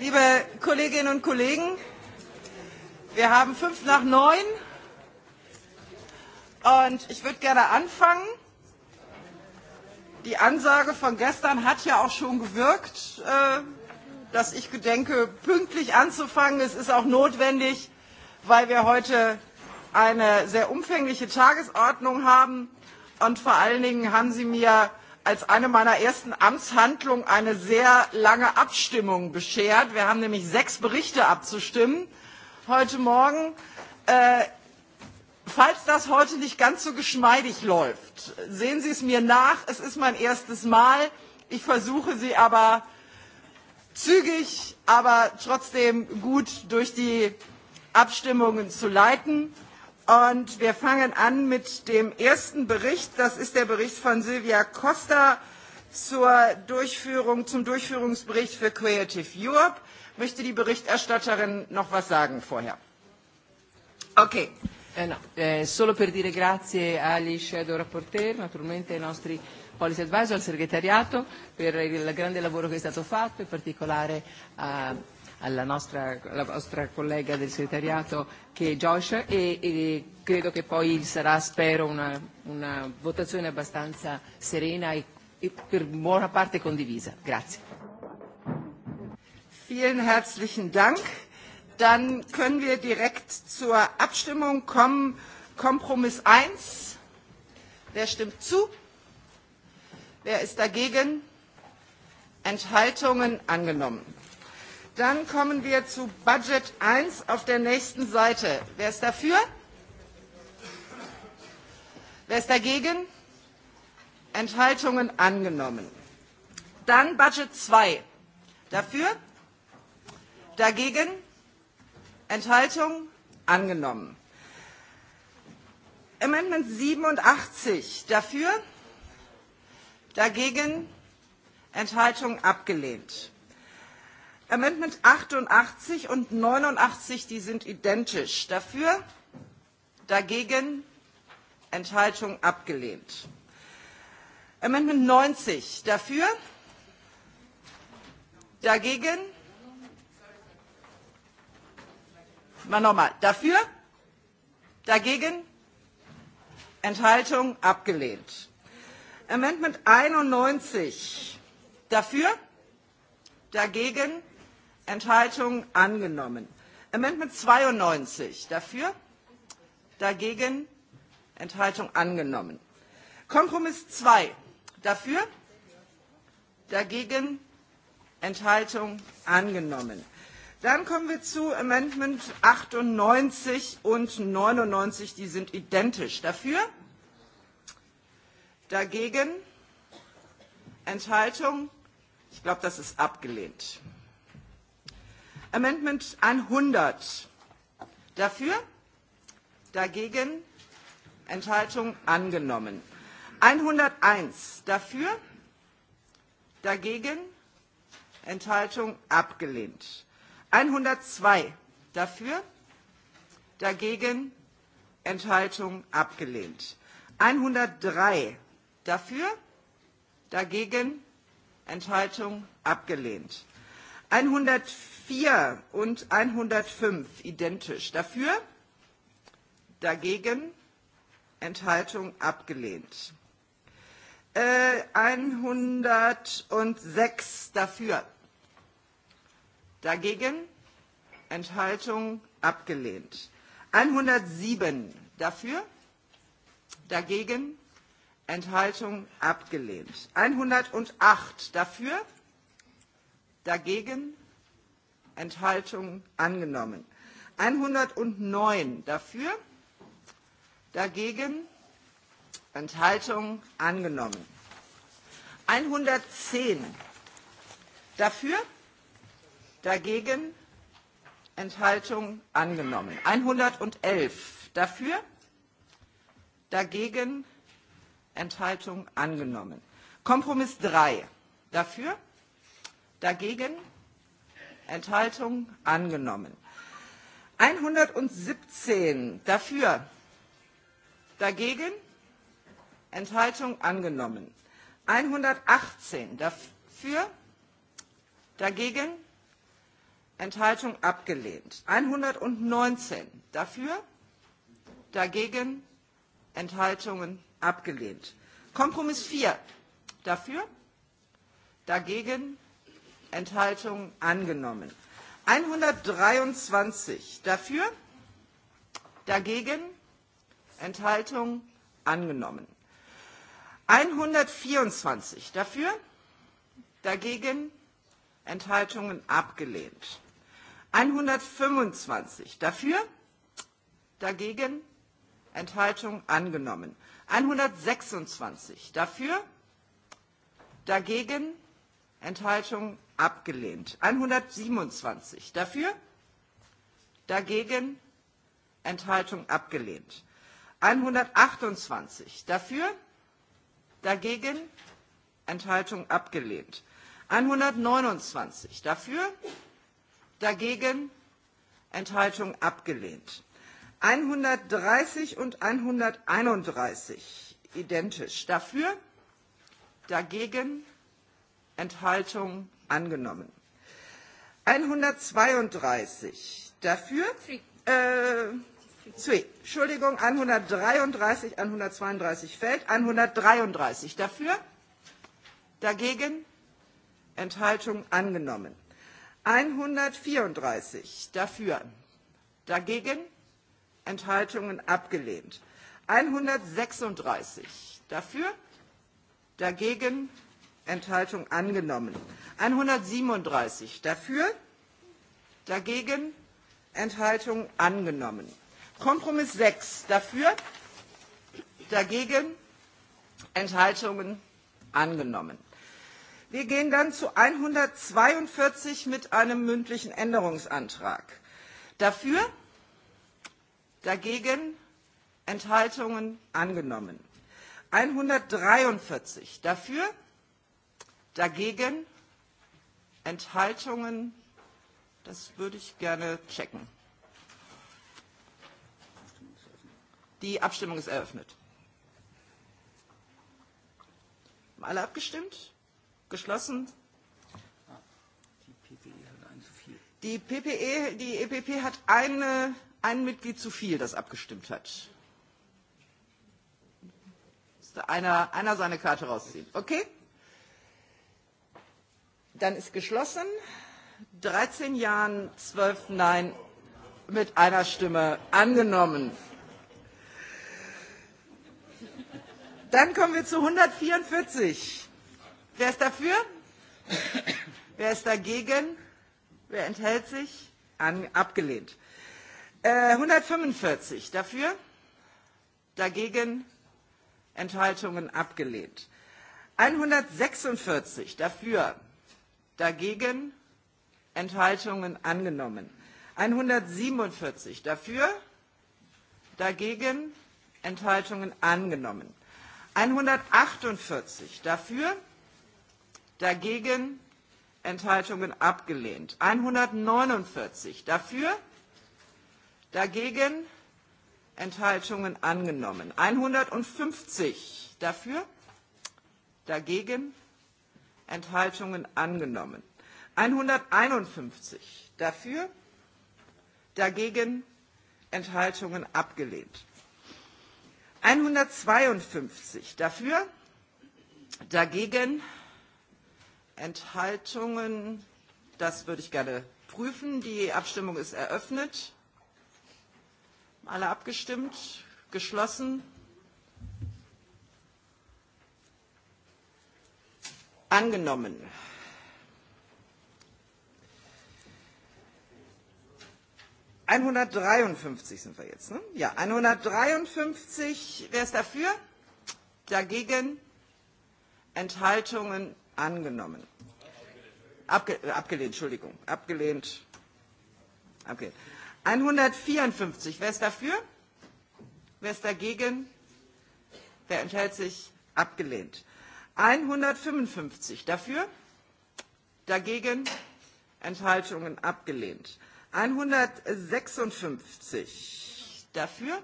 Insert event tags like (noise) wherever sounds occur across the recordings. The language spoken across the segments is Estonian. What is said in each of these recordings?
Liebe Kolleginnen und Kollegen, wir haben fünf nach neun und ich würde gerne anfangen. Die Ansage von gestern hat ja auch schon gewirkt, äh, dass ich gedenke, pünktlich anzufangen. Es ist auch notwendig, weil wir heute eine sehr umfängliche Tagesordnung haben und vor allen Dingen haben Sie mir als eine meiner ersten Amtshandlungen eine sehr lange Abstimmung beschert. Wir haben nämlich sechs Berichte abzustimmen heute Morgen. Äh, falls das heute nicht ganz so geschmeidig läuft, sehen Sie es mir nach. Es ist mein erstes Mal. Ich versuche Sie aber zügig, aber trotzdem gut durch die Abstimmungen zu leiten. Und wir fangen an mit dem ersten Bericht. Das ist der Bericht von Silvia Costa zur Durchführung, zum Durchführungsbericht für Creative Europe. Möchte die Berichterstatterin noch was sagen vorher? Okay. Eh no, eh, solo per dire grazie agli shadow rapporteur, naturalmente ai nostri policy advisor, al segretariato per il grande lavoro che è stato fatto, in particolare a alla nostra, alla vostra collega del segretariato che è Josh e, e credo che poi sarà, spero, una, una votazione abbastanza serena e, e per buona parte condivisa. Grazie. Vielen herzlichen Dank. Dann können wir direkt zur Abstimmung kommen. Kompromiss 1. Wer stimmt zu? Wer ist dagegen? Enthaltungen angenommen. Dann kommen wir zu Budget 1 auf der nächsten Seite. Wer ist dafür? Wer ist dagegen? Enthaltungen angenommen. Dann Budget 2. Dafür? Dagegen? Enthaltung? Angenommen. Amendment 87. Dafür? Dagegen? Enthaltung abgelehnt. Amendment 88 und 89, die sind identisch. Dafür, dagegen, Enthaltung abgelehnt. Amendment 90, dafür, dagegen, mal nochmal, dafür, dagegen, Enthaltung abgelehnt. Amendment 91, dafür, dagegen, Enthaltungen angenommen. Amendment 92 dafür, dagegen Enthaltung angenommen. Kompromiss 2 dafür, dagegen Enthaltung angenommen. Dann kommen wir zu Amendment 98 und 99, die sind identisch. Dafür, dagegen Enthaltung. Ich glaube, das ist abgelehnt. Amendment 100. Dafür? Dagegen? Enthaltung angenommen. 101. Dafür? Dagegen? Enthaltung abgelehnt. 102. Dafür? Dagegen? Enthaltung abgelehnt. 103. Dafür? Dagegen? Enthaltung abgelehnt. 104. 104 und 105 identisch. Dafür? Dagegen? Enthaltung abgelehnt. Äh, 106 dafür. Dagegen? Enthaltung abgelehnt. 107 dafür. Dagegen? Enthaltung abgelehnt. 108 dafür. Dagegen? Enthaltungen angenommen. 109 dafür, dagegen Enthaltungen angenommen. 110 dafür, dagegen Enthaltungen angenommen. 111 dafür, dagegen Enthaltungen angenommen. Kompromiss 3 dafür, dagegen Enthaltung angenommen. 117 dafür, dagegen, Enthaltung angenommen. 118 dafür, dagegen, Enthaltung abgelehnt. 119 dafür, dagegen, Enthaltungen abgelehnt. Kompromiss 4 dafür, dagegen, Enthaltungen angenommen. 123 dafür, dagegen, Enthaltungen angenommen. 124 dafür, dagegen, Enthaltungen abgelehnt. 125 dafür, dagegen, Enthaltungen angenommen. 126 dafür, dagegen, Enthaltungen abgelehnt. 127 dafür, dagegen, Enthaltung abgelehnt. 128 dafür, dagegen, Enthaltung abgelehnt. 129 dafür, dagegen, Enthaltung abgelehnt. 130 und 131 identisch dafür, dagegen, Enthaltung angenommen. 132 dafür, äh, three, Entschuldigung, 133, 132 fällt, 133 dafür, dagegen, Enthaltung angenommen. 134 dafür, dagegen, Enthaltungen abgelehnt. 136 dafür, dagegen, Enthaltung angenommen. 137 dafür, dagegen, Enthaltung angenommen. Kompromiss 6 dafür, dagegen, Enthaltungen angenommen. Wir gehen dann zu 142 mit einem mündlichen Änderungsantrag. Dafür, dagegen, Enthaltungen angenommen. 143 dafür, Dagegen? Enthaltungen? Das würde ich gerne checken. Die Abstimmung ist eröffnet. Haben alle abgestimmt? Geschlossen? Die PPE, die EPP e, e hat eine, ein Mitglied zu viel, das abgestimmt hat. Müsste einer, einer seine Karte rausziehen. Okay? Dann ist geschlossen. 13 Jahren, 12 Nein mit einer Stimme angenommen. Dann kommen wir zu 144. Wer ist dafür? Wer ist dagegen? Wer enthält sich? An, abgelehnt. Äh, 145 dafür, dagegen Enthaltungen abgelehnt. 146 dafür, dagegen, Enthaltungen angenommen. 147 dafür, dagegen, Enthaltungen angenommen. 148 dafür, dagegen, Enthaltungen abgelehnt. 149 dafür, dagegen, Enthaltungen angenommen. 150 dafür, dagegen, Enthaltungen angenommen. 151 dafür, dagegen Enthaltungen abgelehnt. 152 dafür, dagegen Enthaltungen. Das würde ich gerne prüfen. Die Abstimmung ist eröffnet. Alle abgestimmt, geschlossen. angenommen. einhundertdreiundfünfzig sind wir jetzt, ne? Ja, 153. Wer ist dafür? Dagegen? Enthaltungen angenommen. Abge äh, abgelehnt, Entschuldigung. Abgelehnt. Abgelehnt. 154. Wer ist dafür? Wer ist dagegen? Wer enthält sich? Abgelehnt einhundertfünfundfünfzig dafür dagegen enthaltungen abgelehnt einhundertsechsundfünfzig dafür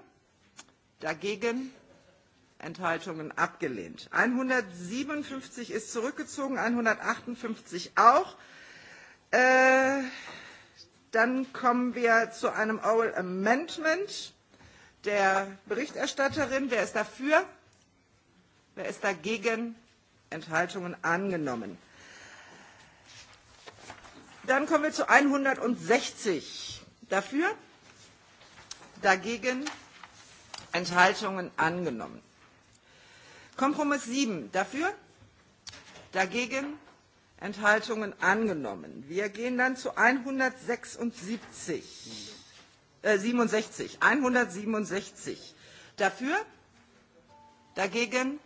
dagegen enthaltungen abgelehnt einhundertsiebenundfünfzig ist zurückgezogen einhundertachtundfünfzig auch äh, dann kommen wir zu einem oral amendment der berichterstatterin wer ist dafür wer ist dagegen Enthaltungen angenommen. Dann kommen wir zu 160. Dafür? Dagegen? Enthaltungen angenommen. Kompromiss 7. Dafür? Dagegen? Enthaltungen angenommen. Wir gehen dann zu 176. Äh, 67. 167. Dafür? Dagegen?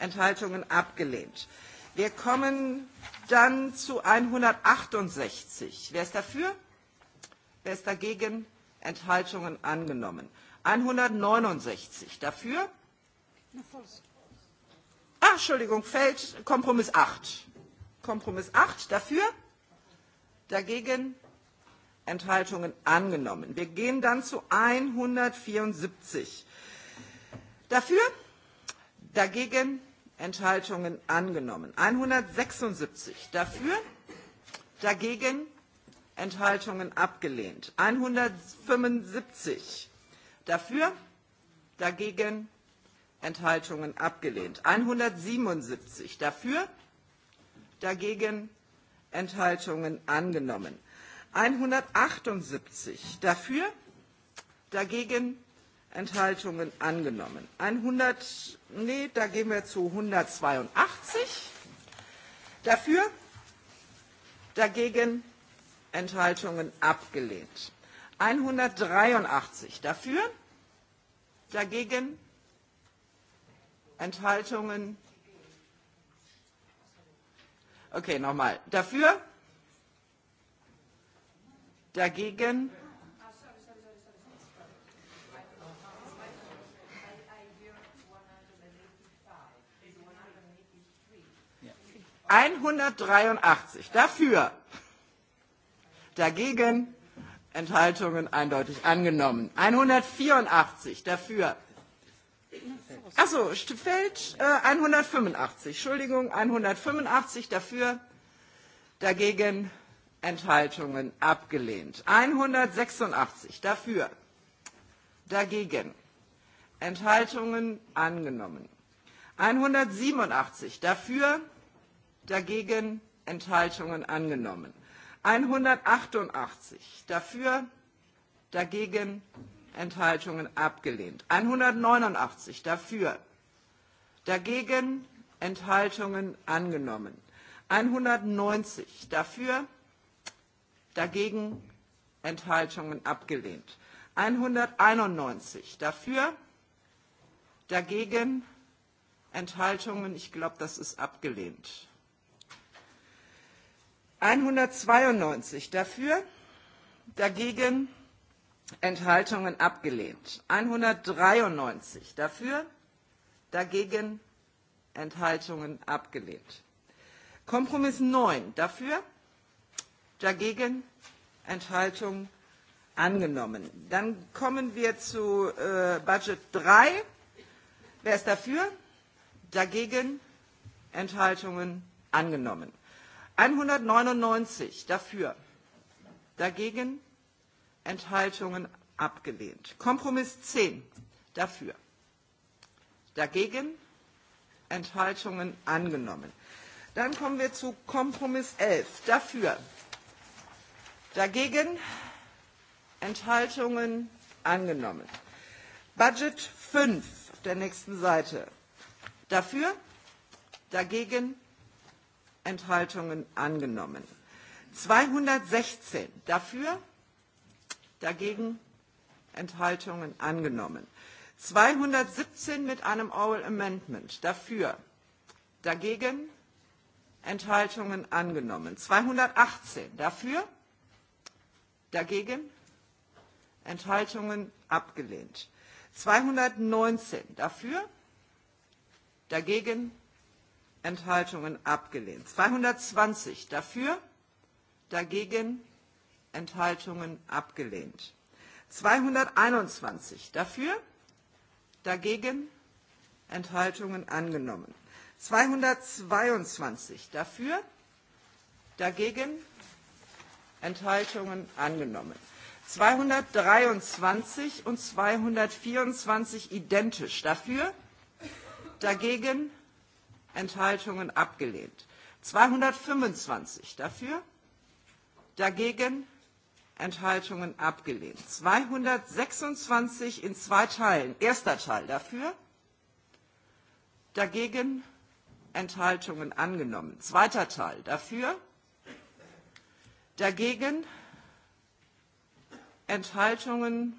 Enthaltungen abgelehnt. Wir kommen dann zu 168. Wer ist dafür? Wer ist dagegen? Enthaltungen angenommen. 169 dafür. Ach, ah, Entschuldigung, fällt Kompromiss 8. Kompromiss 8 dafür. Dagegen Enthaltungen angenommen. Wir gehen dann zu 174. Dafür, dagegen Enthaltungen angenommen. 176 dafür, dagegen Enthaltungen abgelehnt. 175 dafür, dagegen Enthaltungen abgelehnt. 177 dafür, dagegen Enthaltungen angenommen. 178 dafür, dagegen Enthaltungen angenommen. 100, nee, da gehen wir zu 182. Dafür, dagegen Enthaltungen abgelehnt. 183 dafür, dagegen Enthaltungen. Okay, nochmal. Dafür, dagegen Enthaltungen. 183 dafür, dagegen, Enthaltungen eindeutig angenommen. 184 dafür. Achso, fällt äh, 185. Entschuldigung, 185 dafür, dagegen Enthaltungen abgelehnt. 186 dafür, dagegen Enthaltungen angenommen. 187 dafür, dagegen dagegen Enthaltungen angenommen. 188 dafür, dagegen Enthaltungen abgelehnt. 189 dafür, dagegen Enthaltungen angenommen. 190 dafür, dagegen Enthaltungen abgelehnt. 191 dafür, dagegen Enthaltungen, ich glaube, das ist abgelehnt einhundertzweiundneunzig dafür dagegen enthaltungen abgelehnt einhundertdreiundneunzig dafür dagegen enthaltungen abgelehnt kompromiss neun dafür dagegen enthaltungen angenommen. dann kommen wir zu äh, budget drei wer ist dafür dagegen enthaltungen angenommen. 199 dafür, dagegen, Enthaltungen abgelehnt. Kompromiss 10 dafür, dagegen, Enthaltungen angenommen. Dann kommen wir zu Kompromiss 11 dafür, dagegen, Enthaltungen angenommen. Budget 5 auf der nächsten Seite. Dafür, dagegen, Enthaltungen angenommen. 216 dafür, dagegen Enthaltungen angenommen. 217 mit einem Oral Amendment dafür, dagegen Enthaltungen angenommen. 218 dafür, dagegen Enthaltungen abgelehnt. 219 dafür, dagegen Enthaltungen abgelehnt. 220 dafür, dagegen Enthaltungen abgelehnt. 221 dafür, dagegen Enthaltungen angenommen. 222 dafür, dagegen Enthaltungen angenommen. 223 und 224 identisch dafür, dagegen Enthaltungen abgelehnt. 225 dafür, dagegen Enthaltungen abgelehnt. 226 in zwei Teilen. Erster Teil dafür, dagegen Enthaltungen angenommen. Zweiter Teil dafür, dagegen Enthaltungen.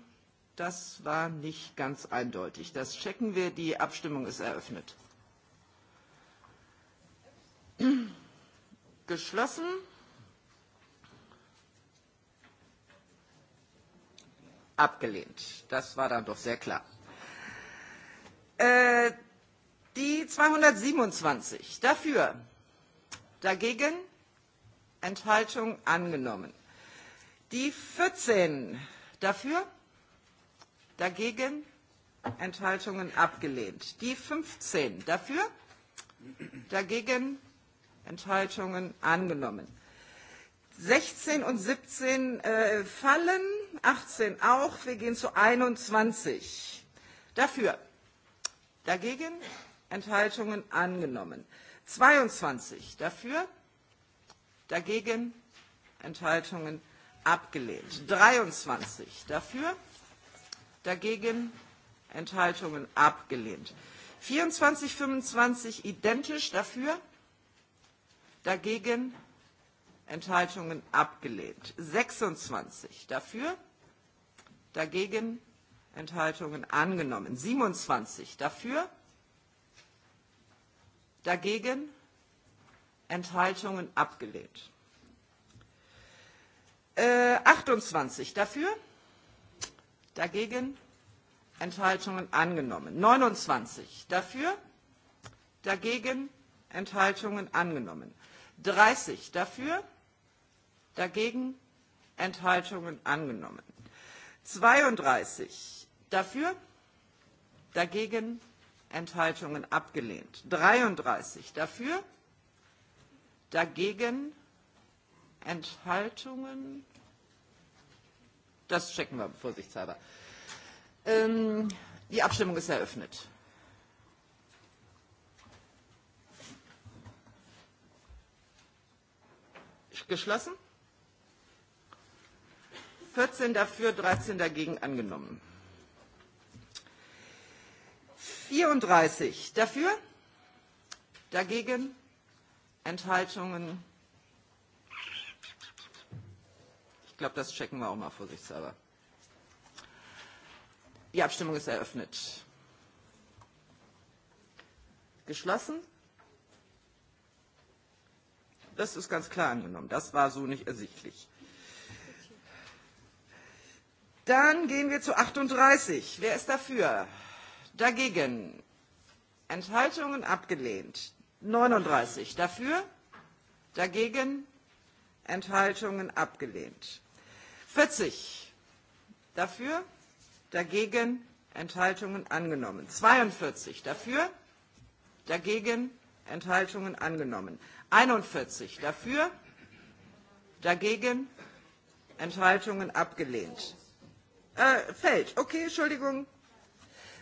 Das war nicht ganz eindeutig. Das checken wir. Die Abstimmung ist eröffnet geschlossen. Abgelehnt. Das war dann doch sehr klar. Äh, die 227 dafür, dagegen Enthaltung angenommen. Die 14 dafür, dagegen Enthaltungen abgelehnt. Die 15 dafür, dagegen Enthaltungen angenommen. 16 und 17 äh, fallen, 18 auch. Wir gehen zu 21. Dafür, dagegen, Enthaltungen angenommen. 22 dafür, dagegen, Enthaltungen abgelehnt. 23 dafür, dagegen, Enthaltungen abgelehnt. 24, 25 identisch dafür, Dagegen Enthaltungen abgelehnt. 26 dafür. Dagegen Enthaltungen angenommen. 27 dafür. Dagegen Enthaltungen abgelehnt. Äh, 28 dafür. Dagegen Enthaltungen angenommen. 29 dafür. Dagegen Enthaltungen angenommen. 30 dafür, dagegen Enthaltungen angenommen. 32 dafür, dagegen Enthaltungen abgelehnt. 33 dafür, dagegen Enthaltungen. Das checken wir vorsichtshalber. Ähm, die Abstimmung ist eröffnet. Geschlossen. 14 dafür, 13 dagegen angenommen. 34 dafür, dagegen, Enthaltungen. Ich glaube, das checken wir auch mal vorsichtshalber. Die Abstimmung ist eröffnet. Geschlossen. Das ist ganz klar angenommen. Das war so nicht ersichtlich. Dann gehen wir zu 38. Wer ist dafür? Dagegen? Enthaltungen abgelehnt. 39 dafür, dagegen Enthaltungen abgelehnt. 40 dafür, dagegen Enthaltungen angenommen. 42 dafür, dagegen Enthaltungen angenommen. 41 dafür, dagegen, Enthaltungen abgelehnt. Äh, fällt. Okay, Entschuldigung.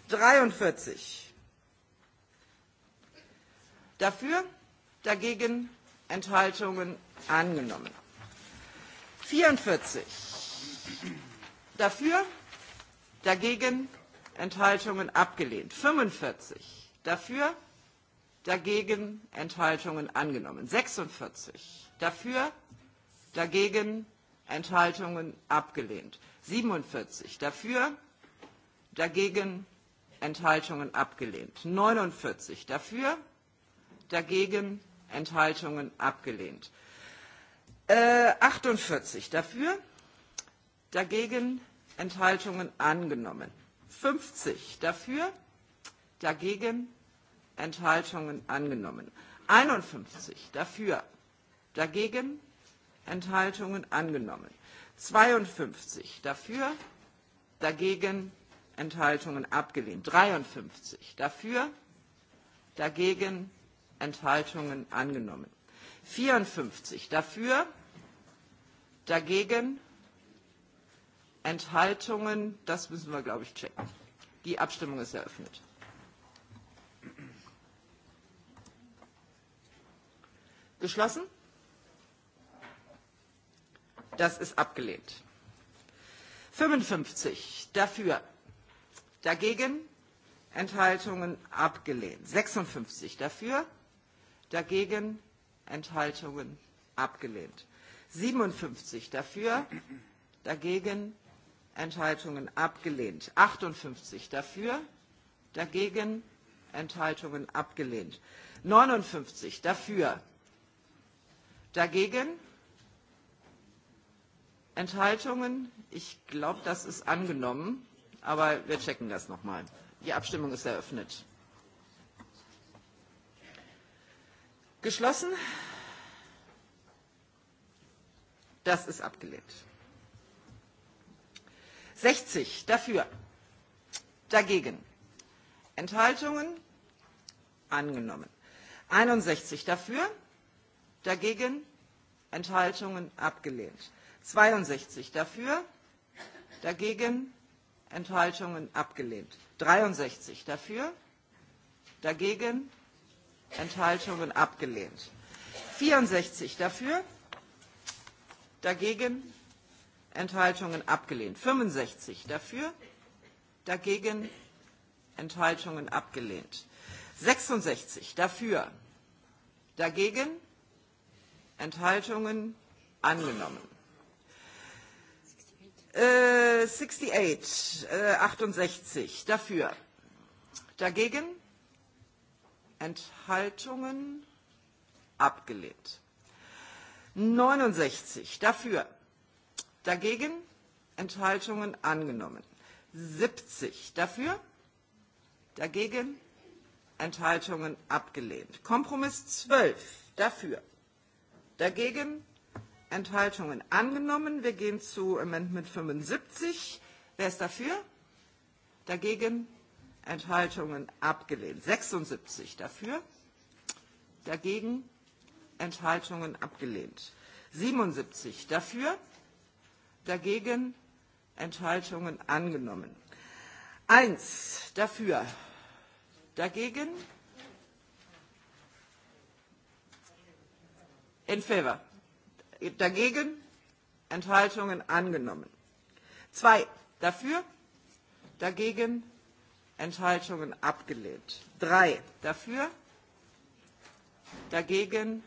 43. Dafür, dagegen, Enthaltungen angenommen. 44. Dafür, dagegen, Enthaltungen abgelehnt. 45. Dafür, dagegen Enthaltungen angenommen. 46 dafür, dagegen Enthaltungen abgelehnt. 47 dafür, dagegen Enthaltungen abgelehnt. 49 dafür, dagegen Enthaltungen abgelehnt. Äh, 48 dafür, dagegen Enthaltungen angenommen. 50 dafür, dagegen Enthaltungen angenommen. 51 dafür, dagegen, Enthaltungen angenommen. 52 dafür, dagegen, Enthaltungen abgelehnt. 53 dafür, dagegen, Enthaltungen angenommen. 54 dafür, dagegen, Enthaltungen, das müssen wir, glaube ich, checken. Die Abstimmung ist eröffnet. Geschlossen? Das ist abgelehnt. 55 dafür, dagegen, Enthaltungen abgelehnt. 56 dafür, dagegen, Enthaltungen abgelehnt. 57 dafür, dagegen, Enthaltungen abgelehnt. 58 dafür, dagegen, Enthaltungen abgelehnt. 59 dafür, Dagegen? Enthaltungen? Ich glaube, das ist angenommen, aber wir checken das nochmal. Die Abstimmung ist eröffnet. Geschlossen? Das ist abgelehnt. 60 dafür, dagegen. Enthaltungen? Angenommen. 61 dafür, Dagegen? Enthaltungen abgelehnt. 62 dafür, dagegen Enthaltungen abgelehnt. 63 dafür, dagegen Enthaltungen abgelehnt. 64 dafür, dagegen Enthaltungen abgelehnt. 65 dafür, dagegen Enthaltungen abgelehnt. 66 dafür, dagegen Enthaltungen? Angenommen. Äh, 68, äh, 68, dafür. Dagegen? Enthaltungen? Abgelehnt. 69, dafür. Dagegen? Enthaltungen? Angenommen. 70, dafür. Dagegen? Enthaltungen? Abgelehnt. Kompromiss 12, dafür Dagegen? Enthaltungen angenommen. Wir gehen zu Amendment 75. Wer ist dafür? Dagegen? Enthaltungen abgelehnt. 76 dafür. Dagegen? Enthaltungen abgelehnt. 77 dafür. Dagegen? Enthaltungen angenommen. 1 dafür. Dagegen? Enthaltungen in favor. Dagegen? Enthaltungen angenommen. Zwei dafür, dagegen, Enthaltungen abgelehnt. Drei dafür, dagegen,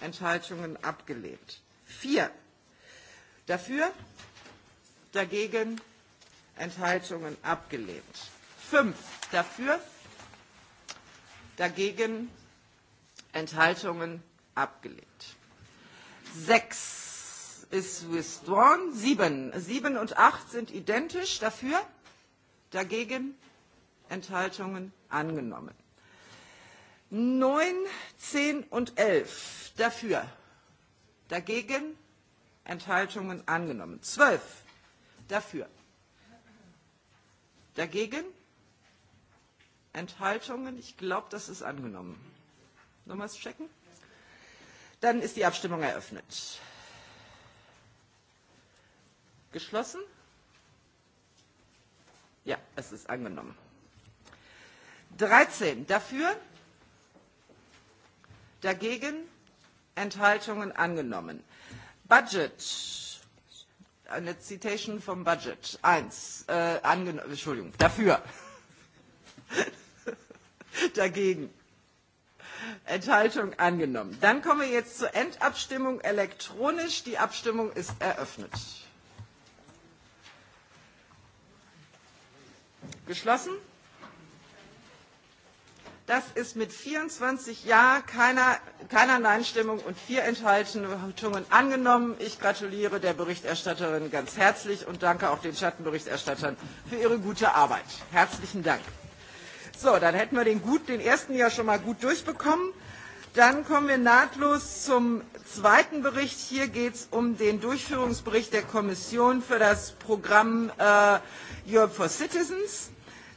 Enthaltungen abgelehnt. Vier dafür, dagegen, Enthaltungen abgelehnt. Fünf dafür, dagegen, Enthaltungen abgelehnt abgelehnt. Sechs ist withdrawn. Sieben. Sieben und acht sind identisch. Dafür? Dagegen? Enthaltungen angenommen. Neun, zehn und elf. Dafür? Dagegen? Enthaltungen angenommen. Zwölf. Dafür? Dagegen? Enthaltungen? Ich glaube, das ist angenommen. Nochmals checken? Dann ist die Abstimmung eröffnet. Geschlossen? Ja, es ist angenommen. 13 dafür, dagegen, Enthaltungen angenommen. Budget, eine Citation vom Budget, 1, äh, angenommen, Entschuldigung, dafür, (laughs) dagegen, Enthaltung angenommen. Dann kommen wir jetzt zur Endabstimmung elektronisch. Die Abstimmung ist eröffnet. Geschlossen. Das ist mit 24 Ja, keiner, keiner Nein-Stimmung und vier Enthaltungen angenommen. Ich gratuliere der Berichterstatterin ganz herzlich und danke auch den Schattenberichterstattern für ihre gute Arbeit. Herzlichen Dank. So, dann hätten wir den, gut, den ersten ja schon mal gut durchbekommen. Dann kommen wir nahtlos zum zweiten Bericht. Hier geht es um den Durchführungsbericht der Kommission für das Programm äh, Europe for Citizens.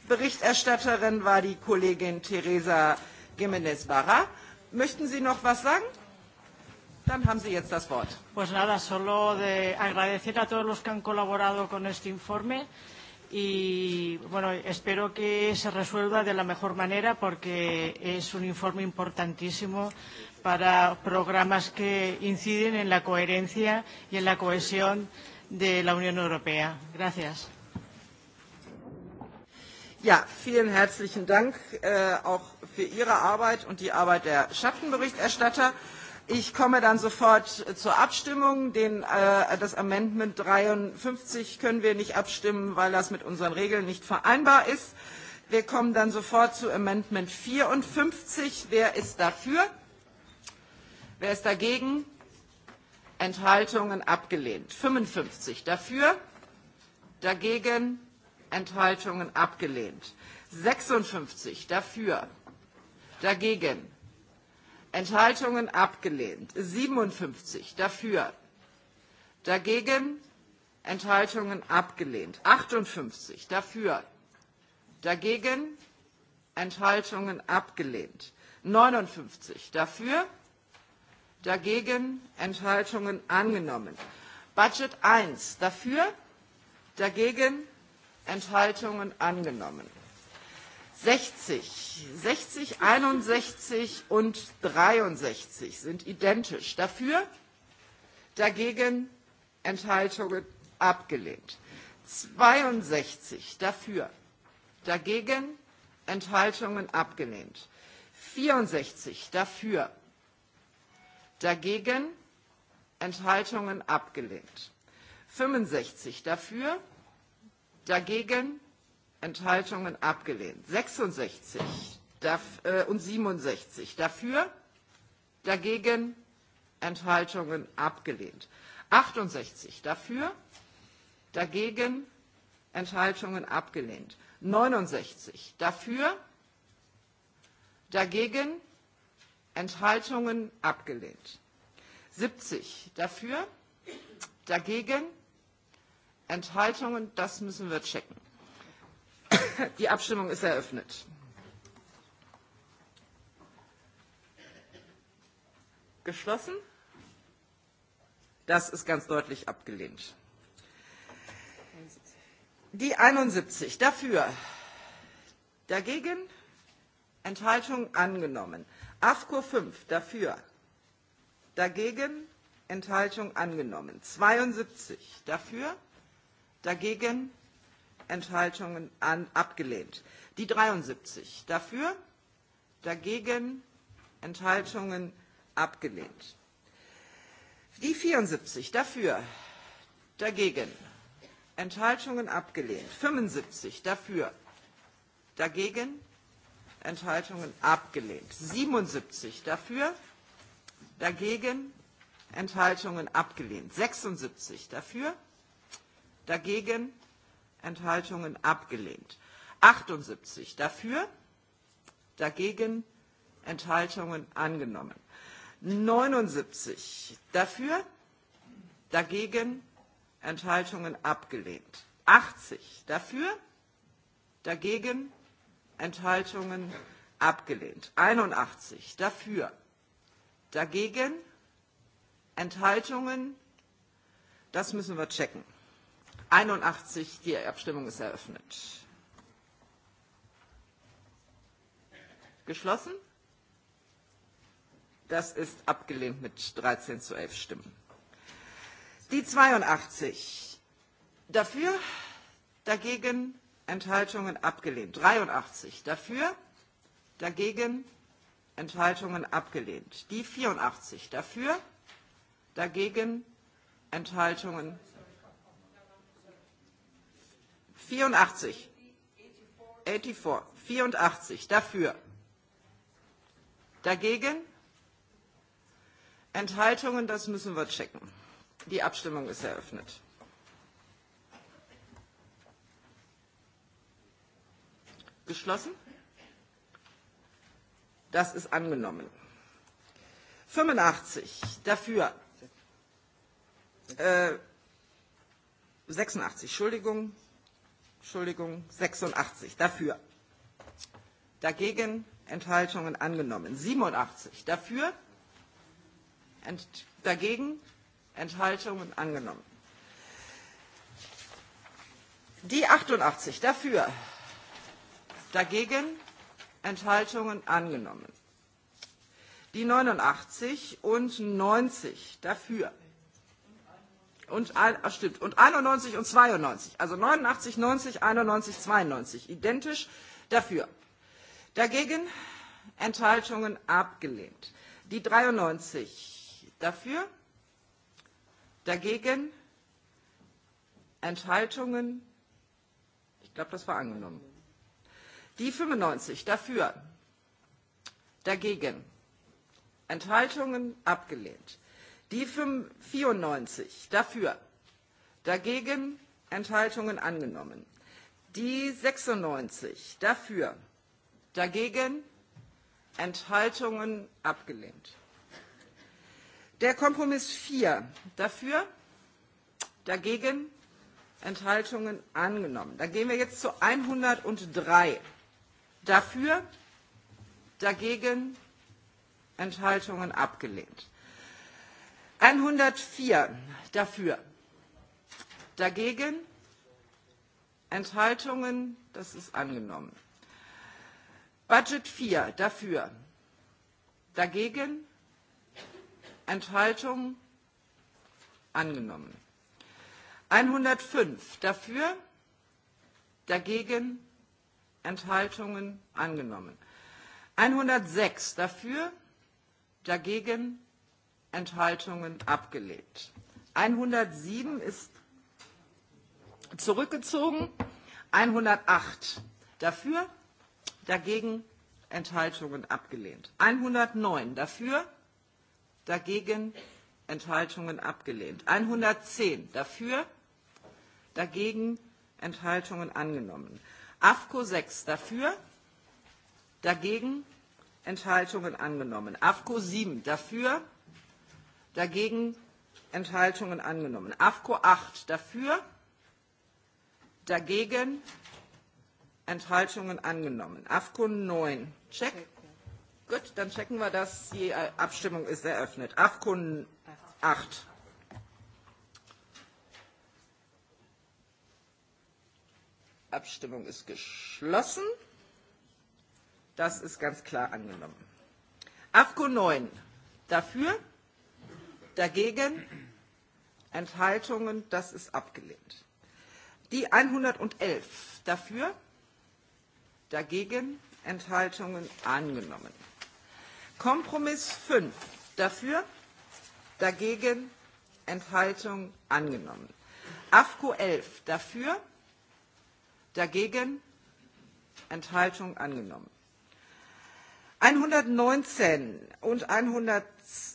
Berichterstatterin war die Kollegin Teresa Jiménez Barra. Möchten Sie noch was sagen? Dann haben Sie jetzt das Wort. Pues nada, solo de agradecer a todos los que han colaborado con este informe. Eh, y bueno, espero que se resuelva de la mejor manera porque es un informe importantísimo para programas que inciden en la coherencia y en la cohesión de la Unión Europea. Gracias. Ja, vielen herzlichen Dank äh, auch für Ihre Arbeit und die Arbeit der Schattenberichterstatter. Ich komme dann sofort zur Abstimmung. Den, äh, das Amendment 53 können wir nicht abstimmen, weil das mit unseren Regeln nicht vereinbar ist. Wir kommen dann sofort zu Amendment 54. Wer ist dafür? Wer ist dagegen? Enthaltungen abgelehnt. 55 dafür, dagegen Enthaltungen abgelehnt. 56 dafür, dagegen Enthaltungen abgelehnt. 57 dafür. Dagegen Enthaltungen abgelehnt. 58 dafür. Dagegen Enthaltungen abgelehnt. 59 dafür. Dagegen Enthaltungen angenommen. Budget 1 dafür. Dagegen Enthaltungen angenommen. 60, 60, 61 und 63 sind identisch. Dafür, dagegen Enthaltungen abgelehnt. 62 dafür, dagegen Enthaltungen abgelehnt. 64 dafür, dagegen Enthaltungen abgelehnt. 65 dafür, dagegen Enthaltungen abgelehnt. 66 darf, äh, und 67 dafür, dagegen Enthaltungen abgelehnt. 68 dafür, dagegen Enthaltungen abgelehnt. 69 dafür, dagegen Enthaltungen abgelehnt. 70 dafür, dagegen Enthaltungen, das müssen wir checken. Die Abstimmung ist eröffnet. Geschlossen. Das ist ganz deutlich abgelehnt. Die 71 dafür, dagegen, Enthaltung angenommen. AFCO 5 dafür, dagegen, Enthaltung angenommen. 72 dafür, dagegen, Enthaltungen an, abgelehnt. Die 73 dafür, dagegen Enthaltungen abgelehnt. Die 74 dafür, dagegen Enthaltungen abgelehnt. 75 dafür, dagegen Enthaltungen abgelehnt. 77 dafür, dagegen Enthaltungen abgelehnt. 76 dafür, dagegen Enthaltungen abgelehnt. 78 dafür, dagegen Enthaltungen angenommen. 79 dafür, dagegen Enthaltungen abgelehnt. 80 dafür, dagegen Enthaltungen abgelehnt. 81 dafür, dagegen Enthaltungen, das müssen wir checken. 81. Die Abstimmung ist eröffnet. Geschlossen? Das ist abgelehnt mit 13 zu 11 Stimmen. Die 82. Dafür, dagegen, Enthaltungen abgelehnt. 83. Dafür, dagegen, Enthaltungen abgelehnt. Die 84. Dafür, dagegen, Enthaltungen abgelehnt 84. 84. 84. Dafür. Dagegen? Enthaltungen, das müssen wir checken. Die Abstimmung ist eröffnet. Geschlossen? Das ist angenommen. 85 dafür. Äh, 86, Entschuldigung. Entschuldigung, 86 dafür. Dagegen Enthaltungen angenommen. 87 dafür. Ent, dagegen Enthaltungen angenommen. Die 88 dafür. Dagegen Enthaltungen angenommen. Die 89 und 90 dafür und, ach, ah, stimmt, und 91 und 92, also 89, 90, 91, 92, identisch dafür. Dagegen Enthaltungen abgelehnt. Die 93 dafür, dagegen Enthaltungen, ich glaube, das war angenommen. Die 95 dafür, dagegen Enthaltungen abgelehnt. Die 94 dafür, dagegen Enthaltungen angenommen. Die 96 dafür, dagegen Enthaltungen abgelehnt. Der Kompromiss 4 dafür, dagegen Enthaltungen angenommen. Dann gehen wir jetzt zu 103 dafür, dagegen Enthaltungen abgelehnt einhundertvier dafür dagegen enthaltungen das ist angenommen budget vier dafür dagegen enthaltungen angenommen einhundertfünf dafür dagegen enthaltungen angenommen einhundertsechs dafür dagegen Enthaltungen abgelehnt. 107 ist zurückgezogen. 108 dafür, dagegen Enthaltungen abgelehnt. 109 dafür, dagegen Enthaltungen abgelehnt. 110 dafür, dagegen Enthaltungen angenommen. AFCO 6 dafür, dagegen Enthaltungen angenommen. AFCO 7 dafür, dagegen Dagegen Enthaltungen angenommen. AFCO 8 dafür. Dagegen Enthaltungen angenommen. AFCO 9. Check. Gut, dann checken wir das. Die äh, Abstimmung ist eröffnet. AFCO 8. Abstimmung ist geschlossen. Das ist ganz klar angenommen. AFCO 9. Dafür? Dagegen? Enthaltungen? Das ist abgelehnt. Die 111 dafür? Dagegen? Enthaltungen angenommen. Kompromiss 5 dafür? Dagegen? Enthaltung angenommen. AFCO 11 dafür? Dagegen? Enthaltung angenommen. 119 und 100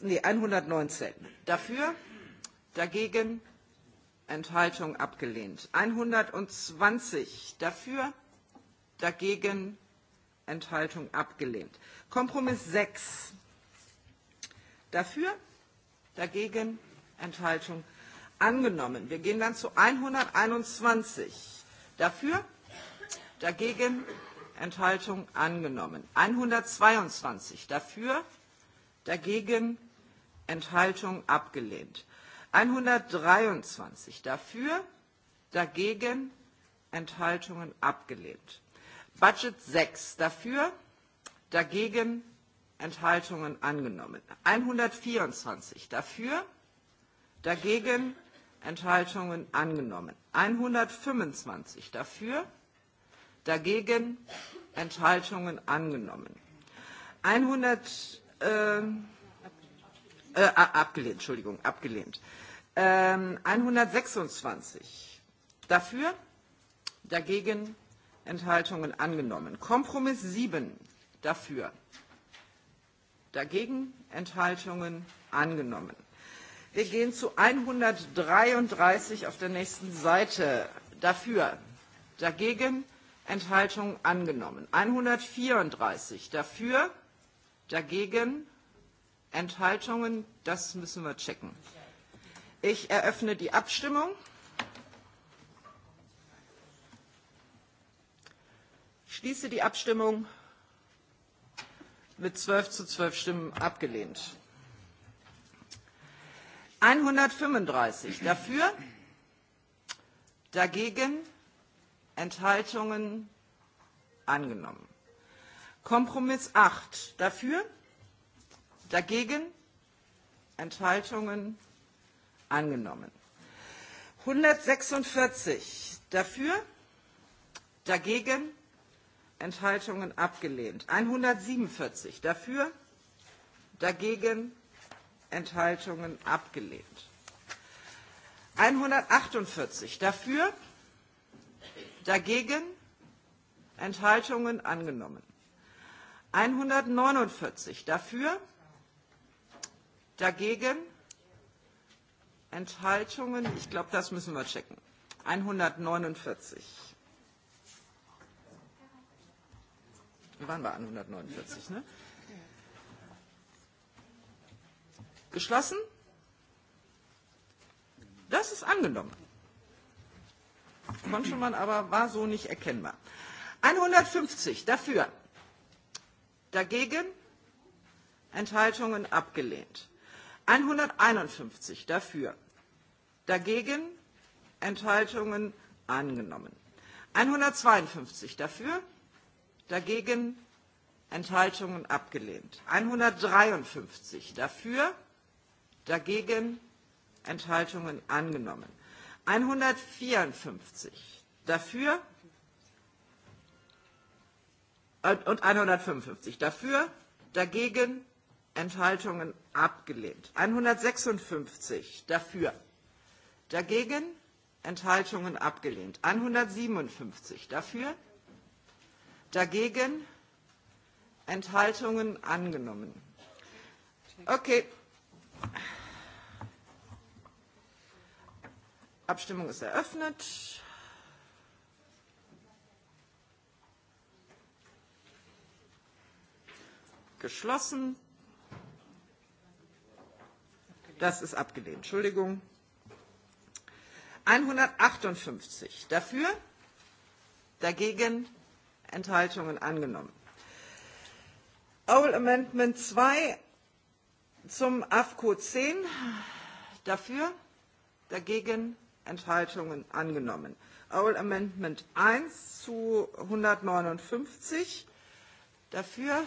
nee, 119. Dafür, dagegen, Enthaltung abgelehnt. 120 dafür, dagegen, Enthaltung abgelehnt. Kompromiss 6 dafür, dagegen, Enthaltung angenommen. Wir gehen dann zu 121 dafür, dagegen, Enthaltung angenommen. 122 dafür, dagegen Enthaltung abgelehnt. 123 dafür, dagegen Enthaltungen abgelehnt. Budget 6 dafür, dagegen Enthaltungen angenommen. 124 dafür, dagegen Enthaltungen angenommen. 125 dafür, dagegen Enthaltungen angenommen. 100 ähm, äh, äh abgelehnt, Entschuldigung, abgelehnt. Ähm, 126 dafür, dagegen Enthaltungen angenommen. Kompromiss 7 dafür, dagegen Enthaltungen angenommen. Wir gehen zu 133 auf der nächsten Seite dafür, dagegen Enthaltungen angenommen. 134 dafür, dagegen Dagegen? Enthaltungen? Das müssen wir checken. Ich eröffne die Abstimmung. Schließe die Abstimmung mit 12 zu 12 Stimmen abgelehnt. 135 dafür, dagegen Enthaltungen angenommen. Kompromiss 8 dafür, dagegen, Enthaltungen angenommen. 146 dafür, dagegen, Enthaltungen abgelehnt. 147 dafür, dagegen, Enthaltungen abgelehnt. 148 dafür, dagegen, Enthaltungen angenommen. 149 dafür, dagegen, Enthaltungen. Ich glaube, das müssen wir checken. 149. Wir waren bei 149, ne? Geschlossen? Das ist angenommen. Konnte man aber, war so nicht erkennbar. 150 dafür Dagegen? Enthaltungen abgelehnt. 151 dafür. Dagegen? Enthaltungen angenommen. 152 dafür. Dagegen? Enthaltungen abgelehnt. 153 dafür. Dagegen? Enthaltungen angenommen. 154 dafür und 155 dafür, dagegen, Enthaltungen abgelehnt. 156 dafür, dagegen, Enthaltungen abgelehnt. 157 dafür, dagegen, Enthaltungen angenommen. Okay. Abstimmung ist eröffnet. geschlossen. Das ist abgelehnt. Entschuldigung. 158 dafür, dagegen Enthaltungen angenommen. Oral Amendment 2 zum AFCO 10 dafür, dagegen Enthaltungen angenommen. Oral Amendment 1 zu 159 dafür,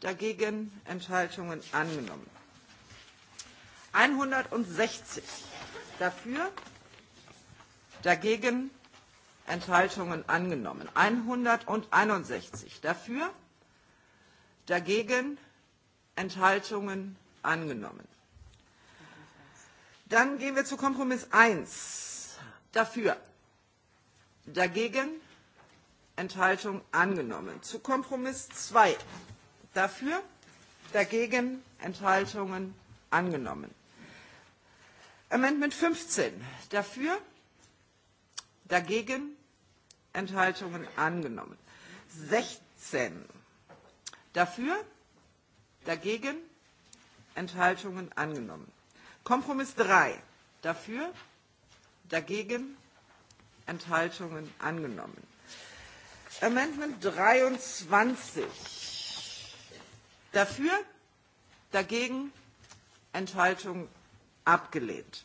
dagegen Enthaltungen angenommen. 160 dafür, dagegen Enthaltungen angenommen. 161 dafür, dagegen Enthaltungen angenommen. Dann gehen wir zu Kompromiss 1. Dafür, dagegen Enthaltung angenommen. Zu Kompromiss 2. Dafür, dagegen, Enthaltungen angenommen. Amendment 15. Dafür, dagegen, Enthaltungen angenommen. 16. Dafür, dagegen, Enthaltungen angenommen. Kompromiss 3. Dafür, dagegen, Enthaltungen angenommen. Amendment 23 Dafür, dagegen, Enthaltung abgelehnt.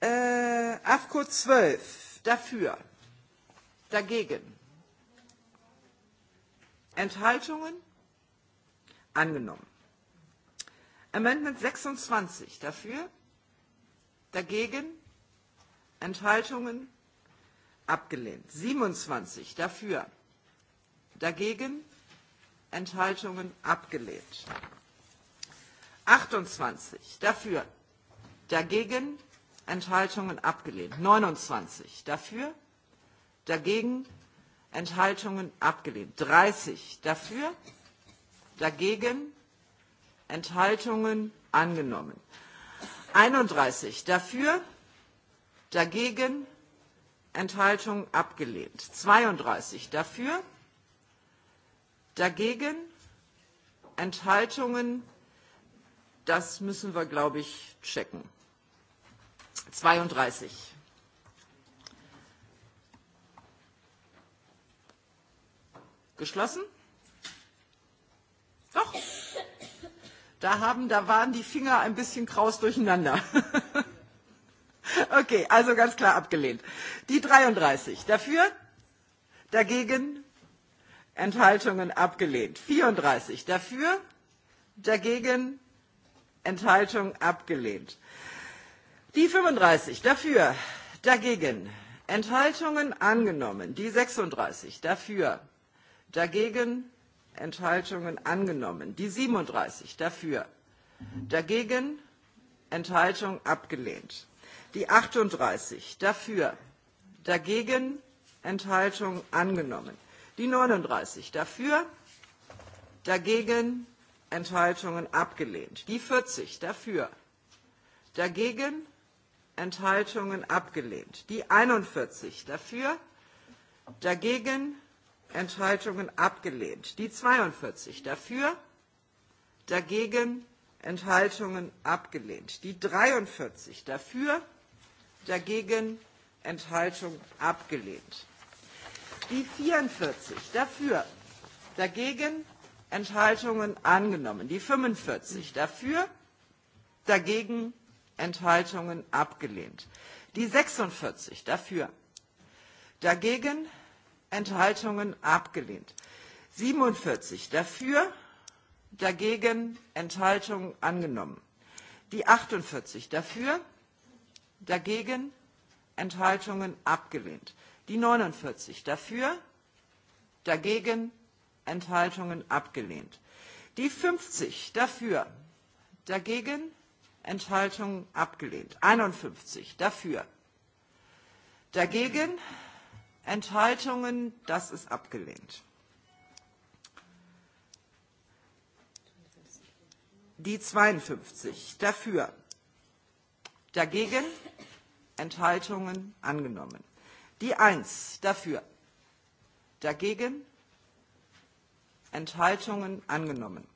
Äh, AFCO 12, dafür, dagegen, Enthaltungen angenommen. Amendment 26, dafür, dagegen, Enthaltungen abgelehnt. 27, dafür, dagegen, Enthaltungen abgelehnt. 28 dafür, dagegen, Enthaltungen abgelehnt. 29 dafür, dagegen, Enthaltungen abgelehnt. 30 dafür, dagegen, Enthaltungen angenommen. 31 dafür, dagegen, Enthaltungen abgelehnt. 32 dafür, Dagegen? Enthaltungen? Das müssen wir, glaube ich, checken. 32. Geschlossen? Doch. Da, haben, da waren die Finger ein bisschen kraus durcheinander. (laughs) okay, also ganz klar abgelehnt. Die 33. Dafür? Dagegen? Enthaltungen abgelehnt. 34 dafür, dagegen Enthaltung abgelehnt. Die 35 dafür, dagegen Enthaltungen angenommen. Die 36 dafür, dagegen Enthaltungen angenommen. Die 37 dafür, dagegen Enthaltung abgelehnt. Die 38 dafür, dagegen Enthaltung angenommen. Die 39 dafür, dagegen, Enthaltungen abgelehnt. Die 40 dafür, dagegen, Enthaltungen abgelehnt. Die 41 dafür, dagegen, Enthaltungen abgelehnt. Die 42 dafür, dagegen, Enthaltungen abgelehnt. Die 43 dafür, dagegen, Enthaltungen abgelehnt. Die 44 dafür, dagegen, Enthaltungen angenommen. Die 45 dafür, dagegen, Enthaltungen abgelehnt. Die 46 dafür, dagegen, Enthaltungen abgelehnt. 47 dafür, dagegen, Enthaltungen angenommen. Die 48 dafür, dagegen, Enthaltungen abgelehnt. Die 49 dafür, dagegen, Enthaltungen abgelehnt. Die 50 dafür, dagegen, Enthaltungen abgelehnt. 51 dafür, dagegen, Enthaltungen, das ist abgelehnt. Die 52 dafür, dagegen, Enthaltungen angenommen. Die Eins dafür. Dagegen. Enthaltungen angenommen.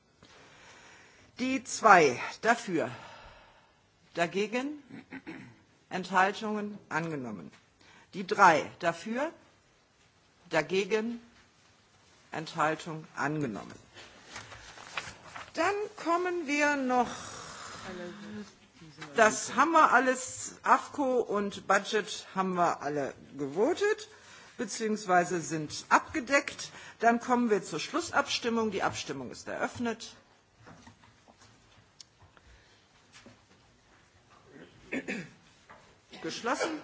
Die Zwei dafür. Dagegen. Enthaltungen angenommen. Die Drei dafür. Dagegen. Enthaltung angenommen. Dann kommen wir noch Das haben wir alles, AFCO und Budget haben wir alle gewotet beziehungsweise sind abgedeckt. Dann kommen wir zur Schlussabstimmung. Die Abstimmung ist eröffnet. Geschlossen.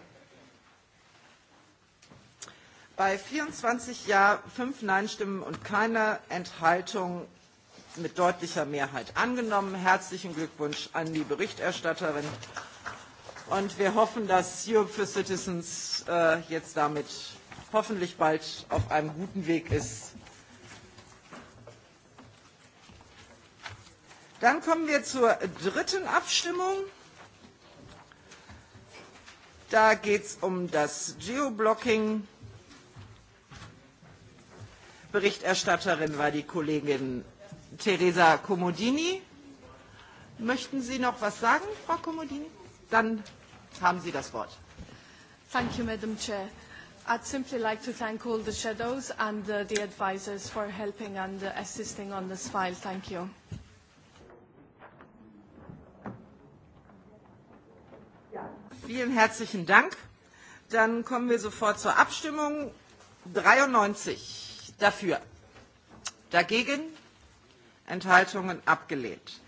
Bei 24 Ja, 5 Nein-Stimmen und keiner Enthaltung mit deutlicher Mehrheit angenommen. Herzlichen Glückwunsch an die Berichterstatterin. Und wir hoffen, dass Europe for Citizens äh, jetzt damit hoffentlich bald auf einem guten Weg ist. Dann kommen wir zur dritten Abstimmung. Da geht es um das Geoblocking. Berichterstatterin war die Kollegin Teresa Comodini. Möchten Sie noch was sagen, Frau Comodini? Dann haben Sie das Wort. Thank you, Madam Chair. I'd simply like to thank all the shadows and uh, the advisors for helping and uh, assisting on this file. Thank you. Vielen herzlichen Dank. Dann kommen wir sofort zur Abstimmung. 93 dafür. Dagegen Enthaltungen abgelehnt.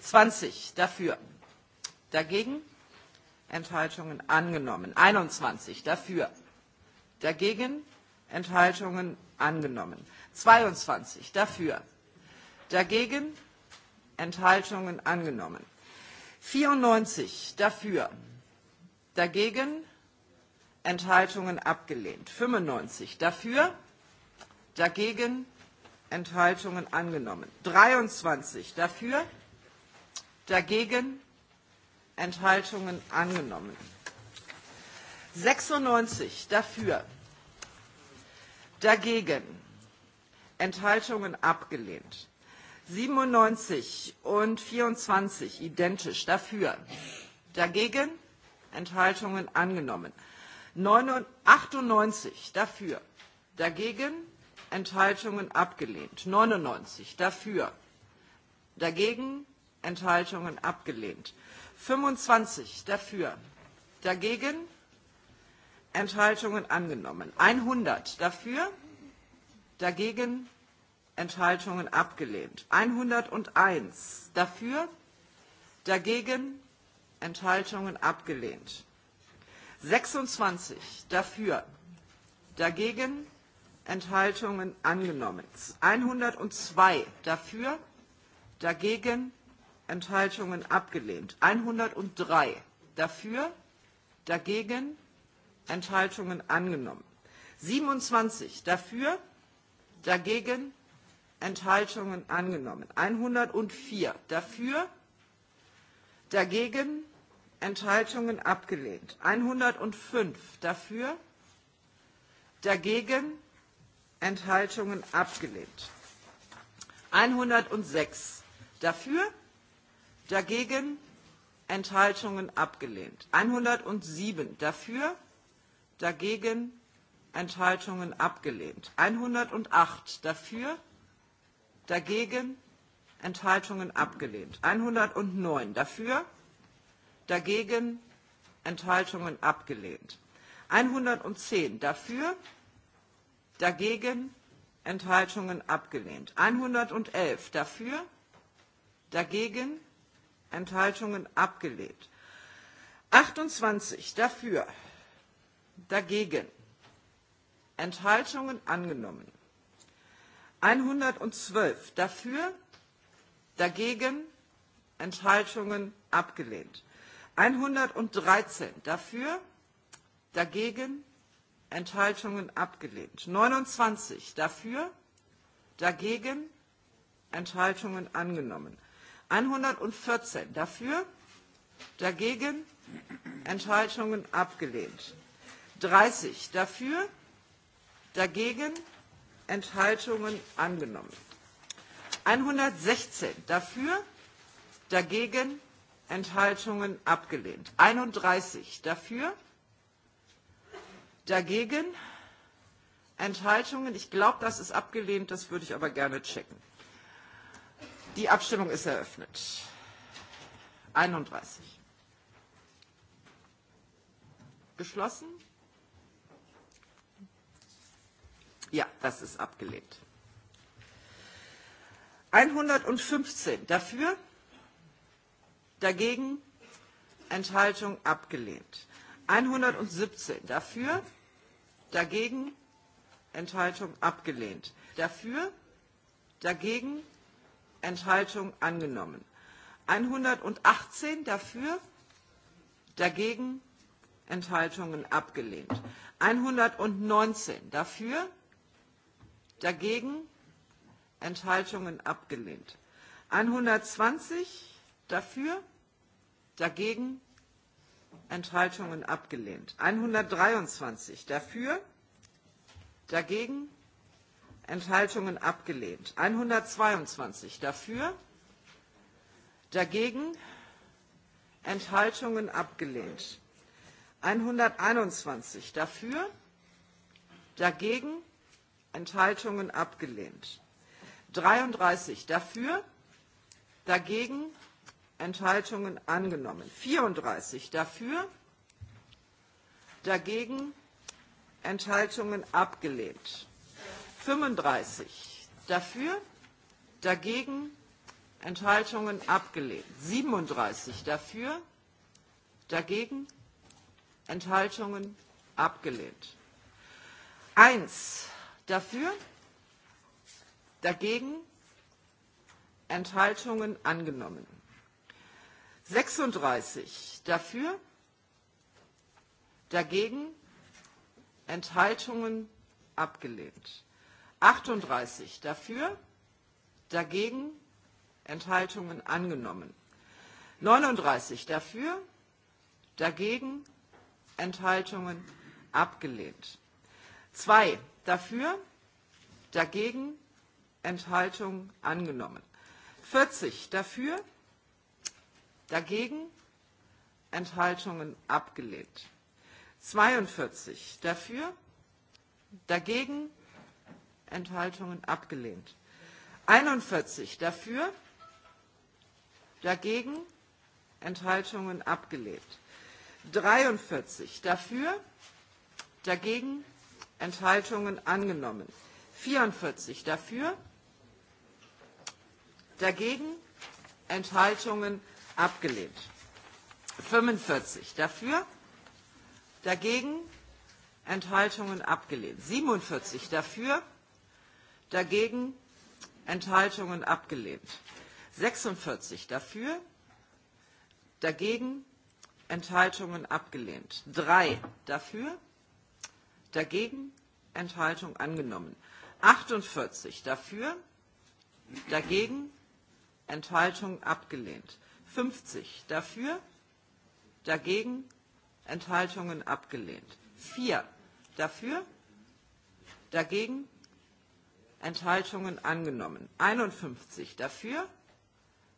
20 dafür, dagegen, Enthaltungen angenommen. 21 dafür, dagegen, Enthaltungen angenommen. 22 dafür, dagegen, Enthaltungen angenommen. 94 dafür, dagegen, Enthaltungen abgelehnt. 95 dafür, dagegen, Enthaltungen angenommen. 23 dafür, dagegen, Enthaltungen angenommen. 96 dafür, dagegen, Enthaltungen abgelehnt. 97 und 24 identisch dafür, dagegen, Enthaltungen angenommen. 98 dafür, dagegen, Enthaltungen abgelehnt. 99 dafür, dagegen, Enthaltungen abgelehnt. 25 dafür, dagegen, Enthaltungen angenommen. 100 dafür, dagegen, Enthaltungen abgelehnt. 101 dafür, dagegen, Enthaltungen abgelehnt. 26 dafür, dagegen, Enthaltungen angenommen. 102 dafür, dagegen Enthaltungen abgelehnt. 103 dafür, dagegen Enthaltungen angenommen. 27 dafür, dagegen Enthaltungen angenommen. 104 dafür, dagegen Enthaltungen abgelehnt. 105 dafür, dagegen Enthaltungen abgelehnt. 106 dafür, dagegen Enthaltungen abgelehnt. 107 dafür, dagegen Enthaltungen abgelehnt. 108 dafür, dagegen Enthaltungen abgelehnt. 109 dafür, dagegen Enthaltungen abgelehnt. 110 dafür, dagegen, dagegen, Enthaltungen abgelehnt. 111 dafür, dagegen, Enthaltungen abgelehnt. 28 dafür, dagegen, Enthaltungen angenommen. 112 dafür, dagegen, Enthaltungen abgelehnt. 113 dafür, dagegen, Enthaltungen abgelehnt. 29 dafür, dagegen, Enthaltungen angenommen. 114 dafür, dagegen, Enthaltungen abgelehnt. 30 dafür, dagegen, Enthaltungen angenommen. 116 dafür, dagegen, Enthaltungen abgelehnt. 31 dafür, dagegen, Dagegen? Enthaltungen? Ich glaube, das ist abgelehnt, das würde ich aber gerne checken. Die Abstimmung ist eröffnet. 31. Geschlossen? Ja, das ist abgelehnt. 115 dafür, dagegen, Enthaltung abgelehnt. 117 dafür, dagegen, Enthaltung abgelehnt. Dafür, dagegen, Enthaltung angenommen. 118 dafür, dagegen, Enthaltungen abgelehnt. 119 dafür, dagegen, Enthaltungen abgelehnt. 120 dafür, dagegen, Enthaltungen abgelehnt. 123 dafür, dagegen, Enthaltungen abgelehnt. 122 dafür, dagegen, Enthaltungen abgelehnt. 121 dafür, dagegen, Enthaltungen abgelehnt. 33 dafür, dagegen, Enthaltungen Enthaltungen angenommen. 34 dafür, dagegen Enthaltungen abgelehnt. 35 dafür, dagegen Enthaltungen abgelehnt. 37 dafür, dagegen Enthaltungen abgelehnt. 1 dafür, dagegen Enthaltungen angenommen. 36 dafür, dagegen, Enthaltungen abgelehnt. 38 dafür, dagegen, Enthaltungen angenommen. 39 dafür, dagegen, Enthaltungen abgelehnt. 2 dafür, dagegen, Enthaltungen angenommen. 40 dafür, dagegen, Dagegen Enthaltungen abgelehnt. 42 dafür, dagegen Enthaltungen abgelehnt. 41 dafür, dagegen Enthaltungen abgelehnt. 43 dafür, dagegen Enthaltungen angenommen. 44 dafür, dagegen Enthaltungen abgelehnt Abgelehnt. 45 dafür, dagegen, Enthaltungen abgelehnt. 47 dafür, dagegen, Enthaltungen abgelehnt. 46 dafür, dagegen, Enthaltungen abgelehnt. 3 dafür, dagegen, Enthaltung angenommen. 48 dafür, dagegen, Enthaltung abgelehnt. 50 dafür, dagegen, Enthaltungen abgelehnt. 4 dafür, dagegen, Enthaltungen angenommen. 51 dafür,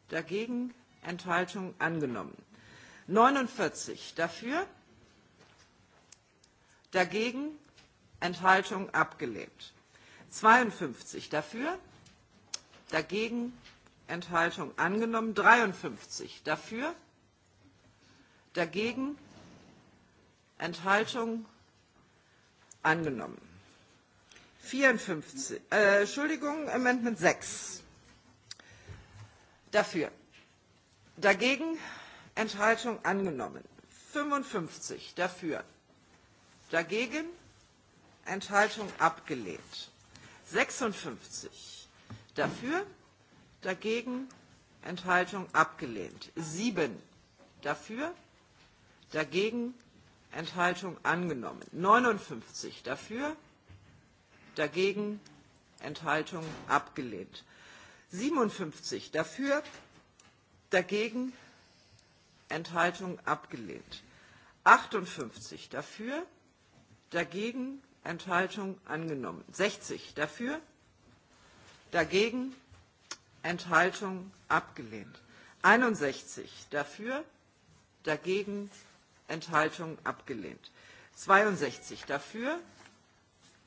dagegen, Enthaltungen angenommen. 49 dafür, dagegen, Enthaltungen abgelehnt. 52 dafür, dagegen, Enthaltung angenommen. 53 dafür, dagegen, Enthaltung angenommen. 54, äh, Entschuldigung, Amendment 6 dafür, dagegen, Enthaltung angenommen. 55 dafür, dagegen, Enthaltung abgelehnt. 56 dafür, dagegen, dagegen, Enthaltung abgelehnt. 7 dafür, dagegen, Enthaltung angenommen. 59 dafür, dagegen, Enthaltung abgelehnt. 57 dafür, dagegen, Enthaltung abgelehnt. 58 dafür, dagegen, Enthaltung angenommen. 60 dafür, dagegen, Enthaltung abgelehnt. 61 dafür, dagegen, Enthaltung abgelehnt. 62 dafür,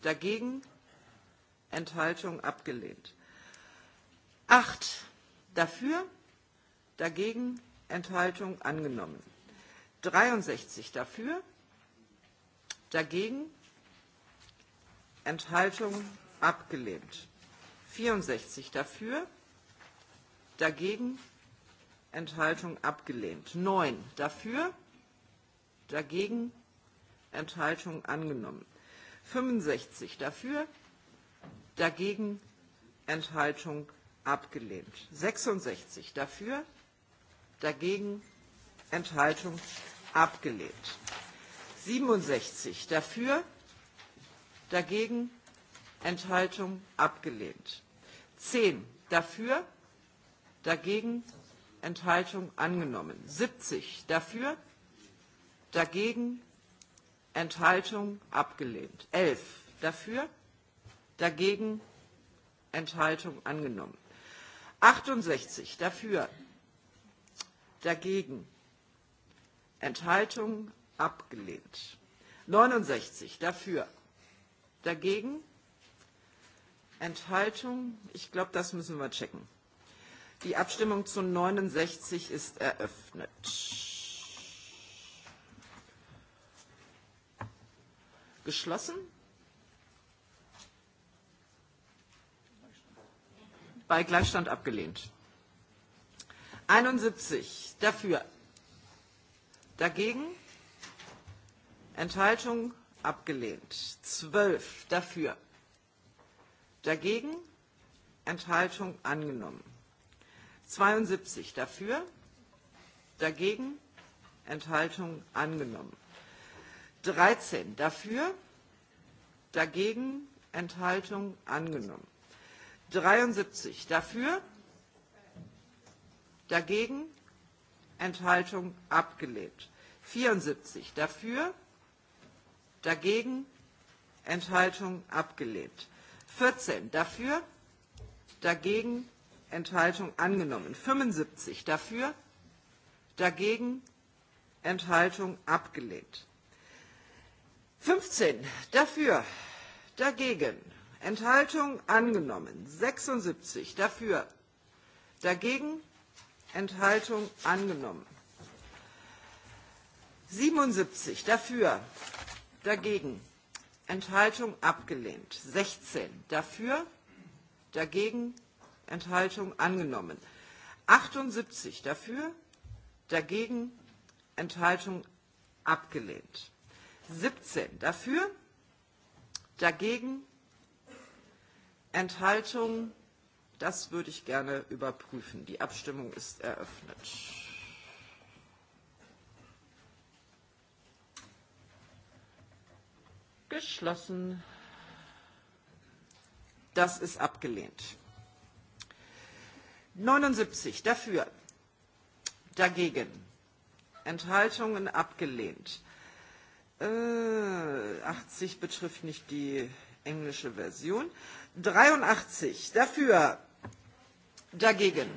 dagegen, Enthaltung abgelehnt. 8 dafür, dagegen, Enthaltung angenommen. 63 dafür, dagegen, Enthaltung abgelehnt. 64 dafür, dagegen, Dagegen? Enthaltung abgelehnt. 9 dafür? Dagegen? Enthaltung angenommen. 65 dafür? Dagegen? Enthaltung abgelehnt. 66 dafür? Dagegen? Enthaltung abgelehnt. 67 dafür? Dagegen? Enthaltung abgelehnt. 10 dafür? dagegen, Enthaltung angenommen. 70 dafür, dagegen, Enthaltung abgelehnt. 11 dafür, dagegen, Enthaltung angenommen. 68 dafür, dagegen, Enthaltung abgelehnt. 69 dafür, dagegen, Enthaltung. Ich glaube, das müssen wir checken. Die Abstimmung zu 69 ist eröffnet. Geschlossen? Bei Gleichstand abgelehnt. 71 dafür. Dagegen? Enthaltung abgelehnt. 12 dafür. Dagegen? Enthaltung angenommen. 72 dafür, dagegen, Enthaltung angenommen. 13 dafür, dagegen, Enthaltung angenommen. 73 dafür, dagegen, Enthaltung abgelehnt. 74 dafür, dagegen, Enthaltung abgelehnt. 14 dafür, dagegen, Enthaltung angenommen. 75 dafür, dagegen, Enthaltung abgelehnt. 15 dafür, dagegen, Enthaltung angenommen. 76 dafür, dagegen, Enthaltung angenommen. 77 dafür, dagegen, Enthaltung abgelehnt. 16 dafür, dagegen, Enthaltung angenommen. 78 dafür, dagegen, Enthaltung abgelehnt. 17 dafür, dagegen, Enthaltung, das würde ich gerne überprüfen. Die Abstimmung ist eröffnet. Geschlossen. Das ist abgelehnt. 79 dafür, dagegen, Enthaltungen abgelehnt. Äh, 80 betrifft nicht die englische Version. 83 dafür, dagegen,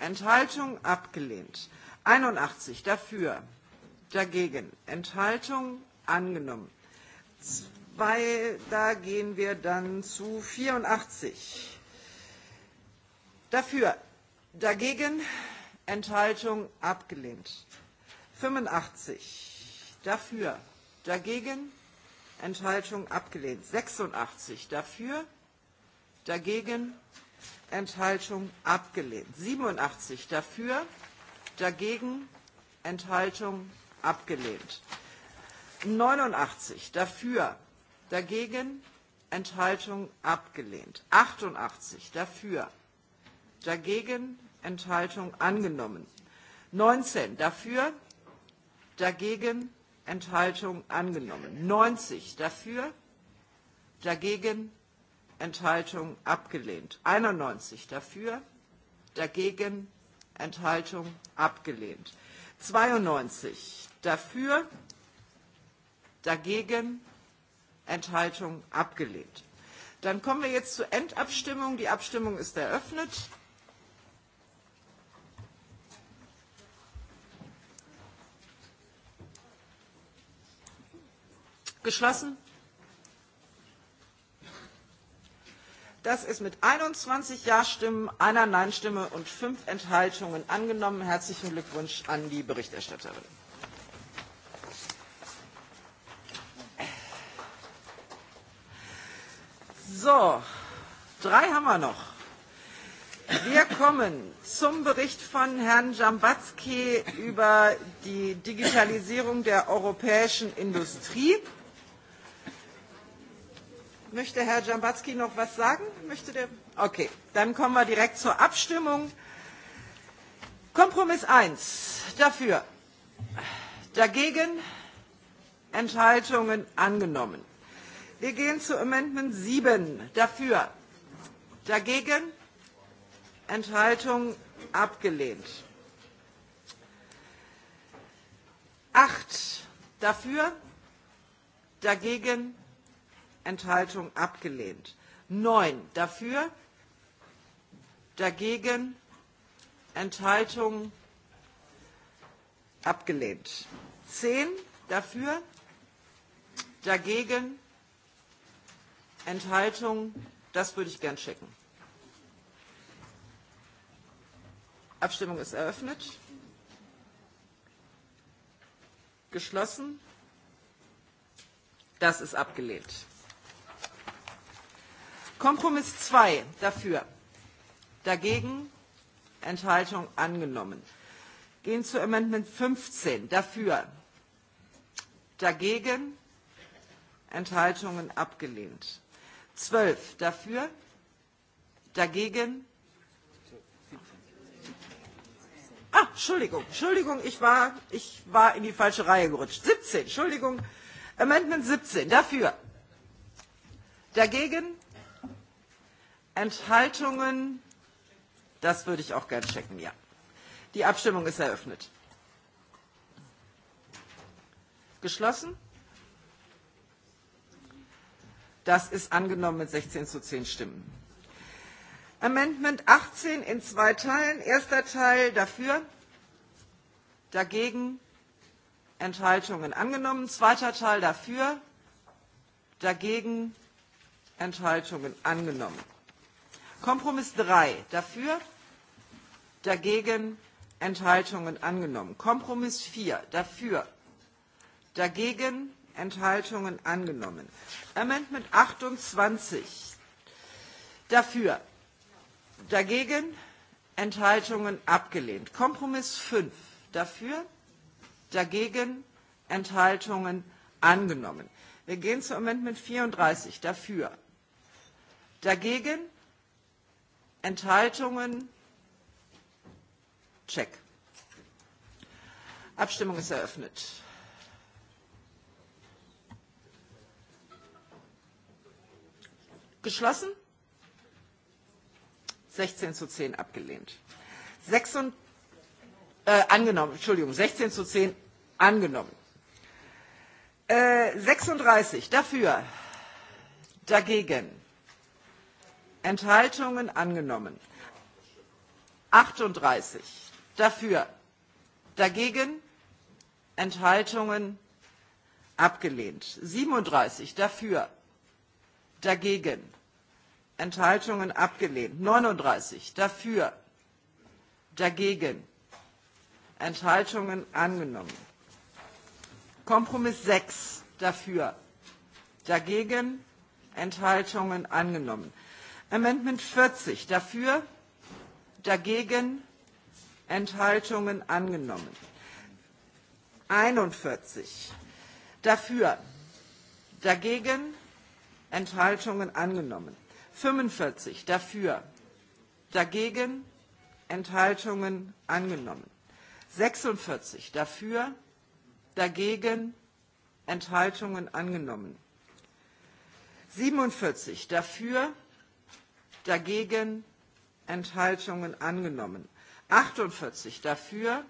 Enthaltung abgelehnt. 81 dafür, dagegen, Enthaltung angenommen. Zwei, da gehen wir dann zu 84. Dafür, Dagegen Enthaltung abgelehnt. 85 dafür. Dagegen Enthaltung abgelehnt. 86 dafür. Dagegen Enthaltung abgelehnt. 87 dafür. Dagegen Enthaltung abgelehnt. 89 dafür. Dagegen Enthaltung abgelehnt. 88 dafür dagegen, Enthaltung angenommen. 19 dafür, dagegen, Enthaltung angenommen. 90 dafür, dagegen, Enthaltung abgelehnt. 91 dafür, dagegen, Enthaltung abgelehnt. 92 dafür, dagegen, Enthaltung abgelehnt. Dann kommen wir jetzt zur Endabstimmung. Die Abstimmung ist eröffnet. Geschlossen. Das ist mit 21 Ja-Stimmen, einer Nein-Stimme und fünf Enthaltungen angenommen. Herzlichen Glückwunsch an die Berichterstatterin. So, drei haben wir noch. Wir kommen zum Bericht von Herrn Jambatzky über die Digitalisierung der europäischen Industrie. Möchte Herr Jambatzki noch was sagen? Möchte der? Okay, dann kommen wir direkt zur Abstimmung. Kompromiss 1 dafür, dagegen Enthaltungen angenommen. Wir gehen zu Amendment 7 dafür, dagegen Enthaltungen abgelehnt. 8 dafür, dagegen Enthaltungen Enthaltung abgelehnt. 9 dafür, dagegen, Enthaltung abgelehnt. 10 dafür, dagegen, Enthaltung, das würde ich gern checken. Abstimmung ist eröffnet. Geschlossen. Das ist abgelehnt. Kompromiss 2 dafür. Dagegen Enthaltung angenommen. Gehen zu Amendment 15 dafür. Dagegen Enthaltungen abgelehnt. 12 dafür. Dagegen Ah, Entschuldigung, Entschuldigung, ich war, ich war in die falsche Reihe gerutscht. 17, Entschuldigung. Amendment 17, dafür. Dagegen Enthaltungen? Das würde ich auch gern checken, ja. Die Abstimmung ist eröffnet. Geschlossen? Das ist angenommen mit 16 zu 10 Stimmen. Amendment 18 in zwei Teilen. Erster Teil dafür, dagegen, Enthaltungen angenommen. Zweiter Teil dafür, dagegen, Enthaltungen angenommen. Kompromiss 3 dafür, dagegen Enthaltungen angenommen. Kompromiss 4 dafür, dagegen Enthaltungen angenommen. Amendment 28 dafür, dagegen Enthaltungen abgelehnt. Kompromiss 5 dafür, dagegen Enthaltungen angenommen. Wir gehen zu Amendment 34 dafür, dagegen Enthaltungen? Check. Abstimmung ist eröffnet. Geschlossen? 16 zu 10 abgelehnt. 6 und, äh, angenommen, Entschuldigung, 16 zu 10 angenommen. Äh, 36 dafür, dagegen, Enthaltungen angenommen. 38 dafür, dagegen, Enthaltungen abgelehnt. 37 dafür, dagegen, Enthaltungen abgelehnt. 39 dafür, dagegen, Enthaltungen angenommen. Kompromiss 6 dafür, dagegen, Enthaltungen angenommen. Amendment 40 dafür, dagegen, Enthaltungen angenommen. 41 dafür, dagegen, Enthaltungen angenommen. 45 dafür, dagegen, Enthaltungen angenommen. 46 dafür, dagegen, Enthaltungen angenommen. 47 dafür, dagegen, dagegen Enthaltungen angenommen. 48 dafür,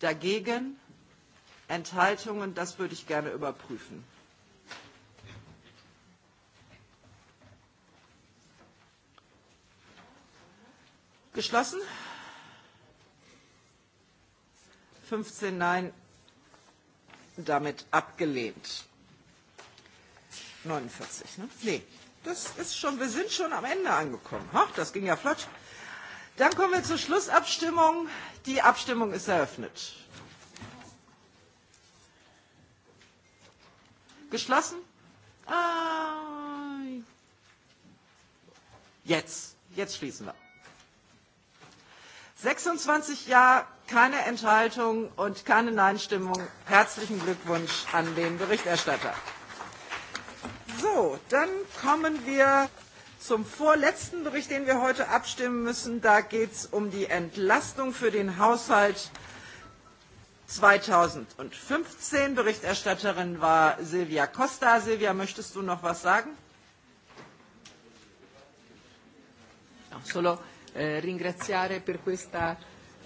dagegen Enthaltungen, das würde ich gerne überprüfen. Geschlossen. 15 Nein, damit abgelehnt. 49, ne? Nee das ist schon, wir sind schon am Ende angekommen. Hoch, das ging ja flott. Dann kommen wir zur Schlussabstimmung. Die Abstimmung ist eröffnet. Geschlossen? Ah, jetzt, jetzt schließen wir. 26 Ja, keine Enthaltung und keine Nein-Stimmung. Herzlichen Glückwunsch an den Berichterstatter. So, dann kommen wir zum vorletzten Bericht, den wir heute abstimmen müssen. Da geht es um die Entlastung für den Haushalt 2015. Berichterstatterin war Silvia Costa. Silvia, möchtest du noch was sagen? No, solo eh, ringraziare per questa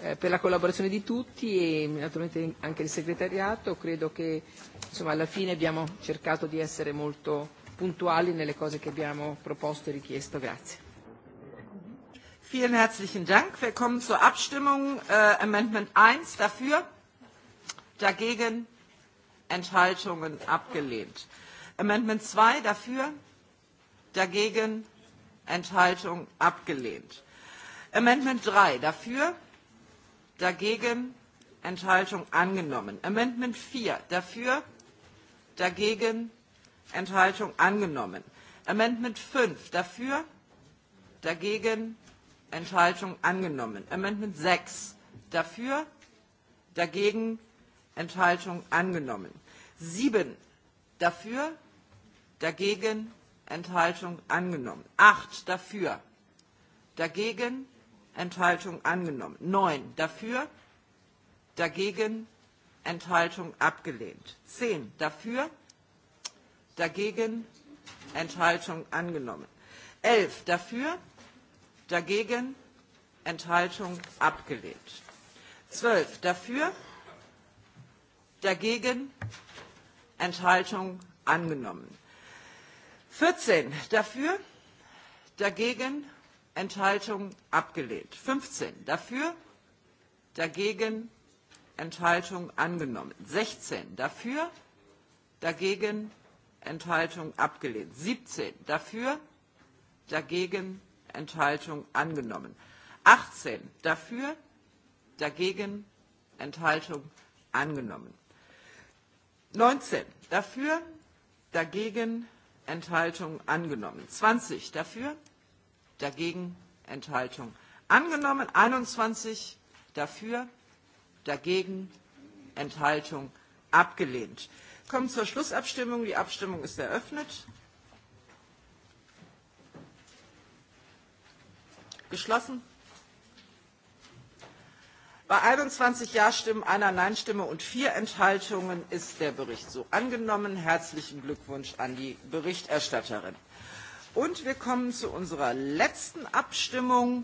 eh, per la collaborazione di tutti e naturalmente anche il segretariato. Credo che insomma, alla fine abbiamo cercato di essere molto puntuali nelle cose che abbiamo proposto e richiesto. Grazie. Vielen herzlichen Dank. Wir kommen zur Abstimmung. Äh, Amendment 1 dafür, dagegen, Enthaltungen abgelehnt. Amendment 2 dafür, dagegen, Enthaltung abgelehnt. Amendment 3 dafür, dagegen, Enthaltung angenommen. Amendment 4 dafür, dagegen, Enthaltung angenommen. Amendment 5 dafür, dagegen, Enthaltung angenommen. Amendment 6 dafür, dagegen, Enthaltung angenommen. 7 dafür, dagegen, Enthaltung angenommen. 8 dafür, dagegen, Enthaltung angenommen. 9 dafür, dagegen, Enthaltung abgelehnt. 10 dafür, dagegen, dagegen, Enthaltung angenommen. 11 dafür, dagegen, Enthaltung abgelehnt. 12 dafür, dagegen, Enthaltung angenommen. 14 dafür, dagegen, Enthaltung abgelehnt. 15 dafür, dagegen, Enthaltung angenommen. 16 dafür, dagegen, Enthaltung abgelehnt. 17 dafür, dagegen, Enthaltung angenommen. 18 dafür, dagegen, Enthaltung angenommen. 19 dafür, dagegen, Enthaltung angenommen. 20 dafür, dagegen, Enthaltung angenommen. 21 dafür, dagegen, Enthaltung abgelehnt kommen zur Schlussabstimmung. Die Abstimmung ist eröffnet. Geschlossen. Bei 21 Ja-Stimmen, einer Nein-Stimme und vier Enthaltungen ist der Bericht so angenommen. Herzlichen Glückwunsch an die Berichterstatterin. Und wir kommen zu unserer letzten Abstimmung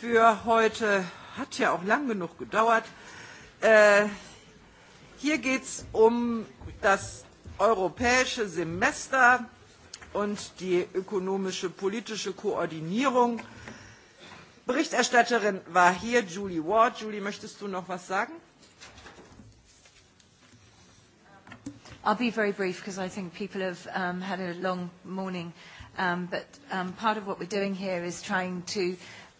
für heute. Hat ja auch lang genug gedauert. Äh, Hier geht es um das europäische Semester und die ökonomische politische Koordinierung. Berichterstatterin war hier Julie Ward. Julie, möchtest du noch was sagen? I'll be very brief because I think people have um, had a long morning. Um, but um, part of what we're doing here is trying to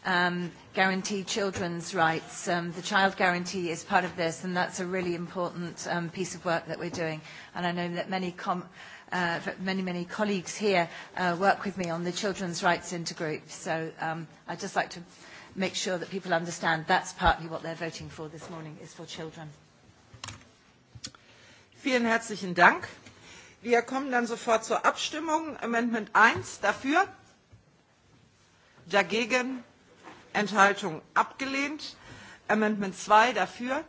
um, guarantee children's rights. Um, the child guarantee is part of this, and that's a really important um, piece of work that we're doing. And I know that many, com- uh, many, many colleagues here uh, work with me on the children's rights intergroup. So um, I'd just like to make sure that people understand that's partly what they're voting for this morning, is for children. Vielen herzlichen Dank. Wir kommen dann sofort zur Abstimmung. Amendment 1 dafür, dagegen Enthaltungen abgelehnt. Amendment 2 dafür,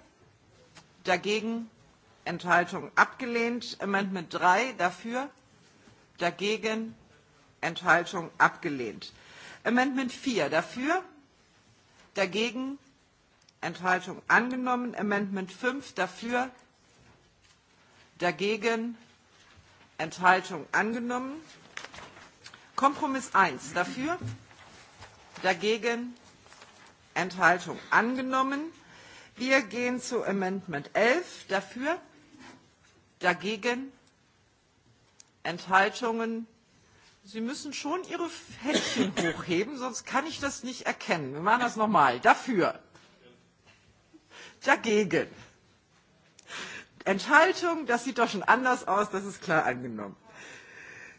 dagegen Enthaltungen abgelehnt. Amendment 3 dafür, dagegen Enthaltungen abgelehnt. Amendment 4 dafür, dagegen Enthaltungen angenommen. Amendment 5 dafür, dagegen Enthaltungen angenommen. Kompromiss 1 dafür, dagegen Enthaltung angenommen. Wir gehen zu Amendment 11. Dafür? Dagegen? Enthaltungen? Sie müssen schon Ihre Händchen (coughs) hochheben, sonst kann ich das nicht erkennen. Wir machen das nochmal. Dafür? Dagegen? Enthaltung? Das sieht doch schon anders aus. Das ist klar angenommen.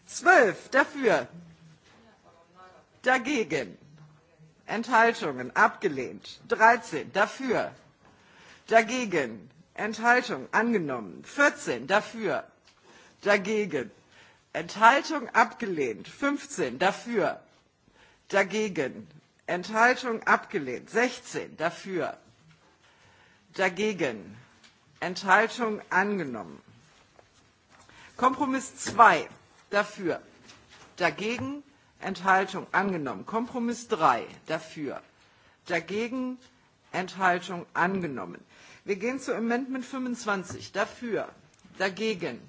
12. Dafür? Dagegen? Enthaltungen abgelehnt. 13 dafür, dagegen, Enthaltung angenommen. 14 dafür, dagegen, Enthaltung abgelehnt. 15 dafür, dagegen, Enthaltung abgelehnt. 16 dafür, dagegen, Enthaltung angenommen. Kompromiss 2 dafür, dagegen, Enthaltung angenommen. Kompromiss 3 dafür. Dagegen Enthaltung angenommen. Wir gehen zu Amendment 25 dafür. Dagegen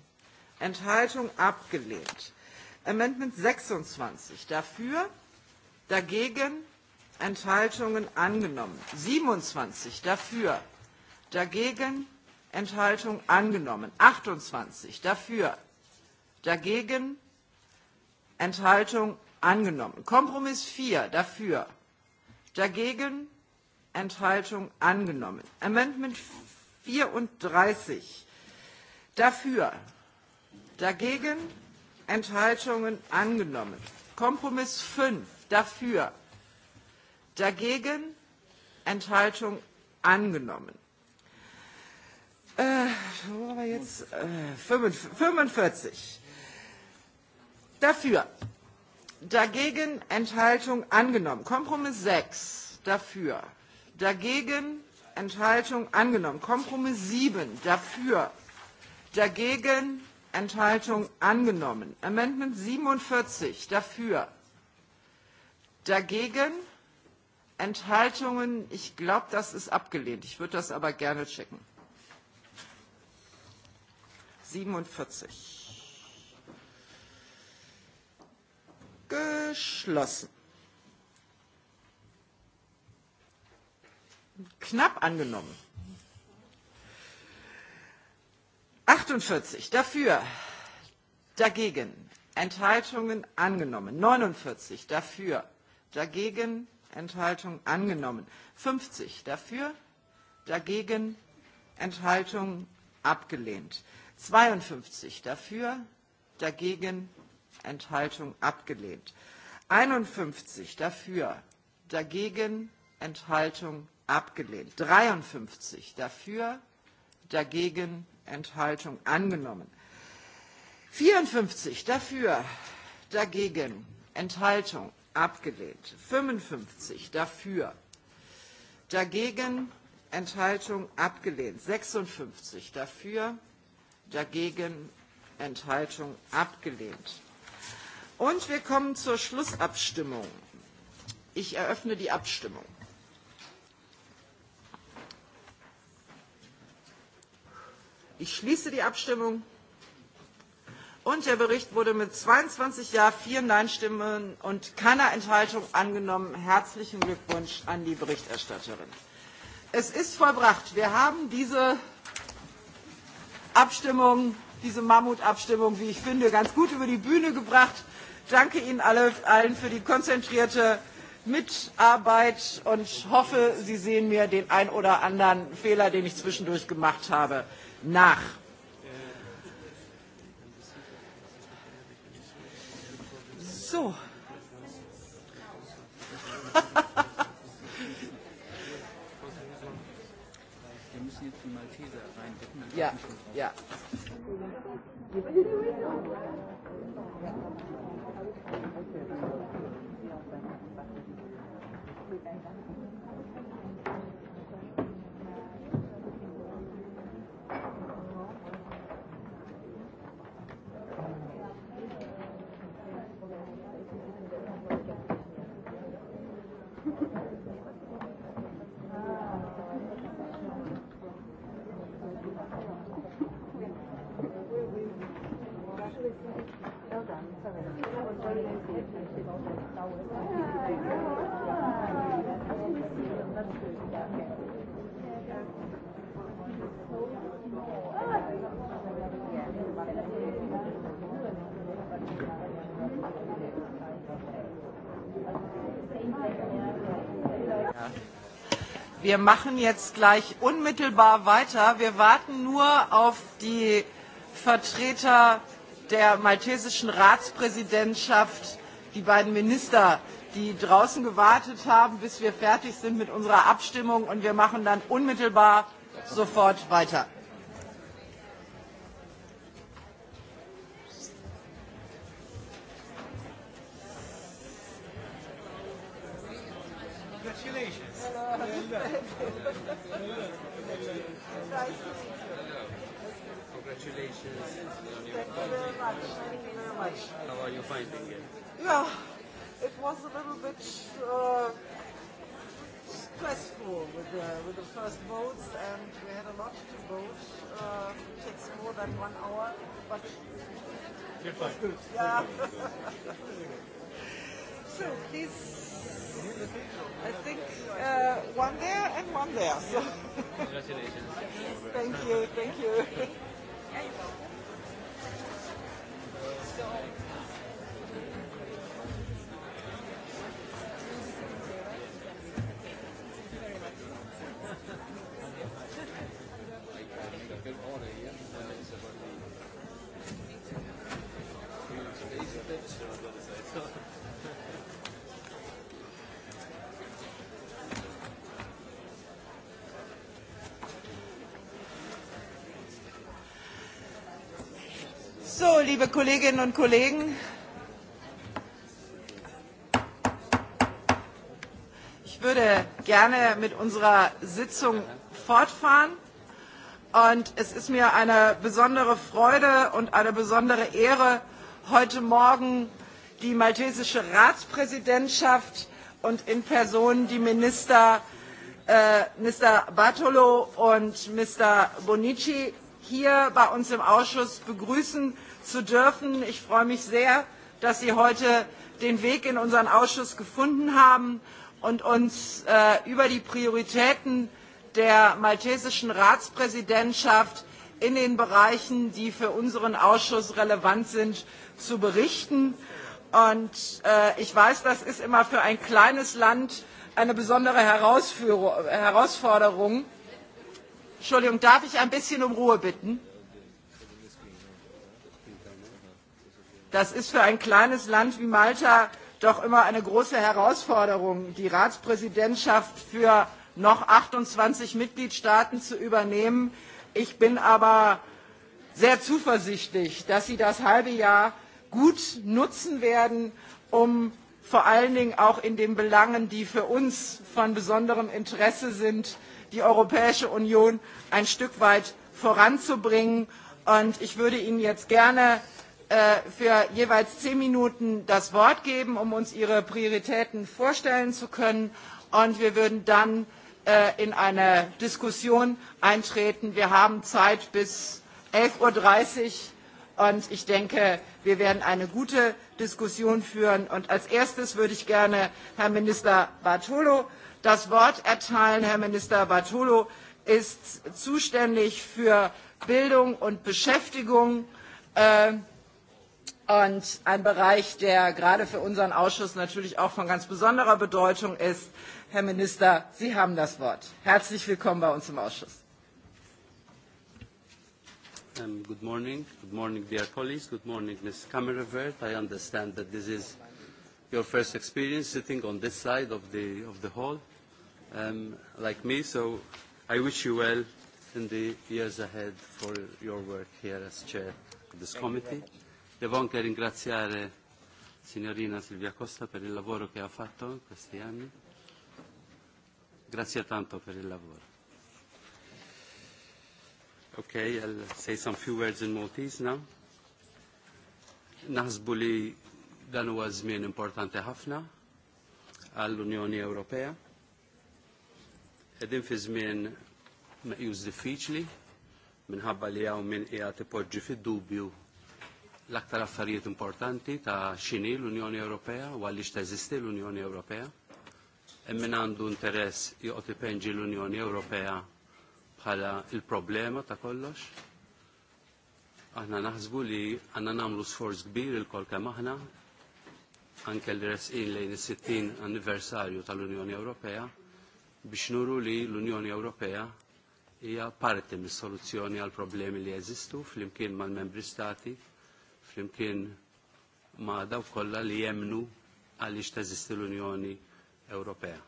Enthaltung abgelehnt. Amendment 26 dafür. Dagegen Enthaltungen angenommen. 27 dafür. Dagegen Enthaltung angenommen. 28 dafür. Dagegen Enthaltung angenommen. Kompromiss 4 dafür, dagegen Enthaltung angenommen. Amendment 34 dafür, dagegen Enthaltungen angenommen. Kompromiss 5 dafür, dagegen Enthaltung angenommen. Äh, wo waren wir jetzt? Äh, 45. Dafür, dagegen Enthaltung angenommen. Kompromiss 6 dafür, dagegen Enthaltung angenommen. Kompromiss 7 dafür, dagegen Enthaltung angenommen. Amendment 47 dafür, dagegen Enthaltungen. Ich glaube, das ist abgelehnt. Ich würde das aber gerne checken. 47. Geschlossen. Knapp angenommen. 48 dafür, dagegen, Enthaltungen angenommen. 49 dafür, dagegen, Enthaltung angenommen. 50 dafür, dagegen, Enthaltung abgelehnt. 52 dafür, dagegen, Enthaltung abgelehnt. 51 dafür, dagegen, Enthaltung abgelehnt. 53 dafür, dagegen, Enthaltung angenommen. 54 dafür, dagegen, Enthaltung abgelehnt. 55 dafür, dagegen, Enthaltung abgelehnt. 56 dafür, dagegen, Enthaltung abgelehnt. Und wir kommen zur Schlussabstimmung. Ich eröffne die Abstimmung. Ich schließe die Abstimmung. Und der Bericht wurde mit 22 Ja, 4 Nein-Stimmen und keiner Enthaltung angenommen. Herzlichen Glückwunsch an die Berichterstatterin. Es ist vollbracht. Wir haben diese Abstimmung, diese Mammutabstimmung, wie ich finde, ganz gut über die Bühne gebracht. Ich danke Ihnen alle, allen für die konzentrierte Mitarbeit und hoffe, Sie sehen mir den ein oder anderen Fehler, den ich zwischendurch gemacht habe, nach. So. Wir müssen jetzt die Malteser reinbitten. Ja, ja. Wir machen jetzt gleich unmittelbar weiter. Wir warten nur auf die Vertreter der maltesischen Ratspräsidentschaft die beiden Minister, die draußen gewartet haben, bis wir fertig sind mit unserer Abstimmung. Und wir machen dann unmittelbar sofort weiter. Congratulations. Hello. Hello. Congratulations. Thank you very much. Thank you very much. How are you finding it? yeah, it was a little bit uh, stressful with the, with the first votes, and we had a lot to vote. Uh, it takes more than one hour, but it was good. Yeah. (laughs) so please. I think uh, one there and one there. So. Congratulations. (laughs) thank you, thank you. So. Kolleginnen und Kollegen, ich würde gerne mit unserer Sitzung fortfahren. Und es ist mir eine besondere Freude und eine besondere Ehre, heute Morgen die maltesische Ratspräsidentschaft und in Person die Minister äh, Mr. Bartolo und Mr. Bonici hier bei uns im Ausschuss begrüßen zu dürfen. Ich freue mich sehr, dass Sie heute den Weg in unseren Ausschuss gefunden haben und uns äh, über die Prioritäten der maltesischen Ratspräsidentschaft in den Bereichen, die für unseren Ausschuss relevant sind, zu berichten. Und äh, ich weiß, das ist immer für ein kleines Land eine besondere Herausforderung. Entschuldigung, darf ich ein bisschen um Ruhe bitten? Das ist für ein kleines Land wie Malta doch immer eine große Herausforderung, die Ratspräsidentschaft für noch 28 Mitgliedstaaten zu übernehmen. Ich bin aber sehr zuversichtlich, dass Sie das halbe Jahr gut nutzen werden, um vor allen Dingen auch in den Belangen, die für uns von besonderem Interesse sind, die Europäische Union ein Stück weit voranzubringen. Und ich würde Ihnen jetzt gerne Äh, für jeweils zehn Minuten das Wort geben, um uns ihre Prioritäten vorstellen zu können. Und wir würden dann äh, in eine Diskussion eintreten. Wir haben Zeit bis 11.30 Uhr. Und ich denke, wir werden eine gute Diskussion führen. Und als erstes würde ich gerne Herrn Minister Bartolo das Wort erteilen. Herr Minister Bartolo ist zuständig für Bildung und Beschäftigung. Äh, und ein Bereich, der gerade für unseren Ausschuss natürlich auch von ganz besonderer Bedeutung ist. Herr Minister, Sie haben das Wort. Herzlich willkommen bei uns im Ausschuss. Um, good morning. Good morning, dear colleagues. Good morning, Ms. Kammerevert. I understand that this is your first experience sitting on this side of the, of the hall, um, like me, so I wish you well in the years ahead for your work here as chair of this Thank committee. You Devo anche ringraziare signorina Silvia Costa per il lavoro che ha fatto in questi anni. Grazie tanto per il lavoro. Okay, I'll say some few words in Maltese now. Naħsbu li dan huwa żmien importanti ħafna għall-Unjoni Ewropea. Qegħdin fi żmien meqjus diffiċli minħabba li hawn min qiegħed ipoġġi fid-dubju l-aktar affarijiet importanti ta' xini l-Unjoni Ewropea u għaliex teżisti l-Unjoni Ewropea. Emmin għandu interess joqgħod ipenġi l-Unjoni Ewropea bħala il-problema ta' kollox. Aħna naħsbu li għandna nagħmlu sforz kbir il-kol kemm aħna anke li resqin lejn is-60 anniversarju tal-Unjoni Ewropea biex nuru li l-Unjoni Ewropea hija parti mis-soluzzjoni għal problemi li jeżistu flimkien mal-membri stati flimkien ma' daw kollha li jemnu għaliex teżisti l-Unjoni Ewropea.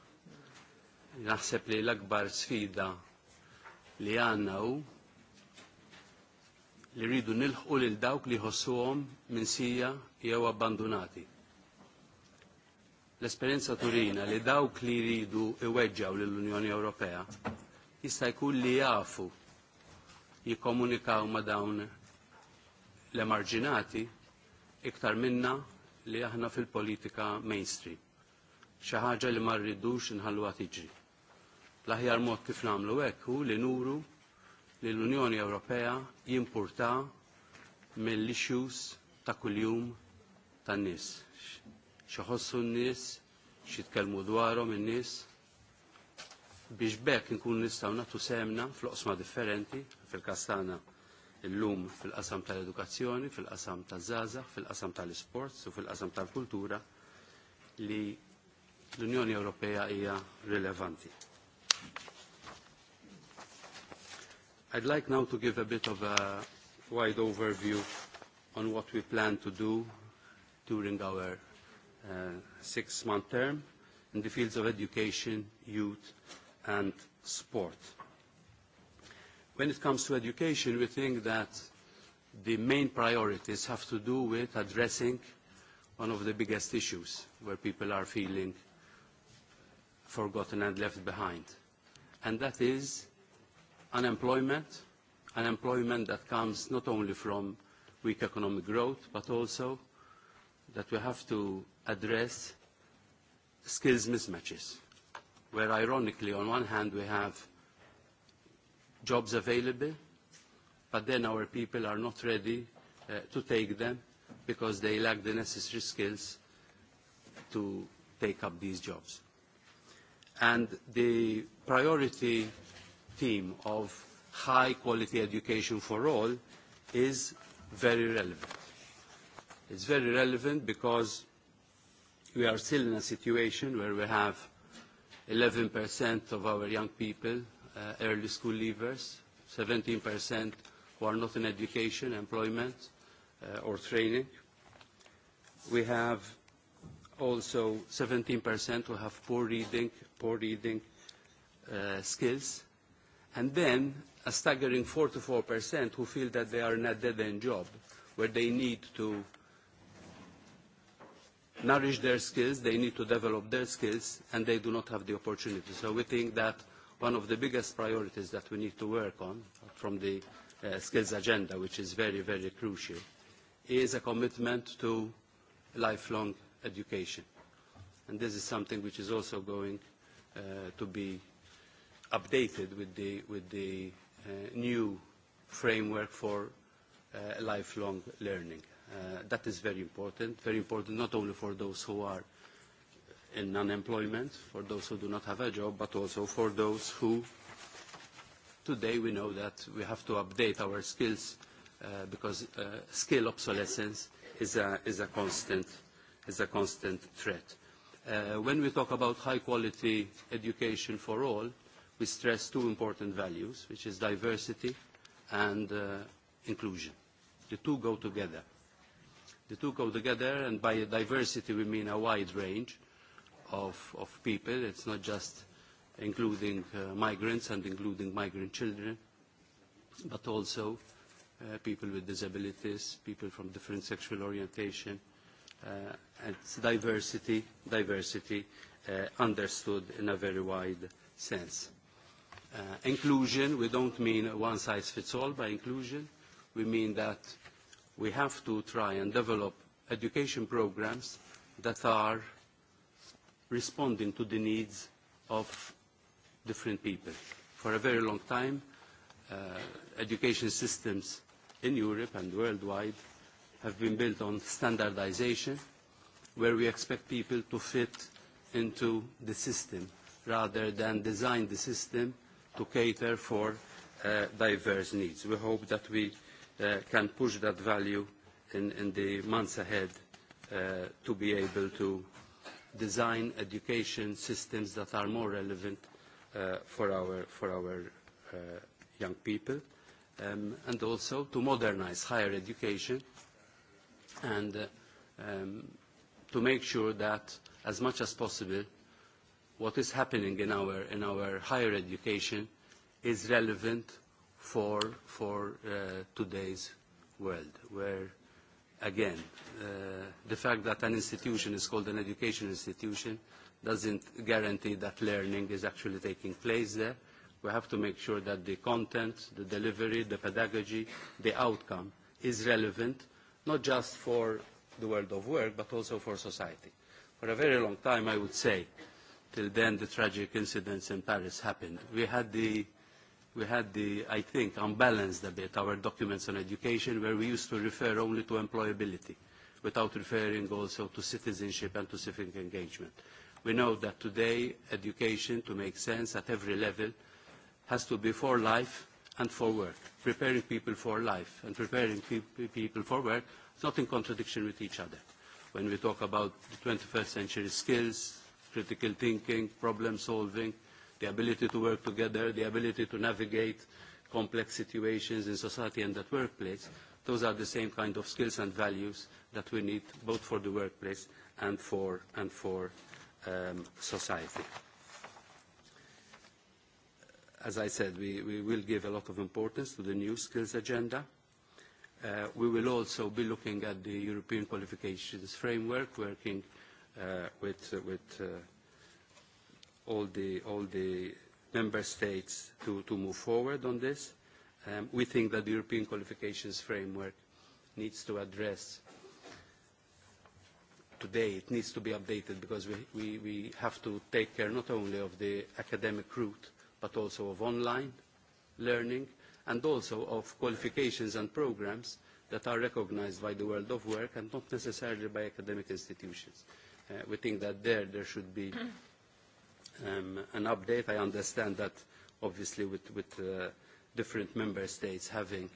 Naħseb li l-akbar sfida li għanna u li rridu nilħqu lil dawk li ħossuhom minsija jew abbandunati. L-esperjenza turina li dawk li jridu iweġġaw lill-Unjoni Ewropea jista' jkun li jafu jikkomunikaw ma' dawn l-emarġinati iktar minna li aħna fil-politika mainstream. Xi ħaġa li ma rridux inħalluha tiġri. L-aħjar mod kif nagħmlu hekk hu li nuru li l-Unjoni Ewropea jimpurta mill-issues ta' kuljum tan-nies. Xi n-nies, xi tkellmu dwarhom in-nies biex bekk nkun nistgħu nagħtu semna fl-oqsma differenti fil-kastana l-lum fil-qasam tal-edukazzjoni, fil-qasam tal-żazax, fil-qasam tal-sports u fil-qasam tal-kultura li l-Unjoni Ewropea hija rilevanti. I'd like now to give a bit of a wide overview on what we plan to do during our uh, six-month term in the fields of education, youth, and sport. When it comes to education, we think that the main priorities have to do with addressing one of the biggest issues where people are feeling forgotten and left behind, and that is unemployment, unemployment that comes not only from weak economic growth, but also that we have to address skills mismatches, where ironically, on one hand, we have jobs available, but then our people are not ready uh, to take them because they lack the necessary skills to take up these jobs. And the priority theme of high quality education for all is very relevant. It's very relevant because we are still in a situation where we have 11% of our young people uh, early school leavers, 17% who are not in education, employment, uh, or training. We have also 17% who have poor reading, poor reading uh, skills. And then a staggering 44% who feel that they are in a dead-end job, where they need to nourish their skills, they need to develop their skills, and they do not have the opportunity. So we think that one of the biggest priorities that we need to work on from the uh, skills agenda, which is very, very crucial, is a commitment to lifelong education. And this is something which is also going uh, to be updated with the, with the uh, new framework for uh, lifelong learning. Uh, that is very important, very important not only for those who are in unemployment for those who do not have a job, but also for those who today we know that we have to update our skills uh, because uh, skill obsolescence is a, is a, constant, is a constant threat. Uh, when we talk about high-quality education for all, we stress two important values, which is diversity and uh, inclusion. The two go together. The two go together, and by diversity we mean a wide range. Uh, of, of people. It's not just including uh, migrants and including migrant children, but also uh, people with disabilities, people from different sexual orientation, uh, and diversity, diversity uh, understood in a very wide sense. Uh, inclusion, we don't mean one size fits all by inclusion. We mean that we have to try and develop education programs that are responding to the needs of different people. For a very long time, uh, education systems in Europe and worldwide have been built on standardization, where we expect people to fit into the system rather than design the system to cater for uh, diverse needs. We hope that we uh, can push that value in, in the months ahead uh, to be able to uh, design education systems that are more relevant uh, for our, for our uh, young people, um, and also to modernize higher education and uh, um, to make sure that as much as possible what is happening in our, in our higher education is relevant for, for uh, today's world, where again, uh, the fact that an institution is called an education institution doesn't guarantee that learning is actually taking place there. We have to make sure that the content, the delivery, the pedagogy, the outcome is relevant, not just for the world of work, but also for society. For a very long time, I would say, till then the tragic incidents in Paris happened. We had the we had the, I think, unbalanced a bit our documents on education where we used to refer only to employability without referring also to citizenship and to civic engagement. We know that today education, to make sense at every level, has to be for life and for work, preparing people for life and preparing pe people for work is not in contradiction with each other. When we talk about the 21st century skills, critical thinking, problem solving, uh, the ability to work together, the ability to navigate complex situations in society and at workplace, those are the same kind of skills and values that we need both for the workplace and for, and for um, society. As I said, we, we will give a lot of importance to the new skills agenda. Uh, we will also be looking at the European qualifications framework, working uh, with, uh, with uh, all the, all the member states to, to move forward on this. Um, we think that the European qualifications framework needs to address today it needs to be updated because we, we, we have to take care not only of the academic route but also of online learning and also of qualifications and programs that are recognized by the world of work and not necessarily by academic institutions. Uh, we think that there, there should be (clears throat) um, an update. I understand that obviously with, with uh, different member states having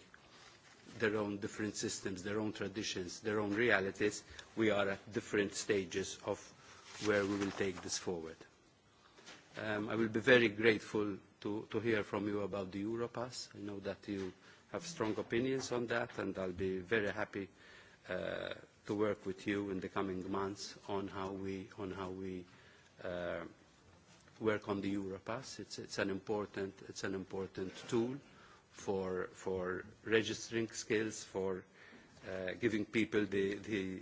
their own different systems, their own traditions, their own realities, we are at different stages of where we will take this forward. Um, I will be very grateful to, to hear from you about the Europass. I know that you have strong opinions on that, and I'll be very happy uh, to work with you in the coming months on how we, on how we uh, work on the Europass. It's, it's, an, important, it's an important tool for, for registering skills, for uh, giving people the, the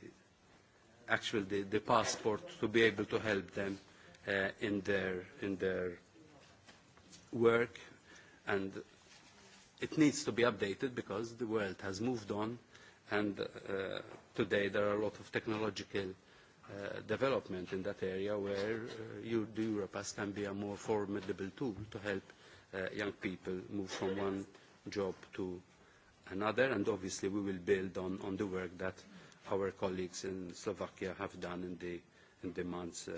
actual the, the passport to be able to help them uh, in, their, in their work. And it needs to be updated because the world has moved on and uh, today there are a lot of technological uh, uh, development in that area where uh, you, the Europass can be a more formidable tool to help uh, young people move from one job to another. And obviously we will build on, on the work that our colleagues in Slovakia have done in the, in the months uh,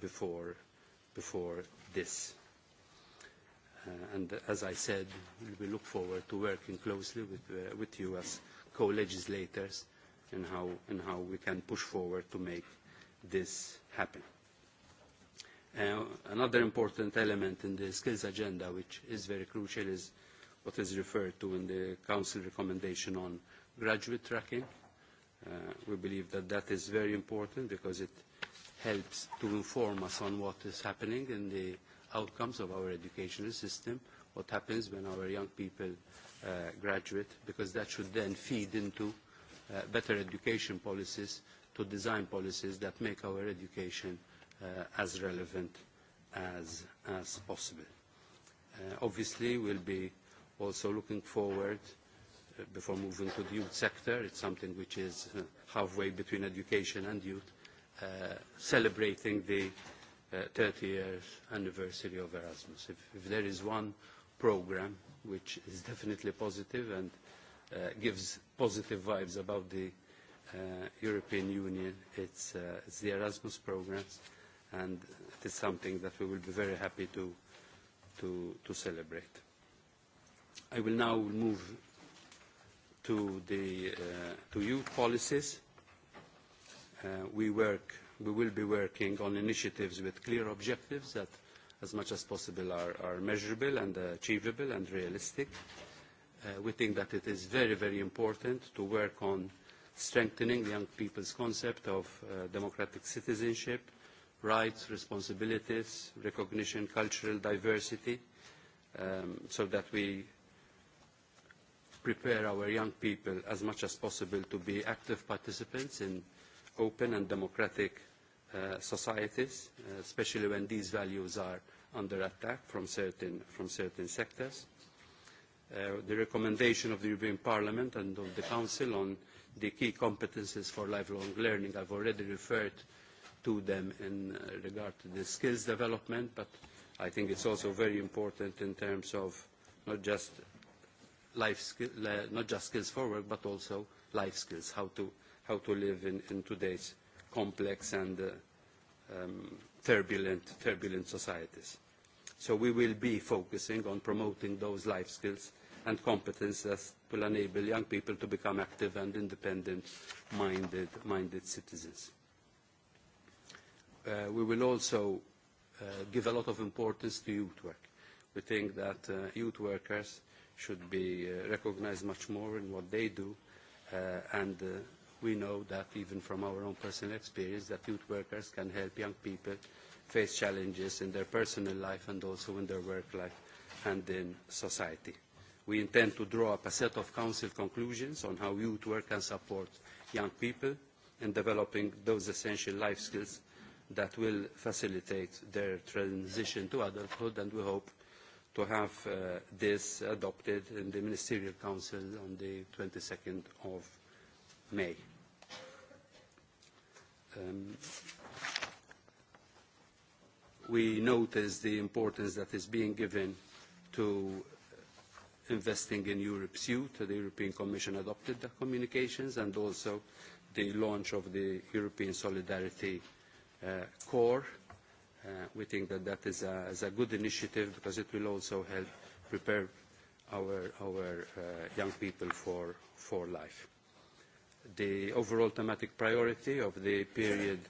before, before this. Uh, and as I said, we look forward to working closely with, uh, with you as co-legislators in how, in how we can push forward to make this happen. Uh, another important element in the skills agenda, which is very crucial, is what is referred to in the Council recommendation on graduate tracking. Uh, we believe that that is very important because it helps to inform us on what is happening in the outcomes of our educational system, what happens when our young people uh, graduate, because that should then feed into uh, better education policies to design policies that make our education uh, as relevant as, as possible. Uh, obviously, we'll be also looking forward uh, before moving to the youth sector. It's something which is uh, halfway between education and youth, uh, celebrating the uh, 30 years anniversary of Erasmus. If, if there is one program which is definitely positive and uh, gives positive vibes about the uh, European Union. It's, uh, it's the Erasmus programs, and it is something that we will be very happy to, to, to celebrate. I will now move to the uh, to youth policies. Uh, we work, we will be working on initiatives with clear objectives that, as much as possible, are, are measurable and achievable and realistic. Uh, we think that it is very, very important to work on uh, strengthening young people's concept of uh, democratic citizenship, rights, responsibilities, recognition, cultural diversity, um, so that we prepare our young people as much as possible to be active participants in open and democratic uh, societies, uh, especially when these values are under attack from certain, from certain sectors. Uh, the recommendation of the European Parliament and of the Council on uh, the key competences for lifelong learning. I've already referred to them in uh, regard to the skills development, but I think it's also very important in terms of not just life skill, not just skills for work, but also life skills, how to, how to live in, in today's complex and uh, um, turbulent, turbulent societies. So we will be focusing on promoting those life skills and competences will enable young people to become active and independent-minded minded citizens. Uh, we will also uh, give a lot of importance to youth work. We think that uh, youth workers should be uh, recognized much more in what they do, uh, and uh, we know that even from our own personal experience that youth workers can help young people face challenges in their personal life and also in their work life and in society. Uh, we intend to draw up a set of Council conclusions on how youth work can support young people in developing those essential life skills that will facilitate their transition to adulthood, and we hope to have uh, this adopted in the Ministerial Council on the 22nd of May. Um, we notice the importance that is being given to to Investing in Europe suite. The European Commission adopted the communications and also the launch of the European Solidarity uh, Corps. Uh, we think that that is a, is a good initiative because it will also help prepare our, our uh, young people for, for life. The overall thematic priority of the period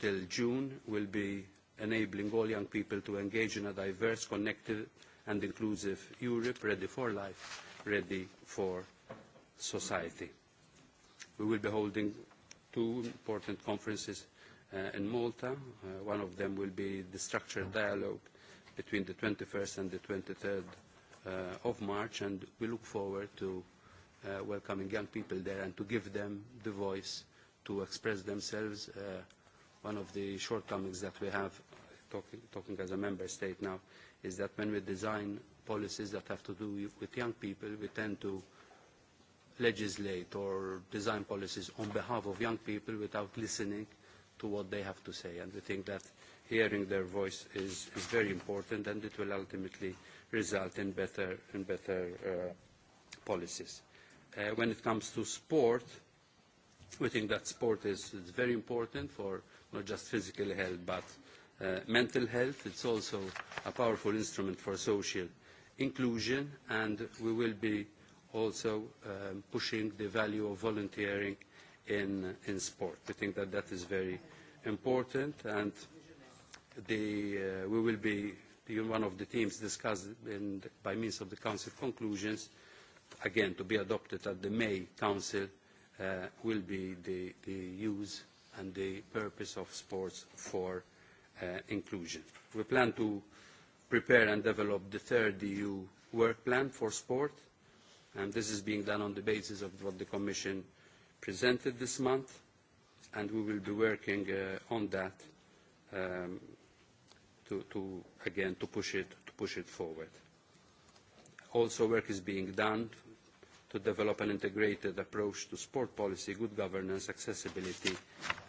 till June will be enabling all young people to engage in a diverse, connected and inclusive Europe ready for life, ready for society. We will be holding two important conferences uh, in Malta. Uh, one of them will be the structured dialogue between the 21st and the 23rd uh, of March, and we look forward to uh, welcoming young people there and to give them the voice to express themselves. Uh, one of the shortcomings that we have, talking, talking as a member state now, uh, is that when we design policies that have to do with young people, we tend to legislate or design policies on behalf of young people without listening to what they have to say. And we think that hearing their voice is, is very important and it will ultimately result in better, in better uh, policies. Uh, when it comes to sport, we think that sport is, is very important for not just physical health but uh, uh, mental health. It's also a powerful instrument for social inclusion, and we will be also um, pushing the value of volunteering in, in sport. We think that that is very important, and the, uh, we will be, one of the themes discussed in, by means of the Council conclusions, again, to be adopted at the May Council, uh, will be the, the use and the purpose of sports for uh, uh, inclusion. We plan to prepare and develop the third EU work plan for sport, and this is being done on the basis of what the Commission presented this month, and we will be working uh, on that um, to, to, again, to push, it, to push it forward. Also, work is being done to develop an integrated approach to sport policy, good governance, accessibility,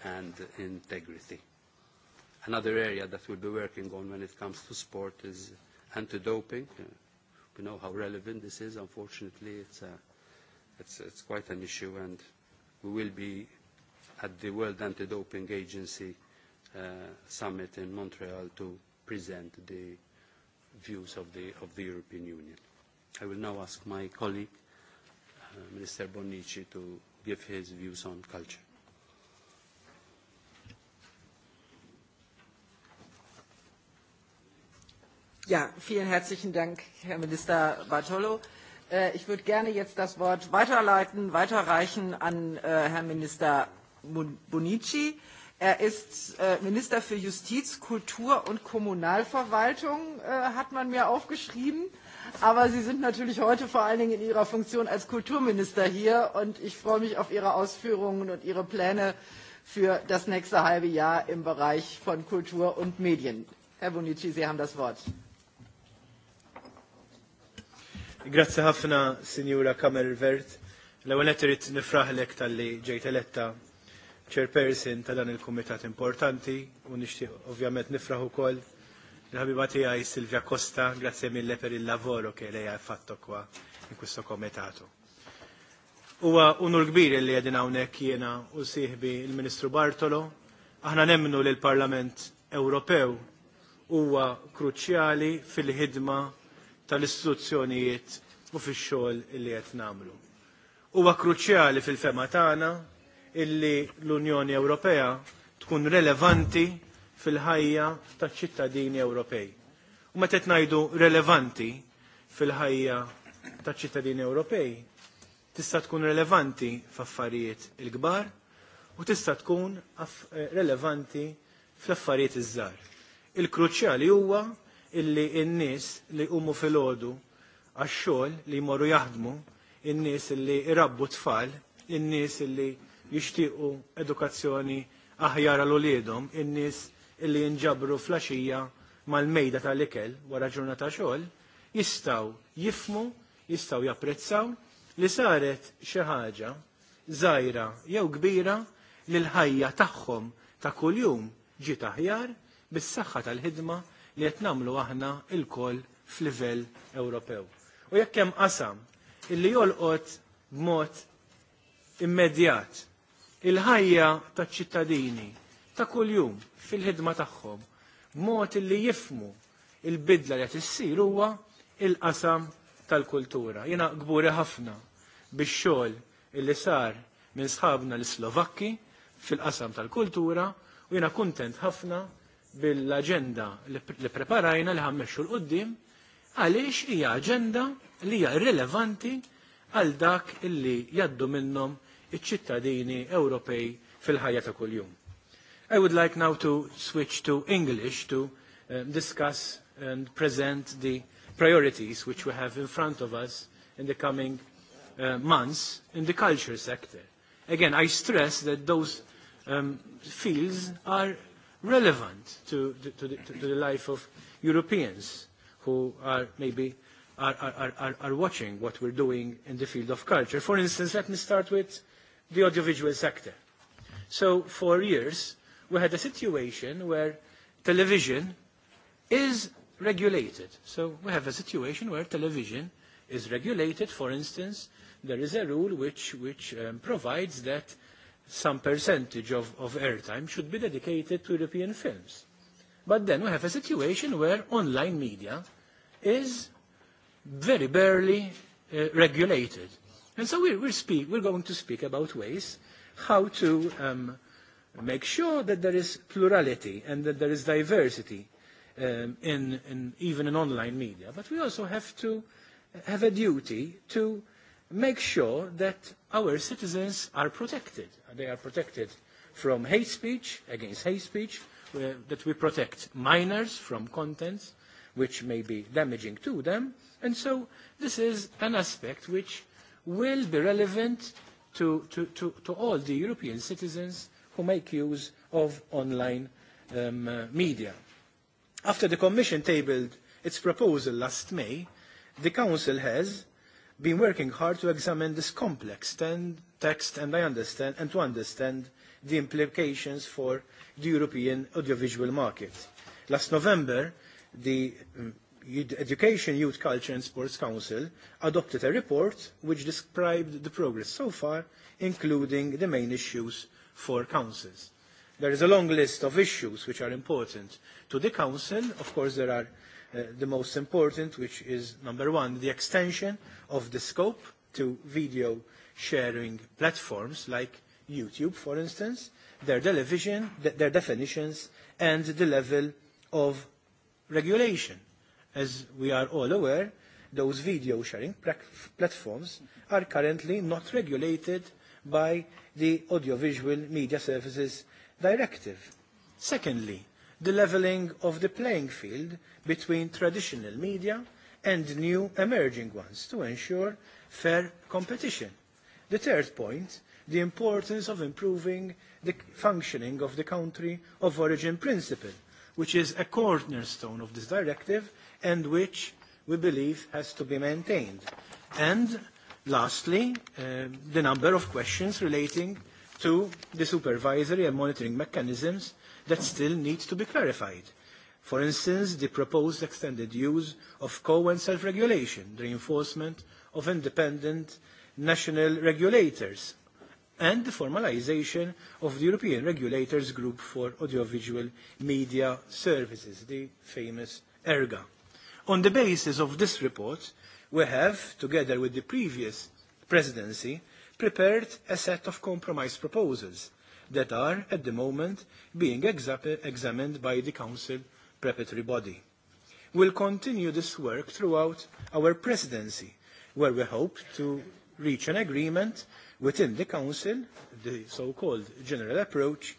and integrity. Another area that we'll be working on when it comes to sport is anti-doping. Uh, we know how relevant this is. Unfortunately, it's, a, it's, it's quite an issue, and we will be at the World Anti-Doping Agency uh, Summit in Montreal to present the views of the, of the European Union. I will now ask my colleague, uh, Minister Bonnici, to give his views on culture. Ja, vielen herzlichen Dank, Herr Minister Bartolo. Äh, ich würde gerne jetzt das Wort weiterleiten, weiterreichen an äh, Herrn Minister Bonici. Er ist äh, Minister für Justiz, Kultur und Kommunalverwaltung, äh, hat man mir aufgeschrieben. Aber Sie sind natürlich heute vor allen Dingen in Ihrer Funktion als Kulturminister hier und ich freue mich auf Ihre Ausführungen und Ihre Pläne für das nächste halbe Jahr im Bereich von Kultur und Medien. Herr Bonici, Sie haben das Wort. Grazzi ħafna, Sinjura Kamer Vert. L-ewwel qed irid nifraħlek tal-li ġejt eletta chairperson ta' dan il-kumitat importanti u nixtieq ovvjament nifraħ ukoll il-ħabiba tiegħi Silvia Costa, grazzi mille per il-lavoro che lei ha fatto qua in questo comitato. Huwa unur kbir li qegħdin hawnhekk jiena u sieħbi il-Ministru Bartolo. Aħna nemmnu li l-Parlament Ewropew huwa kruċjali fil-ħidma tal-istituzzjonijiet u fix-xogħol li qed nagħmlu. Huwa kruċjali fil-fema tagħna illi l-Unjoni Ewropea tkun relevanti fil-ħajja taċ-ċittadini Ewropej. U meta ngħidu relevanti fil-ħajja taċ-ċittadini Ewropej, tista' tkun relevanti f'affarijiet il-kbar u tista' tkun eh, relevanti fl-affarijiet iż-żgħar. Il-kruċjali huwa illi n-nies li jqumu filgħodu għax-xogħol li jmorru jaħdmu, in-nies illi irabbu tfal, in-nies illi jixtiequ edukazzjoni aħjar għal uliedhom, in-nies illi jinġabru flaxija mal-mejda tal-ikel wara ġurnata xogħol, jistaw jifmu, jistaw japprezzaw li saret xi ħaġa żgħira jew kbira li l-ħajja tagħhom ta' kuljum ġiet aħjar bis-saħħa tal-ħidma li qed nagħmlu aħna lkoll f'livell Ewropew. U jekk hemm qasam illi jolqot b'mod immedjat il-ħajja taċ-ċittadini ta' kuljum fil-ħidma tagħhom b'mod illi jifmu il-bidla li qed issir huwa il-qasam tal-kultura. Jiena gburi ħafna bix-xogħol illi sar minn sħabna l-Slovakki fil-qasam tal-kultura u jiena kuntent ħafna bil-agenda li preparajna li ħammexxu l-qoddim għaliex hija agenda li hija rilevanti għal dak illi jaddu minnhom iċ-ċittadini Ewropej fil-ħajja ta' kuljum. I would like now to switch to English to um, discuss and present the priorities which we have in front of us in the coming uh, months in the culture sector. Again, I stress that those um, fields are relevant to the, to the, to the life of Europeans who are maybe are, are, are, are watching what we're doing in the field of culture. For instance, let me start with the audiovisual sector. So for years, we had a situation where television is regulated. So we have a situation where television is regulated. For instance, there is a rule which, which um, provides that some percentage of, of airtime should be dedicated to European films. But then we have a situation where online media is very barely uh, regulated. And so we're, we're, speak, we're going to speak about ways how to um, make sure that there is plurality and that there is diversity um, in, in, even in online media. But we also have to have a duty to make sure that our citizens are protected. They are protected from hate speech, against hate speech, uh, that we protect minors from contents which may be damaging to them. And so this is an aspect which will be relevant to, to, to, to all the European citizens who make use of online um, uh, media. After the Commission tabled its proposal last May, the Council has, been working hard to examine this complex ten text and I understand and to understand the implications for the European audiovisual market. Last November, the mm, Education, Youth, Culture and Sports Council adopted a report which described the progress so far, including the main issues for councils. There is a long list of issues which are important to the Council. Of course, there are uh, the most important, which is number one, the extension of the scope to video sharing platforms like YouTube, for instance, their television, th their definitions, and the level of regulation. As we are all aware, those video sharing platforms are currently not regulated by the Audiovisual Media Services Directive. Secondly, the leveling of the playing field between traditional media and new emerging ones to ensure fair competition. The third point, the importance of improving the functioning of the country of origin principle, which is a cornerstone of this directive and which we believe has to be maintained. And lastly, uh, the number of questions relating to the supervisory and monitoring mechanisms that still needs to be clarified. For instance, the proposed extended use of co- and self-regulation, the reinforcement of independent national regulators, and the formalization of the European Regulators Group for Audiovisual Media Services, the famous ERGA. On the basis of this report, we have, together with the previous presidency, prepared a set of compromise proposals that are, at the moment, being exa examined by the Council preparatory body. We'll continue this work throughout our presidency, where we hope to reach an agreement within the Council, the so-called general approach,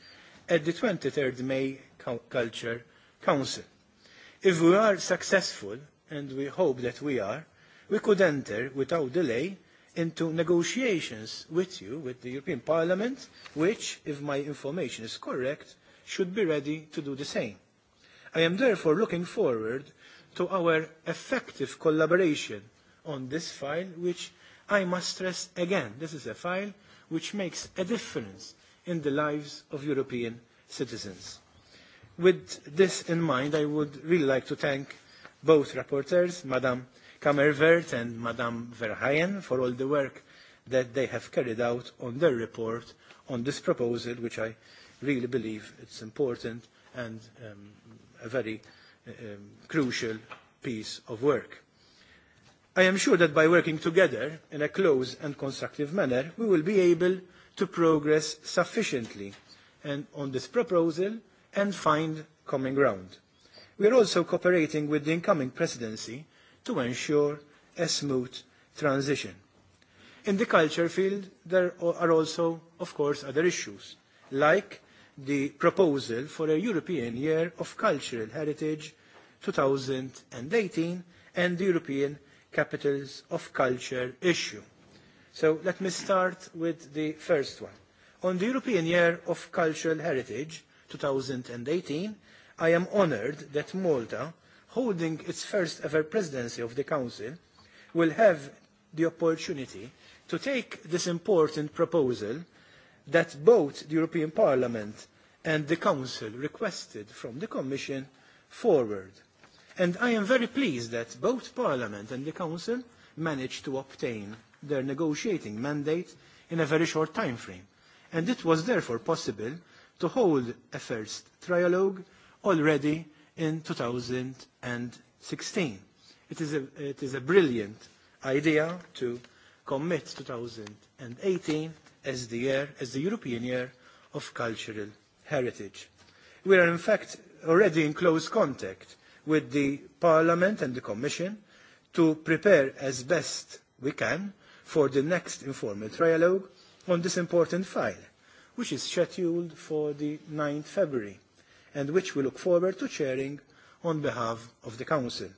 at the 23rd May Culture Council. If we are successful, and we hope that we are, we could enter without delay into negotiations with you, with the European Parliament, which, if my information is correct, should be ready to do the same. I am therefore looking forward to our effective collaboration on this file, which I must stress again, this is a file which makes a difference in the lives of European citizens. With this in mind, I would really like to thank both rapporteurs, Madame Kammervert and Madame Verheyen for all the work that they have carried out on their report on this proposal, which I really believe it's important and um, a very um, crucial piece of work. I am sure that by working together in a close and constructive manner, we will be able to progress sufficiently and on this proposal and find common ground. We are also cooperating with the incoming presidency to ensure a smooth transition. In the culture field, there are also, of course, other issues, like the proposal for a European Year of Cultural Heritage 2018 and the European Capitals of Culture issue. So let me start with the first one. On the European Year of Cultural Heritage 2018, I am honored that Malta holding its first ever presidency of the Council, will have the opportunity to take this important proposal that both the European Parliament and the Council requested from the Commission forward. And I am very pleased that both Parliament and the Council managed to obtain their negotiating mandate in a very short time frame. And it was therefore possible to hold a first trialogue already in 2016. It is a, it is a brilliant idea to commit 2018 as the year, as the European Year of Cultural Heritage. We are in fact already in close contact with the Parliament and the Commission to prepare as best we can for the next informal trialogue on this important file, which is scheduled for the 9th February and which we look forward to chairing on behalf of the Council.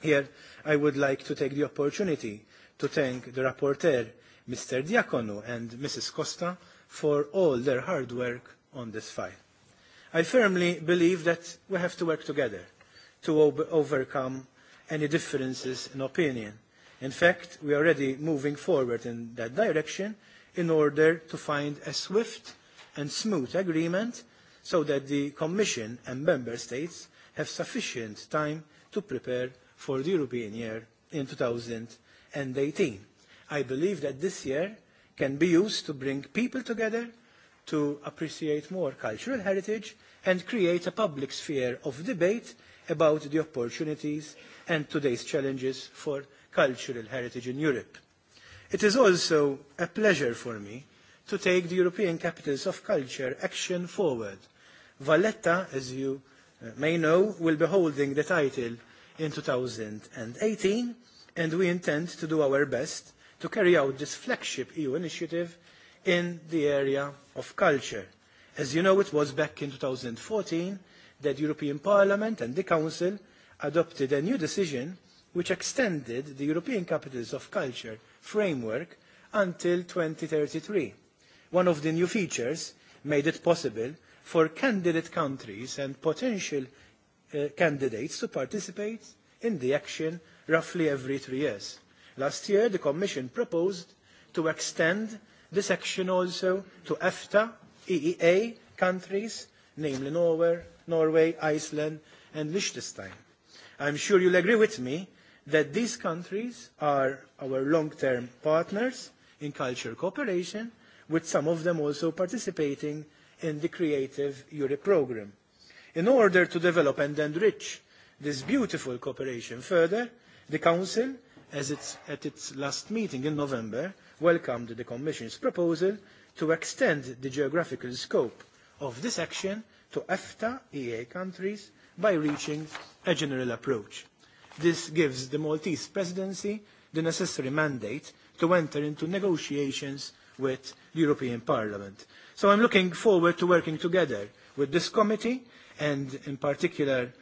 Here, I would like to take the opportunity to thank the rapporteur, Mr. Diacono and Mrs. Costa, for all their hard work on this file. I firmly believe that we have to work together to ob- overcome any differences in opinion. In fact, we are already moving forward in that direction in order to find a swift and smooth agreement so that the Commission and Member States have sufficient time to prepare for the European year in 2018. I believe that this year can be used to bring people together, to appreciate more cultural heritage, and create a public sphere of debate about the opportunities and today's challenges for cultural heritage in Europe. It is also a pleasure for me to take the European Capitals of Culture action forward. Valletta, as you uh, may know, will be holding the title in 2018, and we intend to do our best to carry out this flagship EU initiative in the area of culture. As you know, it was back in 2014 that the European Parliament and the Council adopted a new decision which extended the European Capitals of Culture framework until 2033 one of the new features made it possible for candidate countries and potential uh, candidates to participate in the action roughly every three years. Last year, the Commission proposed to extend this action also to EFTA, EEA countries, namely Norway, Norway Iceland and Liechtenstein. I'm sure you'll agree with me that these countries are our long-term partners in cultural cooperation with some of them also participating in the Creative Europe programme. In order to develop and enrich this beautiful cooperation further, the Council, as it's at its last meeting in November, welcomed the Commission's proposal to extend the geographical scope of this action to EFTA EA countries by reaching a general approach. This gives the Maltese presidency the necessary mandate to enter into negotiations with the European Parliament. So I'm looking forward to working together with this committee and in particular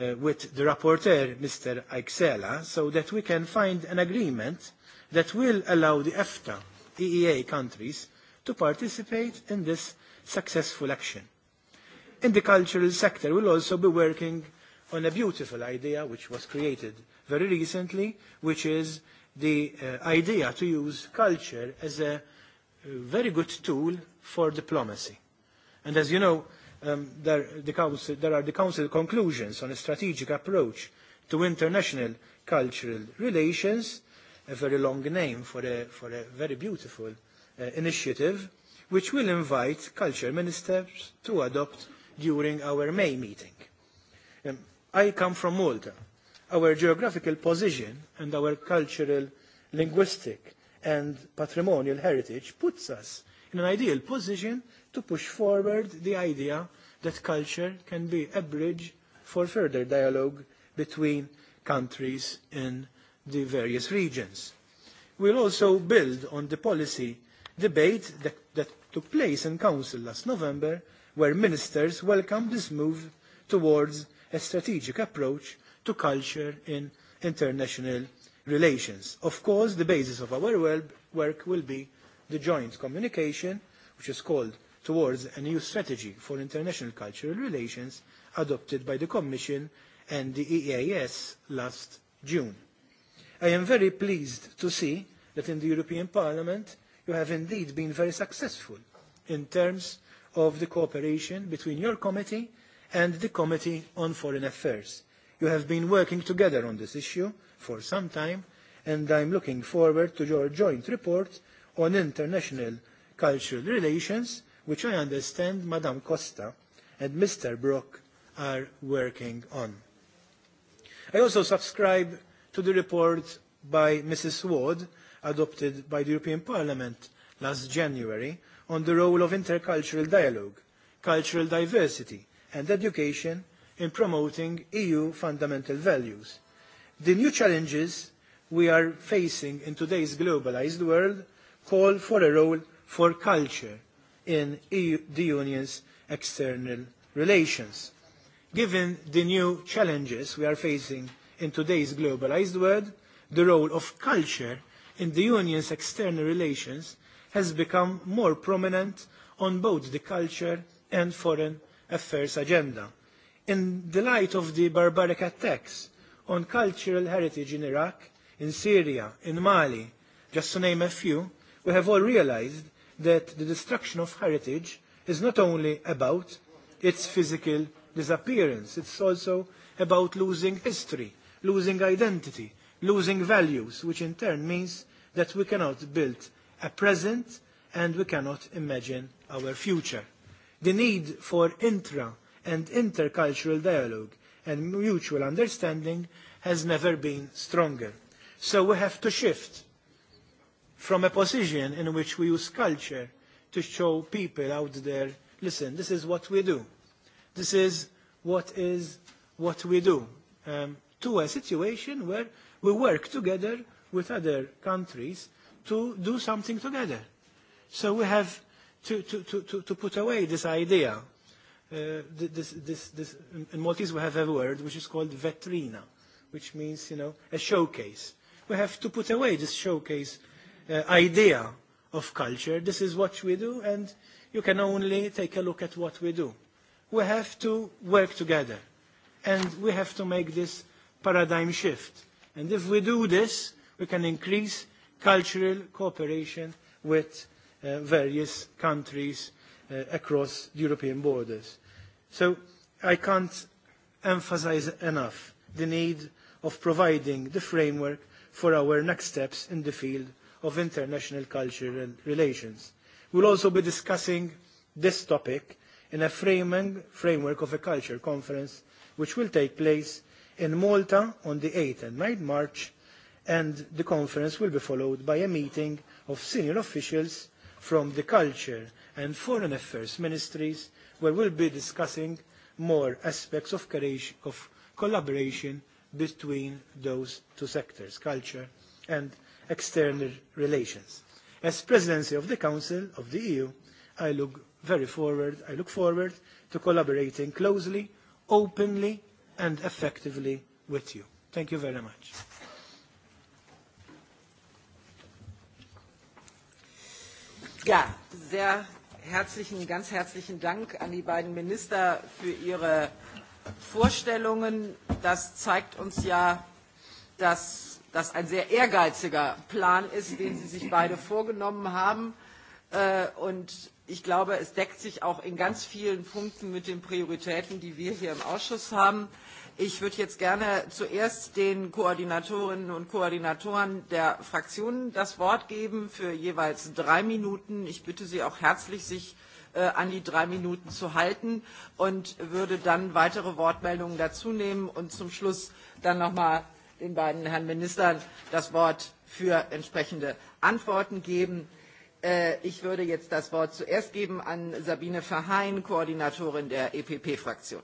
uh, with the rapporteur, Mr. Aixela, so that we can find an agreement that will allow the EFTA EEA countries to participate in this successful action. In the cultural sector, we'll also be working on a beautiful idea which was created very recently, which is the uh, idea to use culture as a very good tool for diplomacy. And as you know, um, there, the council, there are the Council conclusions on a strategic approach to international cultural relations, a very long name for a, for a very beautiful uh, initiative, which will invite culture ministers to adopt during our May meeting. Um, I come from Malta. Our geographical position and our cultural, linguistic, and patrimonial heritage puts us in an ideal position to push forward the idea that culture can be a bridge for further dialogue between countries in the various regions. We'll also build on the policy debate that, that took place in Council last November, where ministers welcomed this move towards a strategic approach to culture in international relations. Of course, the basis of our work will be the joint communication, which is called Towards a New Strategy for International Cultural Relations, adopted by the Commission and the EEAS last June. I am very pleased to see that in the European Parliament you have indeed been very successful in terms of the cooperation between your committee and the Committee on Foreign Affairs. You have been working together on this issue for some time, and I'm looking forward to your joint report on international cultural relations, which I understand Madame Costa and Mr. Brock are working on. I also subscribe to the report by Mrs. Ward, adopted by the European Parliament last January, on the role of intercultural dialogue, cultural diversity, and education in promoting EU fundamental values. The new challenges we are facing in today's globalized world call for a role for culture in EU, the Union's external relations. Given the new challenges we are facing in today's globalized world, the role of culture in the Union's external relations has become more prominent on both the culture and foreign affairs agenda. In the light of the barbaric attacks on cultural heritage in Iraq, in Syria, in Mali, just to name a few, we have all realized that the destruction of heritage is not only about its physical disappearance, it's also about losing history, losing identity, losing values, which in turn means that we cannot build a present and we cannot imagine our future. The need for intra and intercultural dialogue and mutual understanding has never been stronger. So we have to shift from a position in which we use culture to show people out there, listen, this is what we do. This is what is what we do. Um, to a situation where we work together with other countries to do something together. So we have to, to, to, to, to put away this idea uh, this, this, this, in Maltese we have a word which is called vetrina, which means, you know, a showcase. We have to put away this showcase uh, idea of culture. This is what we do, and you can only take a look at what we do. We have to work together, and we have to make this paradigm shift. And if we do this, we can increase cultural cooperation with uh, various countries uh, across European borders. So I can't emphasize enough the need of providing the framework for our next steps in the field of international cultural relations. We'll also be discussing this topic in a framing, framework of a culture conference which will take place in Malta on the 8th and 9th March and the conference will be followed by a meeting of senior officials from the culture and Foreign Affairs ministries, where we'll be discussing more aspects of, of collaboration between those two sectors, culture and external relations. As presidency of the Council of the EU, I look very forward, I look forward to collaborating closely, openly and effectively with you. Thank you very much. Ja, sehr herzlichen, ganz herzlichen Dank an die beiden Minister für ihre Vorstellungen. Das zeigt uns ja, dass das ein sehr ehrgeiziger Plan ist, den Sie sich beide vorgenommen haben. Äh, und ich glaube, es deckt sich auch in ganz vielen Punkten mit den Prioritäten, die wir hier im Ausschuss haben. Ich würde jetzt gerne zuerst den Koordinatorinnen und Koordinatoren der Fraktionen das Wort geben für jeweils drei Minuten. Ich bitte Sie auch herzlich, sich äh, an die drei Minuten zu halten und würde dann weitere Wortmeldungen dazu nehmen und zum Schluss dann nochmal den beiden Herren Ministern das Wort für entsprechende Antworten geben. Äh, ich würde jetzt das Wort zuerst geben an Sabine Verheyen, Koordinatorin der EPP-Fraktion.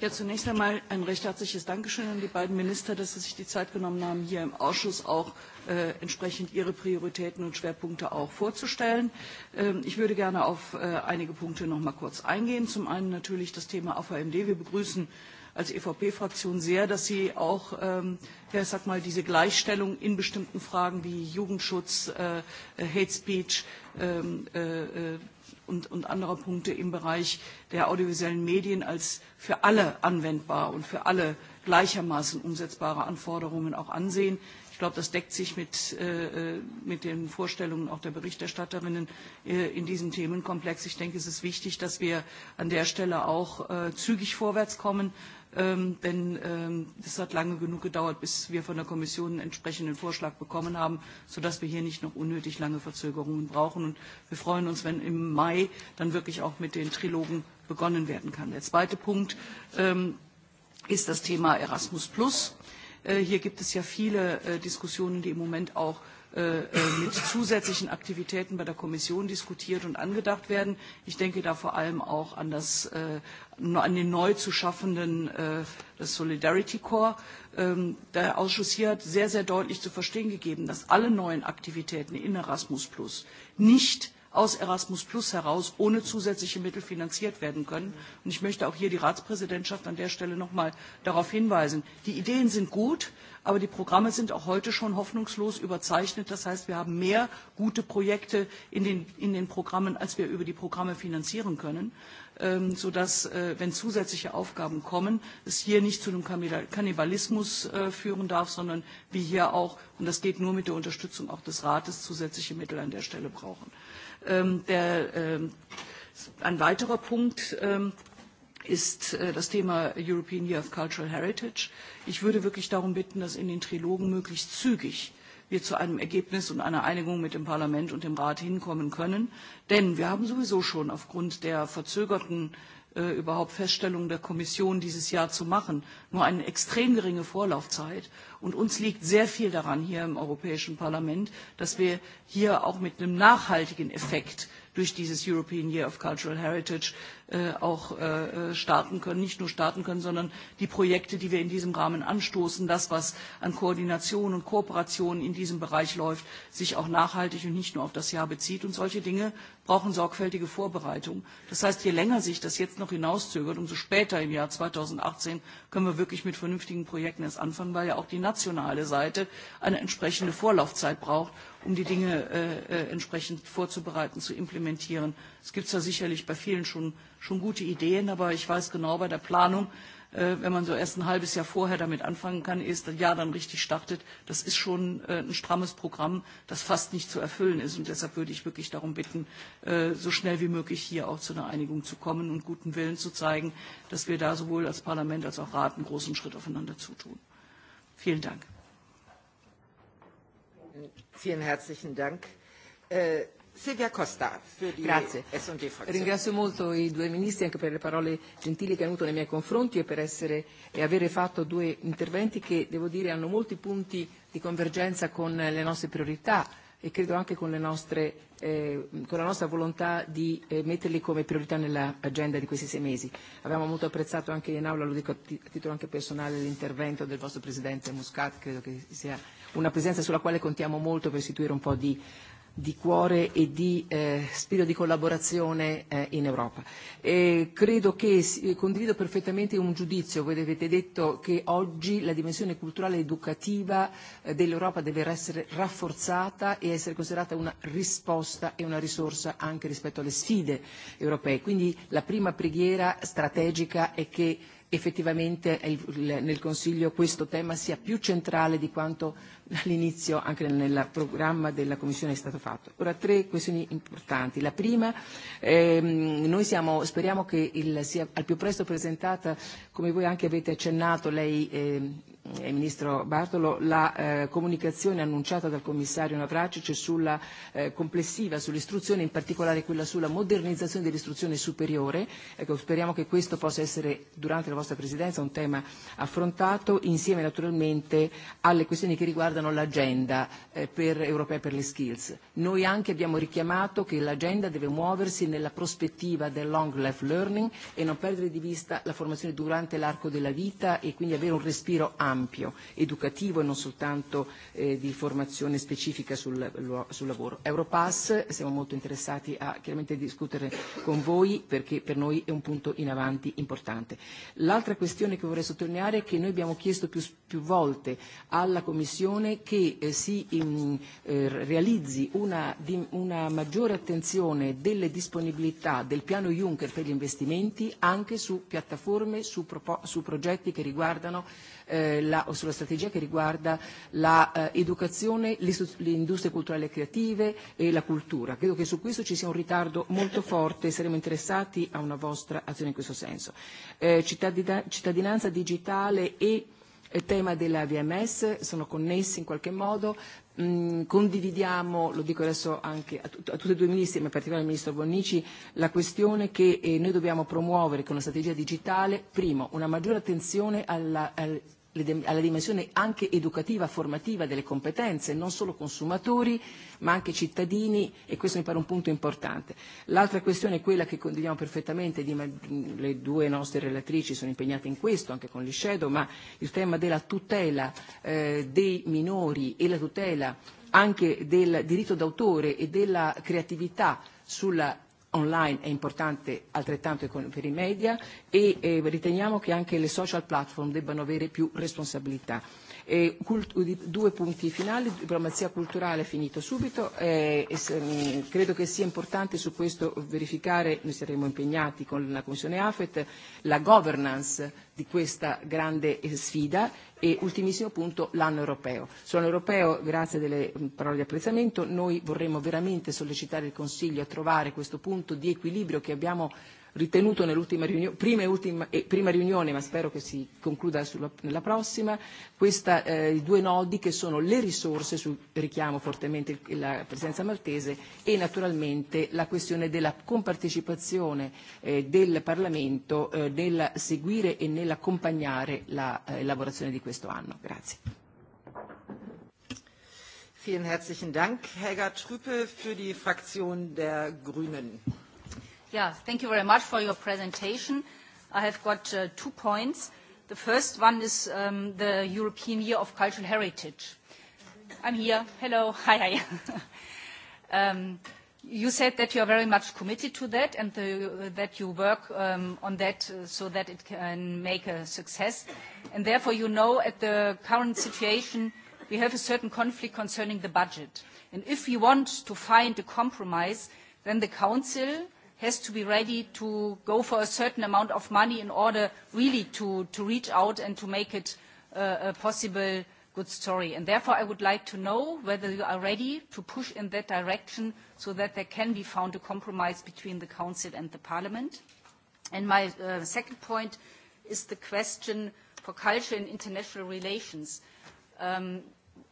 Ja, zunächst einmal ein recht herzliches Dankeschön an die beiden Minister, dass sie sich die Zeit genommen haben, hier im Ausschuss auch äh, entsprechend ihre Prioritäten und Schwerpunkte auch vorzustellen. Ähm, ich würde gerne auf äh, einige Punkte noch mal kurz eingehen. Zum einen natürlich das Thema AVMD. Wir begrüßen als EVP-Fraktion sehr, dass Sie auch, ähm, ja, ich sag mal, diese Gleichstellung in bestimmten Fragen wie Jugendschutz, äh, äh Hate Speech, ähm, äh, äh und, und anderer Punkte im Bereich der audiovisuellen Medien als für alle anwendbar und für alle gleichermaßen umsetzbare Anforderungen auch ansehen. Ich glaube, das deckt sich mit, äh, äh, mit den Vorstellungen auch der Berichterstatterinnen äh, in diesem Themenkomplex. Ich denke, es ist wichtig, dass wir an der Stelle auch äh, zügig vorwärts kommen, ähm, denn ähm, das hat lange genug gedauert, bis wir von der Kommission einen entsprechenden Vorschlag bekommen haben, sodass wir hier nicht noch unnötig lange Verzögerungen brauchen. Und wir freuen uns, wenn im Mai dann wirklich auch mit den Trilogen begonnen werden kann. Der zweite Punkt ähm, ist das Thema Erasmus Plus. Äh, hier gibt es ja viele äh, Diskussionen, die im Moment auch äh, Äh, äh, mit zusätzlichen Aktivitäten bei der Kommission diskutiert und angedacht werden. Ich denke da vor allem auch an, das, äh, an den neu zu schaffenden das Solidarity Corps. Ähm, der Ausschuss hier hat sehr, sehr deutlich zu verstehen gegeben, dass alle neuen Aktivitäten in Erasmus Plus nicht aus Erasmus Plus heraus ohne zusätzliche Mittel finanziert werden können. Und ich möchte auch hier die Ratspräsidentschaft an der Stelle noch mal darauf hinweisen. Die Ideen sind gut, aber die Programme sind auch heute schon hoffnungslos überzeichnet. Das heißt, wir haben mehr gute Projekte in den, in den Programmen, als wir über die Programme finanzieren können. Ähm, sodass, äh, wenn zusätzliche Aufgaben kommen, es hier nicht zu einem Kannibalismus äh, führen darf, sondern wir hier auch, und das geht nur mit der Unterstützung auch des Rates, zusätzliche Mittel an der Stelle brauchen. Ähm, der, ähm, ein weiterer Punkt ist äh, das Thema European Year of Cultural Heritage. Ich würde wirklich darum bitten, dass in den Trilogen möglichst zügig äh, wir zu einem Ergebnis und einer Einigung mit dem Parlament und dem Rat hinkommen können. Denn wir haben sowieso schon aufgrund der verzögerten äh, überhaupt Feststellung der Kommission dieses Jahr zu machen, nur eine extrem geringe Vorlaufzeit. Und uns liegt sehr viel daran hier im Europäischen Parlament, dass wir hier auch mit einem nachhaltigen Effekt äh, durch dieses European Year of Cultural Heritage äh, auch äh, starten können, nicht nur starten können, sondern die Projekte, die wir in diesem Rahmen anstoßen, das, was an Koordination und Kooperation in diesem Bereich läuft, sich auch nachhaltig und nicht nur auf das Jahr bezieht. Und solche Dinge brauchen sorgfältige Vorbereitung. Das heißt, je länger sich das jetzt noch hinauszögert, umso später im Jahr 2018 können wir wirklich mit vernünftigen Projekten erst anfangen, weil ja auch die nationale Seite eine entsprechende Vorlaufzeit braucht, um die Dinge äh, äh, entsprechend vorzubereiten, zu implementieren. Es gibt da sicherlich bei vielen schon, schon gute Ideen, aber ich weiß genau bei der Planung, äh, wenn man so erst ein halbes Jahr vorher damit anfangen kann, ist das Jahr dann richtig startet, das ist schon äh, ein strammes Programm, das fast nicht zu erfüllen ist. Und deshalb würde ich wirklich darum bitten, äh, so schnell wie möglich hier auch zu einer Einigung zu kommen und guten Willen zu zeigen, dass wir da sowohl als Parlament als auch Rat einen großen Schritt aufeinander zutun. Vielen Dank. Vielen herzlichen Dank. Eh, Silvia Costa, für die Grazie. S&D Fraktion. Ringrazio molto i due ministri anche per le parole gentili che hanno avuto nei miei confronti e per essere, e avere fatto due interventi che, devo dire, hanno molti punti di convergenza con le nostre priorità e credo anche con, le nostre, eh, con la nostra volontà di eh, metterli come priorità nell'agenda di questi sei mesi. Abbiamo molto apprezzato anche in aula, lo dico a, t- a titolo anche personale, l'intervento del vostro Presidente Muscat, credo che sia una presenza sulla quale contiamo molto per istituire un po' di di cuore e di eh, spirito di collaborazione eh, in Europa. E credo che condivido perfettamente un giudizio, voi avete detto che oggi la dimensione culturale ed educativa eh, dell'Europa deve essere rafforzata e essere considerata una risposta e una risorsa anche rispetto alle sfide europee. Quindi la prima preghiera strategica è che eh, effettivamente nel Consiglio questo tema sia più centrale di quanto all'inizio anche nel programma della Commissione è stato fatto. Ora tre questioni importanti. La prima, ehm, noi siamo, speriamo che il, sia al più presto presentata, come voi anche avete accennato, lei eh, eh, Ministro Bartolo, la eh, comunicazione annunciata dal Commissario Navracic sulla eh, complessiva, sull'istruzione, in particolare quella sulla modernizzazione dell'istruzione superiore. Ecco, speriamo che questo possa essere, durante la vostra Presidenza, un tema affrontato, insieme naturalmente alle questioni che riguardano l'agenda eh, per, europea per le skills. Noi anche abbiamo richiamato che l'agenda deve muoversi nella prospettiva del long life learning e non perdere di vista la formazione durante l'arco della vita e quindi avere un respiro ampio ampio, educativo e non soltanto eh, di formazione specifica sul, sul lavoro. Europass, siamo molto interessati a chiaramente discutere con voi perché per noi è un punto in avanti importante. L'altra questione che vorrei sottolineare è che noi abbiamo chiesto più, più volte alla Commissione che eh, si in, eh, realizzi una, di, una maggiore attenzione delle disponibilità del piano Juncker per gli investimenti anche su piattaforme, su, propo- su progetti che riguardano eh, la, o sulla strategia che riguarda l'educazione, eh, le, le industrie culturali e creative e la cultura. Credo che su questo ci sia un ritardo molto forte e saremo interessati a una vostra azione in questo senso. Eh, cittadina, cittadinanza digitale e il eh, tema della VMS sono connessi in qualche modo, Mh, mm, condividiamo, lo dico adesso anche a, tut- a tutti e due i ministri, ma in particolare al ministro Bonnici, la questione che eh, noi dobbiamo promuovere con la strategia digitale, primo, una maggiore attenzione alla, al alla dimensione anche educativa, formativa delle competenze, non solo consumatori ma anche cittadini e questo mi pare un punto importante. L'altra questione è quella che condividiamo perfettamente, di, ma, le due nostre relatrici sono impegnate in questo anche con gli shadow, ma il tema della tutela eh, dei minori e la tutela anche del diritto d'autore e della creatività sulla online è importante altrettanto per i media e eh, riteniamo che anche le social platform debbano avere più responsabilità. E cult- due punti finali, diplomazia culturale finito subito, eh, e se, mh, mm, credo che sia importante su questo verificare, noi saremo impegnati con la Commissione AFET, la governance di questa grande eh, sfida e ultimissimo punto l'anno europeo. Sull'anno europeo, grazie delle mm, parole di apprezzamento, noi vorremmo veramente sollecitare il Consiglio a trovare questo punto di equilibrio che abbiamo ritenuto nell'ultima riunione, prima, e ultima, eh, prima riunione, ma spero che si concluda sulla, nella prossima, questa, eh, i due nodi che sono le risorse, su richiamo fortemente la presidenza maltese, e naturalmente la questione della compartecipazione eh, del Parlamento eh, nel seguire e nell'accompagnare l'elaborazione eh, di questo anno. Grazie. Vielen herzlichen Dank, Helga Trüpel, für die Fraktion der Grünen. Yeah, thank you very much for your presentation. I have got uh, two points. The first one is um, the European Year of Cultural Heritage. I'm here. Hello. (laughs) Hi. hi. (laughs) um, you said that you are very much committed to that and the, uh, that you work um, on that uh, so that it can make a success. And therefore, you know, at the current situation, we have a certain conflict concerning the budget. And if we want to find a compromise, then the Council has to be ready to go for a certain amount of money in order really to, to reach out and to make it uh, a possible good story. And therefore, I would like to know whether you are ready to push in that direction so that there can be found a compromise between the Council and the Parliament. And my uh, second point is the question for culture and international relations. Um,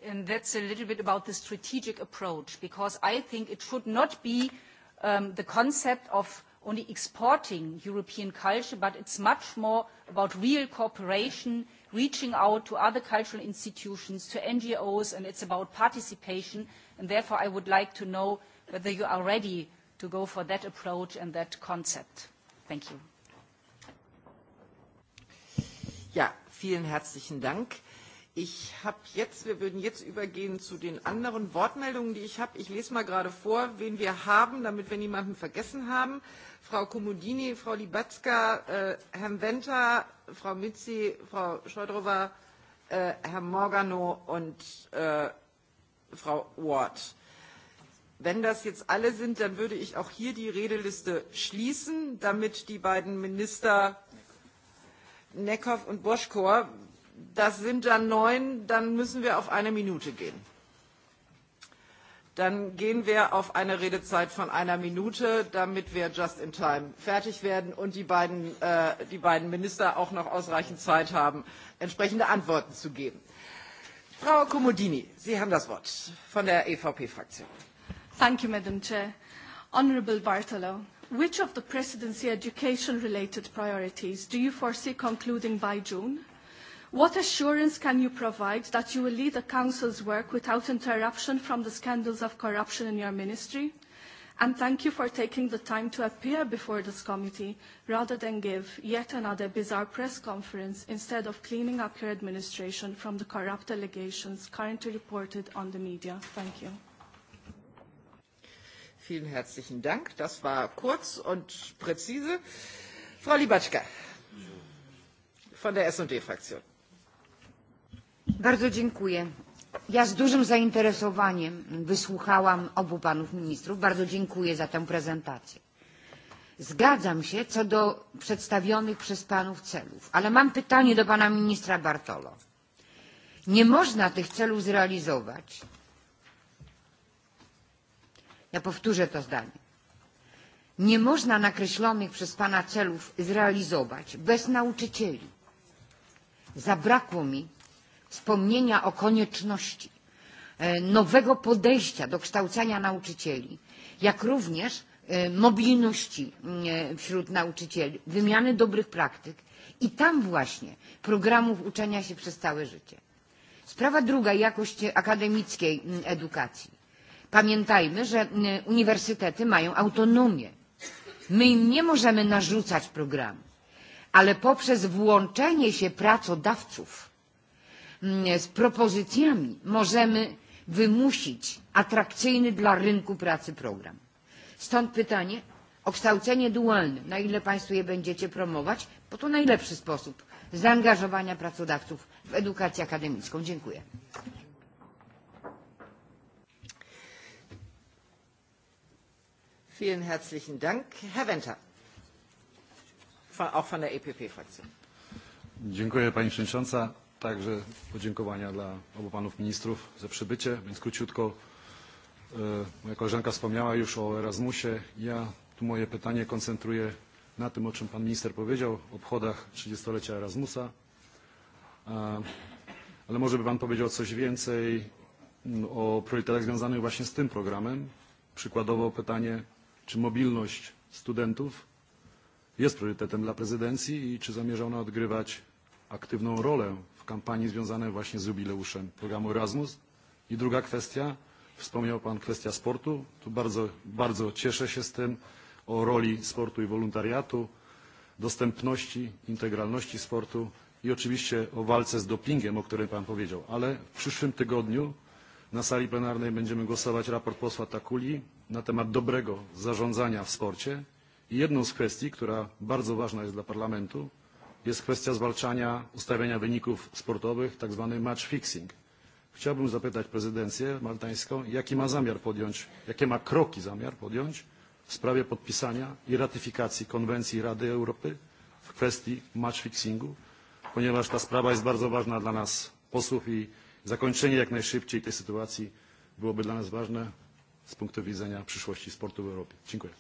and that's a little bit about the strategic approach, because I think it should not be uh, um, the concept of only exporting European culture, but it's much more about real cooperation, reaching out to other cultural institutions, to NGOs, and it's about participation. And therefore, I would like to know whether you are ready to go for that approach and that concept. Thank you. Ja, vielen herzlichen Dank. Ich habe jetzt, wir würden jetzt übergehen zu den anderen Wortmeldungen, die ich habe. Ich lese mal gerade vor, wen wir haben, damit wir niemanden vergessen haben. Frau Komodini, Frau Libatzka, äh, Herrn Venter, Frau Mitzi, Frau Scheudrover, äh, Herr Morgano und äh, Frau Ward. Wenn das jetzt alle sind, dann würde ich auch hier die Redeliste schließen, damit die beiden Minister Neckhoff und Boschkor das sind dann neun, dann müssen wir auf eine Minute gehen. Dann gehen wir auf eine Redezeit von einer Minute, damit wir just in time fertig werden und die beiden, äh, die beiden Minister auch noch ausreichend Zeit haben, entsprechende Antworten zu geben. Frau Comodini, Sie haben das Wort von der EVP-Fraktion. Thank you, Madam Chair. Honourable Bartolo, which of the presidency education-related priorities do you foresee concluding by June? What assurance can you provide that you will lead the Council's work without interruption from the scandals of corruption in your ministry? And thank you for taking the time to appear before this committee rather than give yet another bizarre press conference instead of cleaning up your administration from the corrupt allegations currently reported on the media. Thank you. Vielen herzlichen Dank. Das war kurz und präzise. Frau Libatschka von der S&D-Fraktion. Bardzo dziękuję. Ja z dużym zainteresowaniem wysłuchałam obu panów ministrów. Bardzo dziękuję za tę prezentację. Zgadzam się co do przedstawionych przez panów celów, ale mam pytanie do pana ministra Bartolo. Nie można tych celów zrealizować. Ja powtórzę to zdanie. Nie można nakreślonych przez pana celów zrealizować bez nauczycieli. Zabrakło mi wspomnienia o konieczności e, nowego podejścia do kształcenia nauczycieli, jak również e, mobilności e, wśród nauczycieli, wymiany dobrych praktyk i tam właśnie programów uczenia się przez całe życie. Sprawa druga jakość akademickiej edukacji. Pamiętajmy, że uniwersytety mają autonomię. My im nie możemy narzucać programu, ale poprzez włączenie się pracodawców Mm, z propozycjami możemy wymusić atrakcyjny dla rynku pracy program. Stąd pytanie o kształcenie dualne, na ile Państwo je będziecie promować, bo to najlepszy sposób zaangażowania pracodawców w edukację akademicką. Dziękuję. Vielen herzlichen Dank. Herr Wenter, auch von der EPP-Fraktion. Dziękuję Pani Przewodnicząca. Także podziękowania dla obu panów ministrów za przybycie, więc króciutko. E, moja koleżanka wspomniała już o Erasmusie. Ja tu moje pytanie koncentruję na tym, o czym pan minister powiedział, o obchodach 30-lecia Erasmusa. Ale może by pan powiedział coś więcej mm, o priorytetach związanych właśnie z tym programem. Przykładowo pytanie, czy mobilność studentów jest priorytetem dla prezydencji i czy zamierza ona odgrywać aktywną rolę w kampanii związanej właśnie z jubileuszem programu Erasmus. I druga kwestia, wspomniał Pan kwestia sportu. Tu bardzo, bardzo cieszę się z tym o roli sportu i wolontariatu, dostępności, integralności sportu i oczywiście o walce z dopingiem, o którym Pan powiedział. Ale w przyszłym tygodniu na sali plenarnej będziemy głosować raport posła Takuli na temat dobrego zarządzania w sporcie. I jedną z kwestii, która bardzo ważna jest dla Parlamentu, jest kwestia zwalczania ustawiania wyników sportowych, tak zwany match fixing. Chciałbym zapytać prezydencję maltańską, jaki ma zamiar podjąć, jakie ma kroki zamiar podjąć w sprawie podpisania i ratyfikacji konwencji Rady Europy w kwestii match fixingu, ponieważ ta sprawa jest bardzo ważna dla nas posłów i zakończenie jak najszybciej tej sytuacji byłoby dla nas ważne z punktu widzenia przyszłości sportu w Europie. Dziękuję.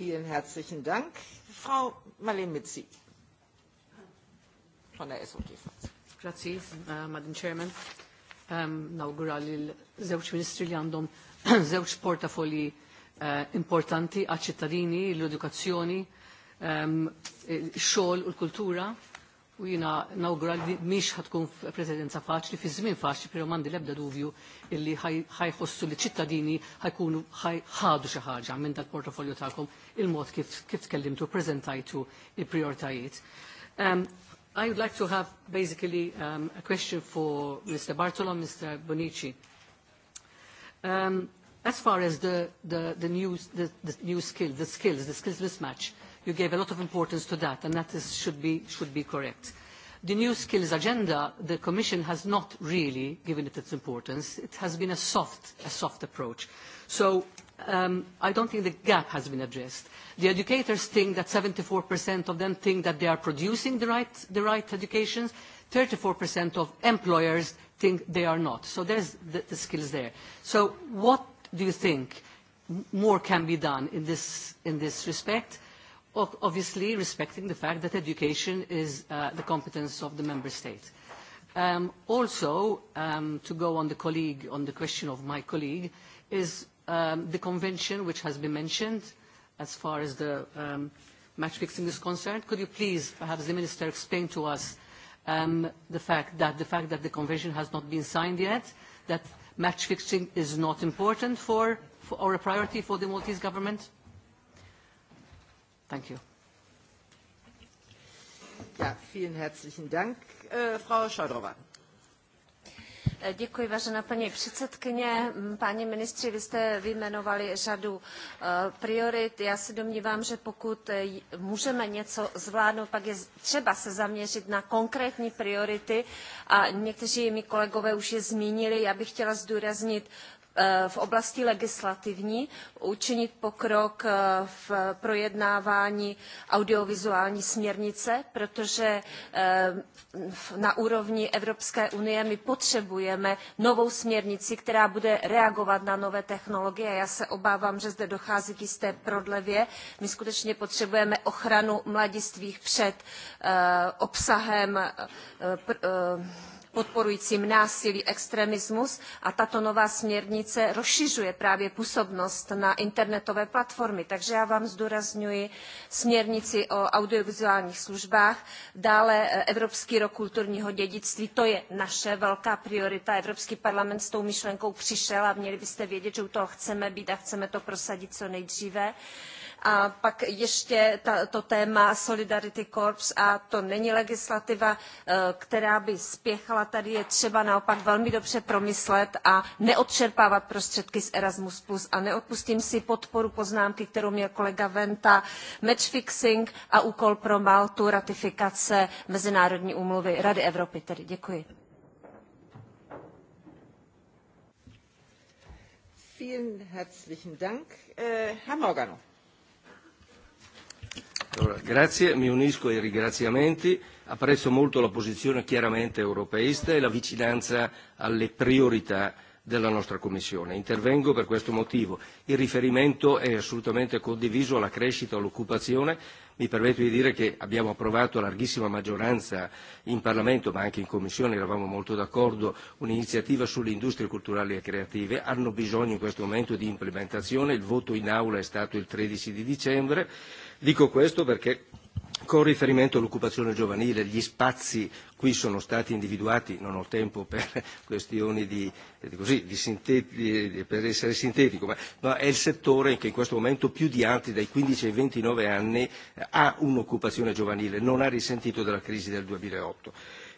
Vielen herzlichen Dank. Frau Marlene Mitzi von der SOT-Fraktion. Grazie, uh, Madam Chairman. Um, nawgura li l-żewġ ministri li għandhom żewġ (clears throat) portafoli uh, importanti għal ċittadini, l-edukazzjoni, um, il-xogħol u l-kultura. Il u jina nawgura li miex ħatkun presidenza faċli, fi żmien faċli, pero mandi lebda dubju illi ħajħossu li ċittadini ħajkunu ħadu xi ħaġa minn dal-portafolju tagħkom il-mod kif tkellimtu, prezentajtu il-prioritajiet. Um, I would like to have basically um, a question for Mr. Bartolo, Mr. Bonici. Um, as far as the, the, the, new, the, the new skill, the skills, the skills mismatch, you gave a lot of importance to that, and that is, should, be, should be correct. The new skills agenda, the Commission has not really given it its importance. It has been a soft, a soft approach. So um, I don't think the gap has been addressed. The educators think that 74% of them think that they are producing the right, the right educations. 34% of employers think they are not. So there's the, the skills there. So what do you think more can be done in this, in this respect? obviously respecting the fact that education is uh, the competence of the member state. Um, also, um, to go on the colleague, on the question of my colleague, is um, the convention which has been mentioned as far as the um, match fixing is concerned. Could you please, perhaps the Minister, explain to us um, the, fact that, the fact that the convention has not been signed yet, that match fixing is not important for, for, or a priority for the Maltese government? Thank you. Ja, vielen herzlichen Dank, äh, Frau Schodrova. Äh, děkuji, vážená paní předsedkyně. Páni ministři, vy jste vyjmenovali řadu äh, priorit. Já se domnívám, že pokud äh, můžeme něco zvládnout, pak je třeba se zaměřit na konkrétní priority a někteří mi kolegové už je zmínili. Já bych chtěla zdůraznit Eh, v oblasti legislativní učinit pokrok eh, v projednávání audiovizuální směrnice, protože eh, na úrovni Evropské unie my potřebujeme novou směrnici, která bude reagovat na nové technologie. Já se obávám, že zde dochází k jisté prodlevě. My skutečně potřebujeme ochranu mladistvých před obsahem podporujícím násilí extremismus a tato nová směrnice rozšiřuje právě působnost na internetové platformy. Takže já vám zdůrazňuji směrnici o audiovizuálních službách, dále e, Evropský rok kulturního dědictví, to je naše velká priorita. Evropský parlament s tou myšlenkou přišel a měli byste vědět, že u toho chceme být a chceme to prosadit co nejdříve. Uh, A pak ještě ta, to téma Solidarity Corps a to není legislativa, eh, která by spěchala. Tady je třeba naopak velmi dobře promyslet a neodčerpávat prostředky z Erasmus+. A neodpustím si podporu poznámky, kterou měl kolega Venta, matchfixing a úkol pro Maltu ratifikace Mezinárodní úmluvy Rady Evropy. Tedy děkuji. Vielen herzlichen Dank. Äh, Herr Morgano. Allora, grazie, mi unisco ai ringraziamenti, apprezzo molto la posizione chiaramente europeista e la vicinanza alle priorità della nostra Commissione. Intervengo per questo motivo. Il riferimento è assolutamente condiviso alla crescita e all'occupazione. Mi permetto di dire che abbiamo approvato a larghissima maggioranza in Parlamento, ma anche in Commissione, eravamo molto d'accordo, un'iniziativa sulle industrie culturali e creative. Hanno bisogno in questo momento di implementazione. Il voto in Aula è stato il 13 di dicembre Dico questo perché con riferimento all'occupazione giovanile, gli spazi qui sono stati individuati, non ho tempo per (laughs) questioni di, così, di sinteti, per essere sintetico, ma, ma è il settore che in questo momento più di altri dai 15 ai 29 anni ha un'occupazione giovanile, non ha risentito della crisi del 2008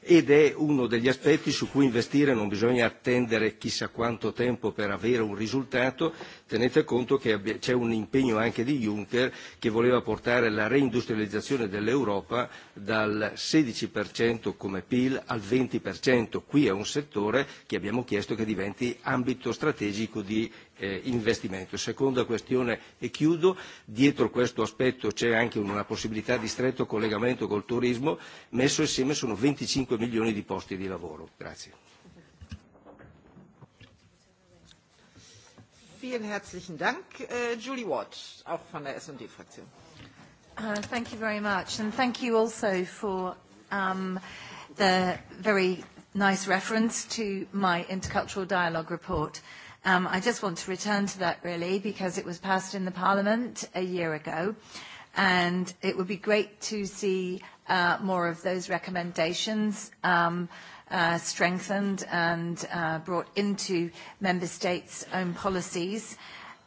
ed è uno degli aspetti su cui investire, non bisogna attendere chissà quanto tempo per avere un risultato, tenete conto che c'è un impegno anche di Juncker che voleva portare la reindustrializzazione dell'Europa dal 16% come PIL al 20%, qui è un settore che abbiamo chiesto che diventi ambito strategico di eh, investimento. Seconda questione, e chiudo, dietro questo aspetto c'è anche una possibilità di stretto collegamento col turismo, messo insieme sono 25 milioni di posti di lavoro. Grazie. Vielen herzlichen Dank. Uh, Julie Watt, auch von der S&D-Fraktion. Uh, thank you very much, and thank you also for um, the very nice reference to my intercultural dialogue report. Uh, Um, I just want to return to that really because it was passed in the Parliament a year ago and it would be great to see uh, more of those recommendations um, uh, strengthened and uh, brought into member states' own policies.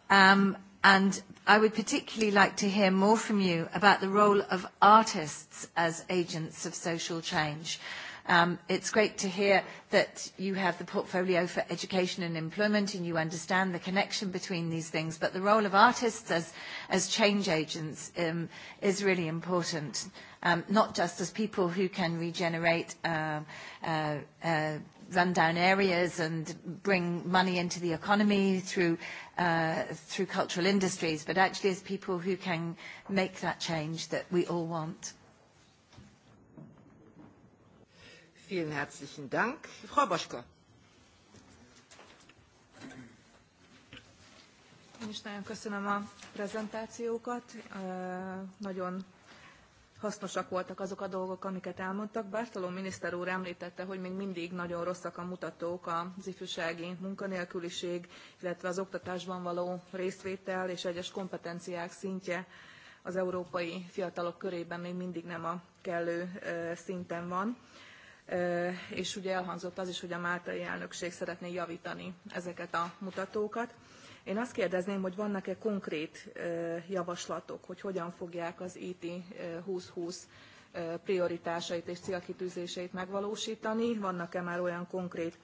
Um, and I would particularly like to hear more from you about the role of artists as agents of social change. Uh, Um, it's great to hear that you have the portfolio for education and employment and you understand the connection between these things, but the role of artists as, as change agents um, is really important, um, not just as people who can regenerate uh, uh, uh, rundown areas and bring money into the economy through, uh, through cultural industries, but actually as people who can make that change that we all want. Vielen herzlichen Dank. Frau Boschko. Én is nagyon köszönöm a prezentációkat. Nagyon hasznosak voltak azok a dolgok, amiket elmondtak. Bártaló miniszter úr említette, hogy még mindig nagyon rosszak a mutatók az ifjúsági munkanélküliség, illetve az oktatásban való részvétel és egyes kompetenciák szintje az európai fiatalok körében még mindig nem a kellő szinten van és ugye elhangzott az is, hogy a máltai elnökség szeretné javítani ezeket a mutatókat. Én azt kérdezném, hogy vannak-e konkrét javaslatok, hogy hogyan fogják az IT 2020 prioritásait és célkitűzéseit megvalósítani? Vannak-e már olyan konkrét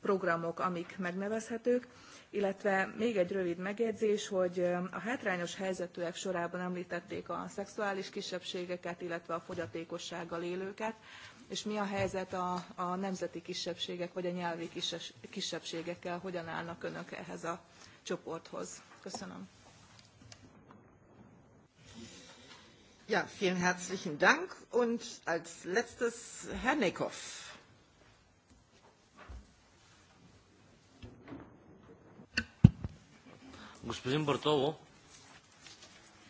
programok, amik megnevezhetők? illetve még egy rövid megjegyzés, hogy a hátrányos helyzetűek sorában említették a szexuális kisebbségeket, illetve a fogyatékossággal élőket, és mi a helyzet a, a nemzeti kisebbségek vagy a nyelvi kises, kisebbségekkel, hogyan állnak önök ehhez a csoporthoz. Köszönöm. Ja, vielen herzlichen Dank. Und als letztes Herr Neckhoff. Господин Бартоло,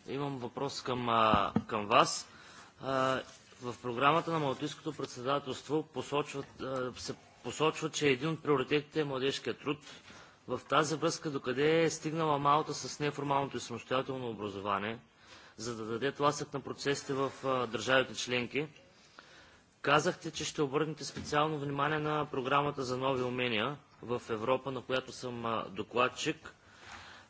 имам въпрос към, а, към вас. А, в програмата на Малтийското председателство посочват, а, се посочва, че един от приоритетите е младежкият труд. В тази връзка докъде е стигнала Малта с неформалното и самостоятелно образование, за да даде тласък на процесите в а, държавите членки? Казахте, че ще обърнете специално внимание на програмата за нови умения в Европа, на която съм а, докладчик –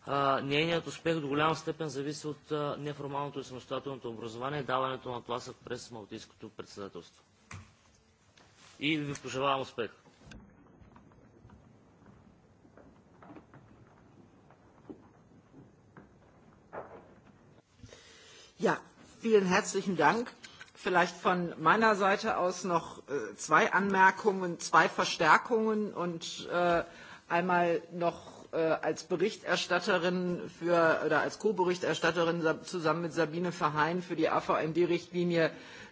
а, нейният успех до голяма степен зависи от а, неформалното и самостоятелното образование и даването на тласък през Малтийското председателство. И ви пожелавам успех! Ja, vielen herzlichen Dank. Vielleicht von meiner Seite aus noch äh, zwei Anmerkungen, zwei Verstärkungen und äh, einmal noch äh, als Berichterstatterin für, oder als Co-Berichterstatterin zusammen mit Sabine Verheyen für die AVMD-Richtlinie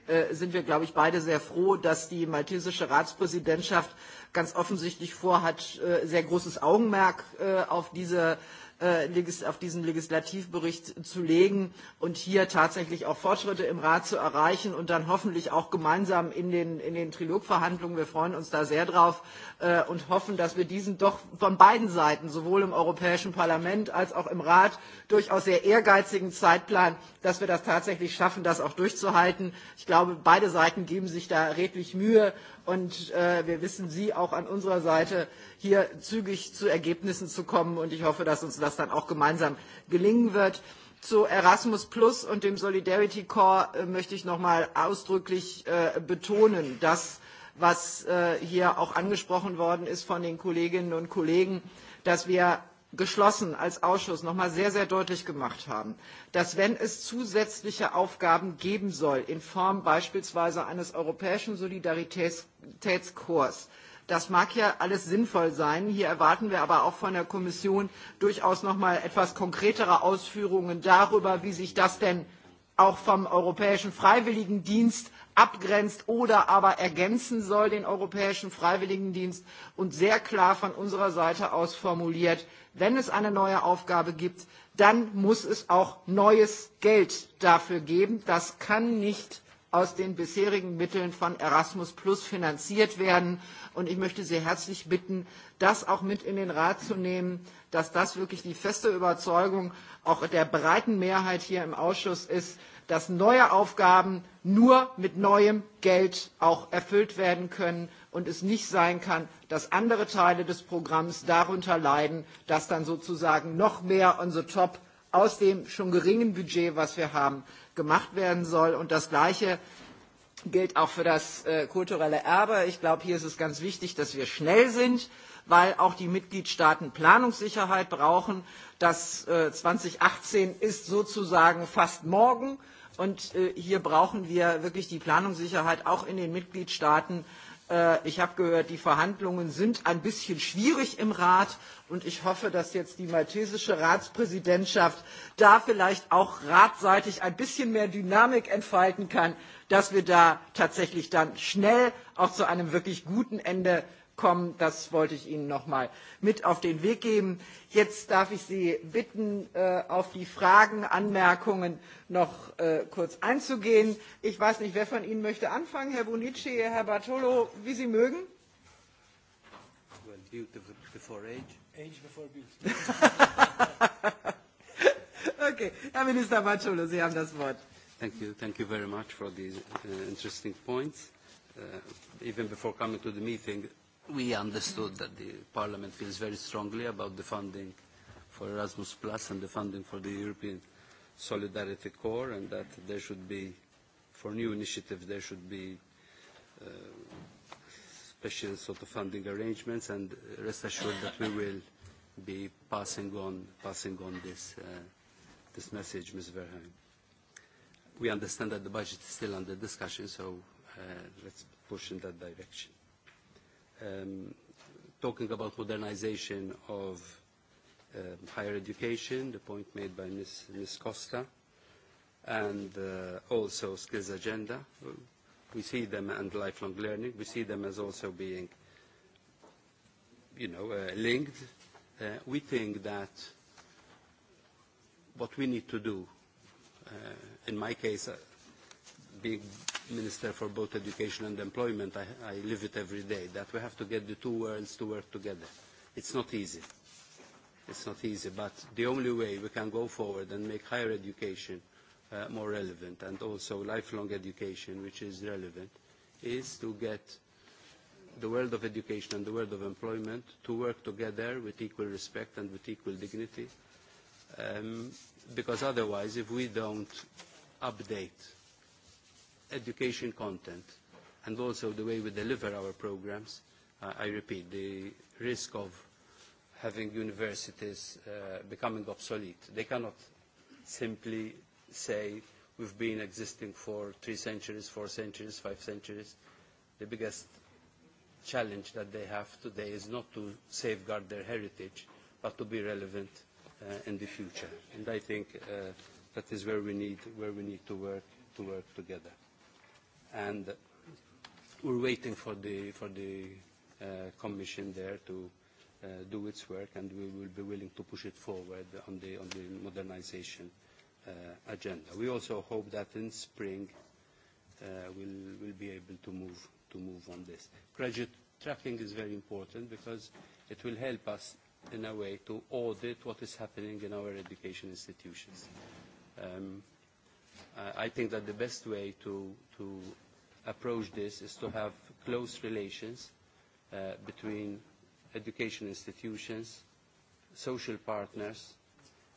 äh, sind wir, glaube ich, beide sehr froh, dass die maltesische Ratspräsidentschaft ganz offensichtlich vorhat, äh, sehr großes Augenmerk äh, auf diese Äh, auf diesen Legislativbericht zu legen und hier tatsächlich auch Fortschritte im Rat zu erreichen und dann hoffentlich auch gemeinsam in den, in den Trilogverhandlungen. Wir freuen uns da sehr drauf äh, und hoffen, dass wir diesen doch von beiden Seiten, sowohl im Europäischen Parlament als auch im Rat, durchaus sehr ehrgeizigen Zeitplan, dass wir das tatsächlich schaffen, das auch durchzuhalten. Ich glaube, beide Seiten geben sich da redlich Mühe Und äh, wir wissen Sie auch an unserer Seite hier zügig zu Ergebnissen zu kommen. Und ich hoffe, dass uns das dann auch gemeinsam gelingen wird. Zu Erasmus Plus und dem Solidarity Corps äh, möchte ich nochmal ausdrücklich äh, betonen, dass was äh, hier auch angesprochen worden ist von den Kolleginnen und Kollegen, dass wir geschlossen als Ausschuss noch mal sehr, sehr deutlich gemacht haben, dass wenn es zusätzliche Aufgaben geben soll, in Form beispielsweise eines europäischen Solidaritätskorps, das mag ja alles sinnvoll sein. Hier erwarten wir aber auch von der Kommission durchaus noch mal etwas konkretere Ausführungen darüber, wie sich das denn auch vom Europäischen Freiwilligendienst abgrenzt oder aber ergänzen soll, den Europäischen Freiwilligendienst, und sehr klar von unserer Seite aus formuliert, wenn es eine neue Aufgabe gibt, dann muss es auch neues Geld dafür geben. Das kann nicht aus den bisherigen Mitteln von Erasmus Plus finanziert werden. Und ich möchte Sie herzlich bitten, das auch mit in den Rat zu nehmen, dass das wirklich die feste Überzeugung auch der breiten Mehrheit hier im Ausschuss ist, dass neue Aufgaben nur mit neuem Geld auch erfüllt werden können und es nicht sein kann, dass andere Teile des Programms darunter leiden, dass dann sozusagen noch mehr on the top aus dem schon geringen Budget, was wir haben, gemacht werden soll. Und das Gleiche gilt auch für das äh, kulturelle Erbe. Ich glaube, hier ist es ganz wichtig, dass wir schnell sind, weil auch die Mitgliedstaaten Planungssicherheit brauchen. Das äh, 2018 ist sozusagen fast morgen. Und äh, hier brauchen wir wirklich die Planungssicherheit auch in den Mitgliedstaaten, Äh, ich habe gehört, die Verhandlungen sind ein bisschen schwierig im Rat und ich hoffe, dass jetzt die maltesische Ratspräsidentschaft da vielleicht auch ratseitig ein bisschen mehr Dynamik entfalten kann, dass wir da tatsächlich dann schnell auch zu einem wirklich guten Ende kommen. Das wollte ich Ihnen noch mal mit auf den Weg geben. Jetzt darf ich Sie bitten, äh, auf die Fragen, Anmerkungen noch äh, kurz einzugehen. Ich weiß nicht, wer von Ihnen möchte anfangen, Herr Bonici, Herr Bartolo, wie Sie mögen. Well, beauty before age. Age before beauty. (laughs) okay, Herr Minister Bartolo, Sie haben das Wort. Thank you. Thank you very much for these uh, interesting points. Uh, even before coming to the meeting, we understood that the Parliament feels very strongly about the funding for Erasmus Plus and the funding for the European Solidarity Corps and that there should be, for new initiatives, there should be uh, special sort of funding arrangements and rest assured that we will be passing on, passing on this, uh, this message, Ms. Verheyen. We understand that the budget is still under discussion, so uh, let's push in that direction um, talking about modernization of um, higher education, the point made by Ms. Ms. Costa, and uh, also skills agenda. We see them and lifelong learning. We see them as also being, you know, uh, linked. Uh, we think that what we need to do, uh, in my case, uh, being Minister for both education and employment, I, I live it every day, that we have to get the two worlds to work together. It's not easy. It's not easy, but the only way we can go forward and make higher education uh, more relevant and also lifelong education, which is relevant, is to get the world of education and the world of employment to work together with equal respect and with equal dignity. Um, because otherwise, if we don't update education content and also the way we deliver our programs, uh, I repeat, the risk of having universities uh, becoming obsolete. They cannot simply say we've been existing for three centuries, four centuries, five centuries. The biggest challenge that they have today is not to safeguard their heritage, but to be relevant uh, in the future. And I think uh, that is where we need, where we need to, work, to work together and we're waiting for the, for the uh, commission there to uh, do its work, and we will be willing to push it forward on the, on the modernization uh, agenda. We also hope that in spring uh, we'll, we'll be able to move, to move on this. Graduate tracking is very important because it will help us in a way to audit what is happening in our education institutions. Um, uh, I think that the best way to, to approach this is to have close relations uh, between education institutions, social partners,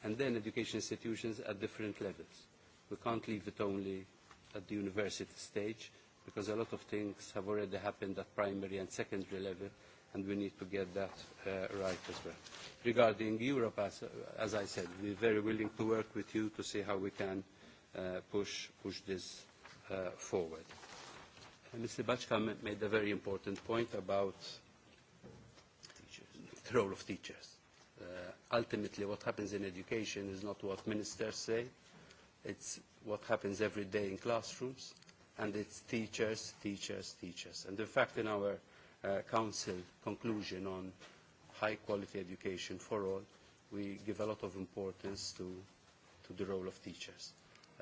and then education institutions at different levels. We can't leave it only at the university stage because a lot of things have already happened at primary and secondary level and we need to get that uh, right as well. Regarding Europe, as, as I said, we're very willing to work with you to see how we can uh, uh, push, push this uh, forward. And Mr. Bachka made a very important point about teachers, the role of teachers. Uh, ultimately, what happens in education is not what ministers say. It's what happens every day in classrooms, and it's teachers, teachers, teachers. And in fact, in our uh, council conclusion on high-quality education for all, we give a lot of importance to, to the role of teachers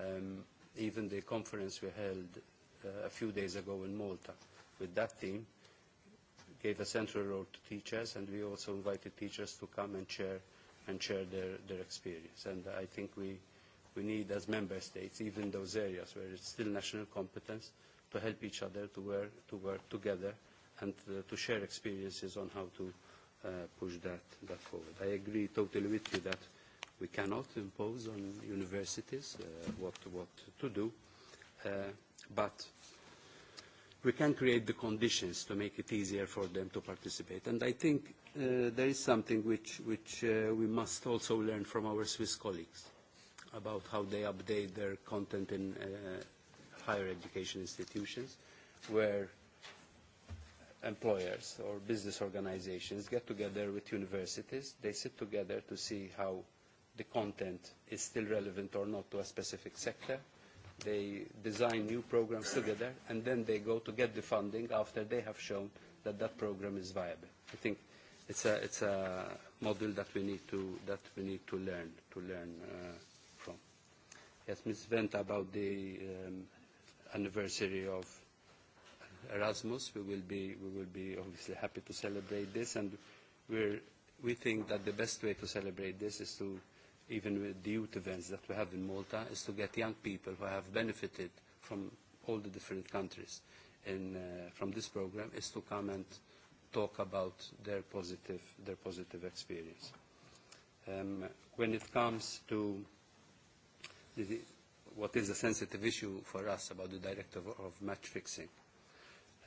um, even the conference we held uh, a few days ago in Malta with that team gave a central role to teachers, and we also invited teachers to come and share and share their, their experience. And I think we, we need, as member states, even those areas where it's still national competence, to help each other to work, to work together and uh, to share experiences on how to uh, push that, that forward. I agree totally with you that uh, We cannot impose on universities uh, what, what to do, uh, but we can create the conditions to make it easier for them to participate. And I think uh, there is something which, which uh, we must also learn from our Swiss colleagues about how they update their content in uh, higher education institutions, where employers or business organizations get together with universities. They sit together to see how the content is still relevant or not to a specific sector. They design new programs together, and then they go to get the funding after they have shown that that program is viable. I think it's a, it's a model that we need to, that we need to learn, to learn uh, from. Yes, Ms. Vent, about the um, anniversary of Erasmus, we will be, we will be obviously happy to celebrate this, and we're, we think that the best way to celebrate this is to even with the youth events that we have in Malta, is to get young people who have benefited from all the different countries in, uh, from this program, is to come and talk about their positive, their positive experience. Um, when it comes to the, what is a sensitive issue for us about the directive of match fixing,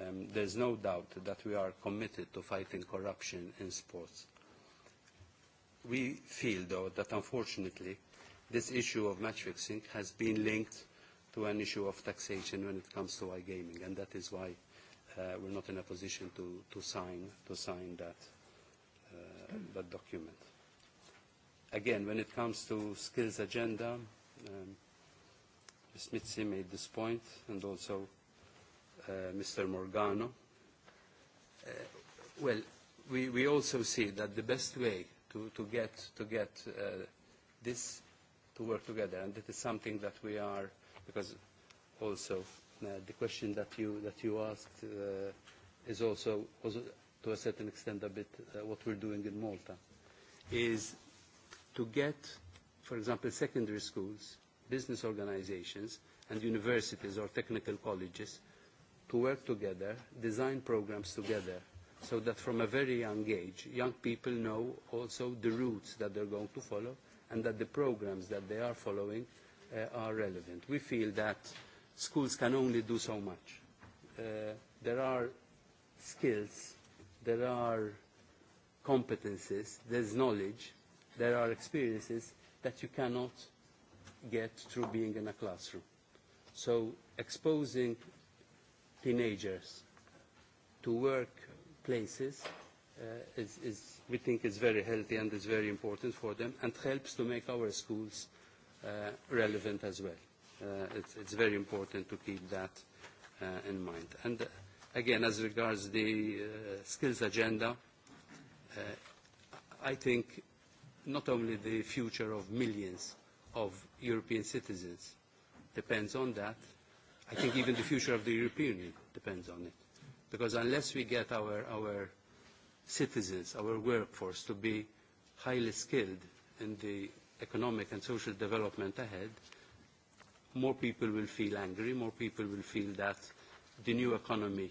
um, there's no doubt that we are committed to fighting corruption in sports We feel, though, that unfortunately this issue of match fixing has been linked to an issue of taxation when it comes to iGaming, and that is why uh, we're not in a position to, to, sign, to sign that, uh, that document. Again, when it comes to skills agenda, um, Ms. Mitzi made this point, and also uh, Mr. Morgano. Uh, well, we, we also see that the best way to, to get, to get uh, this to work together. And that is something that we are, because also uh, the question that you, that you asked uh, is also, also, to a certain extent, a bit uh, what we're doing in Malta, is to get, for example, secondary schools, business organizations, and universities or technical colleges to work together, design programs together, so that from a very young age, young people know also the routes that they're going to follow and that the programs that they are following uh, are relevant. We feel that schools can only do so much. Uh, there are skills, there are competences, there's knowledge, there are experiences that you cannot get through being in a classroom. So exposing teenagers to work places uh, is, is, we think is very healthy and is very important for them and helps to make our schools uh, relevant as well. Uh, it's, it's very important to keep that uh, in mind. And uh, again, as regards the uh, skills agenda, uh, I think not only the future of millions of European citizens depends on that, I think even the future of the European Union depends on it. Because unless we get our, our citizens, our workforce to be highly skilled in the economic and social development ahead, more people will feel angry, more people will feel that the new economy,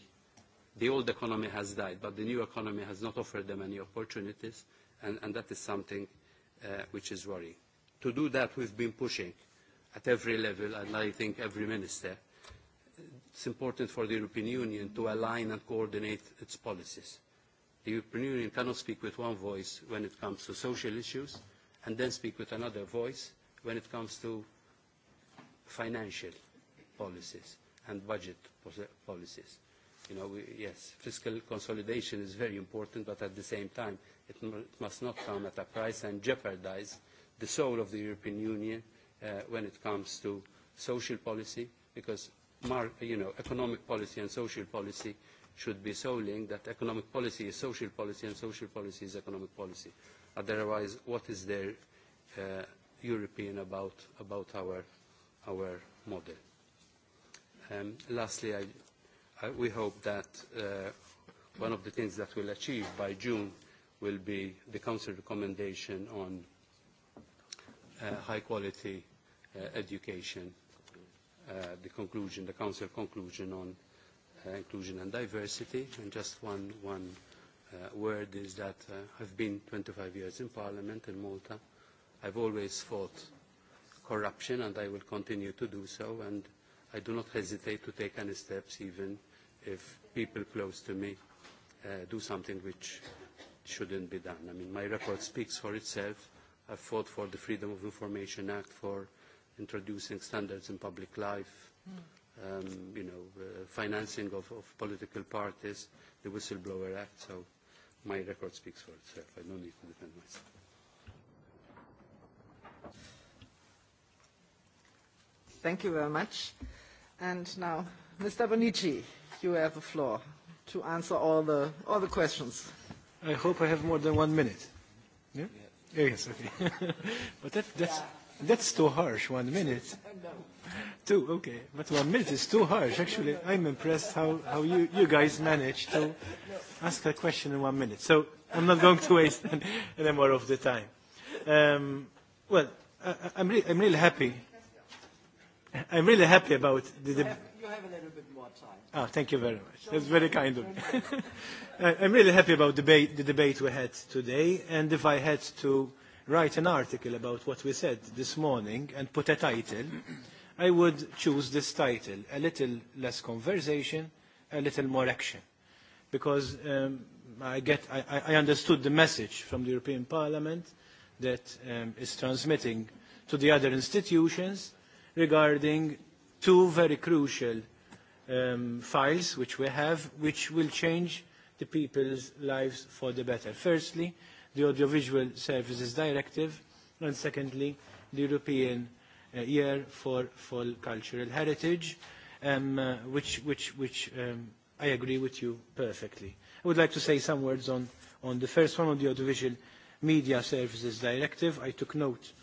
the old economy has died, but the new economy has not offered them any opportunities, and, and that is something uh, which is worrying. To do that, we've been pushing at every level, and I think every minister, uh, It's important for the European Union to align and coordinate its policies. The European Union cannot speak with one voice when it comes to social issues and then speak with another voice when it comes to financial policies and budget policies. You know, we, yes, fiscal consolidation is very important, but at the same time, it, it must not come at a price and jeopardize the soul of the European Union uh, when it comes to social policy, because mar you know, economic policy and social policy should be so linked that economic policy is social policy and social policy is economic policy. Otherwise, what is there uh, European about, about our, our model? Um, lastly, I, I, we hope that uh, one of the things that we'll achieve by June will be the Council recommendation on uh, high-quality uh, education uh, uh, the conclusion, the Council conclusion on uh, inclusion and diversity. And just one, one uh, word is that uh, I've been 25 years in Parliament in Malta. I've always fought corruption and I will continue to do so and I do not hesitate to take any steps even if people close to me uh, do something which shouldn't be done. I mean, my record speaks for itself. I fought for the Freedom of Information Act, for introducing standards in public life, mm. um, you know, uh, financing of, of political parties, the Whistleblower Act. So my record speaks for itself. I don't need to defend myself. Thank you very much. And now, Mr. Bonici, you have the floor to answer all the, all the questions. I hope I have more than one minute. Yeah? yeah. Yes, okay. (laughs) but that, that's... Yeah That's too harsh, one minute. no. Two, okay. But one minute is too harsh, actually. I'm impressed how, how you, you guys managed to ask a question in one minute. So I'm not going to waste (laughs) any more of the time. Um, well, I, I'm, re- I'm really happy. I'm really happy about the debate. You have a little bit more time. Ah, thank you very much. That's very kind of you. (laughs) I'm really happy about debate, the debate we had today. And if I had to write an article about what we said this morning and put a title, I would choose this title, A Little Less Conversation, A Little More Action. Because um, I, get, I, I understood the message from the European Parliament that um, is transmitting to the other institutions regarding two very crucial um, files which we have, which will change the people's lives for the better. Firstly, the Audiovisual Services Directive, and secondly, the European uh, Year for, for Cultural Heritage, um, uh, which, which, which um, I agree with you perfectly. I would like to say some words on, on the first one, on the Audiovisual Media Services Directive. I took note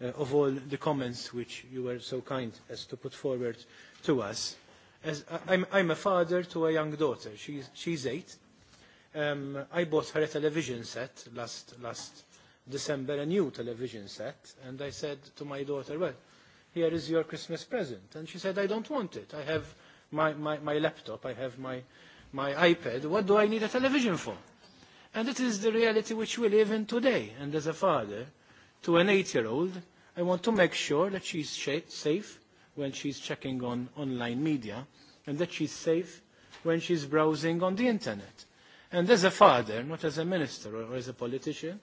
uh, of all the comments which you were so kind as to put forward to us. As I, I'm, I'm a father to a young daughter. She's, she's eight Um, I bought her a television set last, last December, a new television set, and I said to my daughter, well, here is your Christmas present. And she said, I don't want it. I have my, my, my laptop, I have my, my iPad. What do I need a television for? And it is the reality which we live in today. And as a father to an eight-year-old, I want to make sure that she's safe when she's checking on online media and that she's safe when she's browsing on the internet. And as a father, not as a minister or, or as a politician,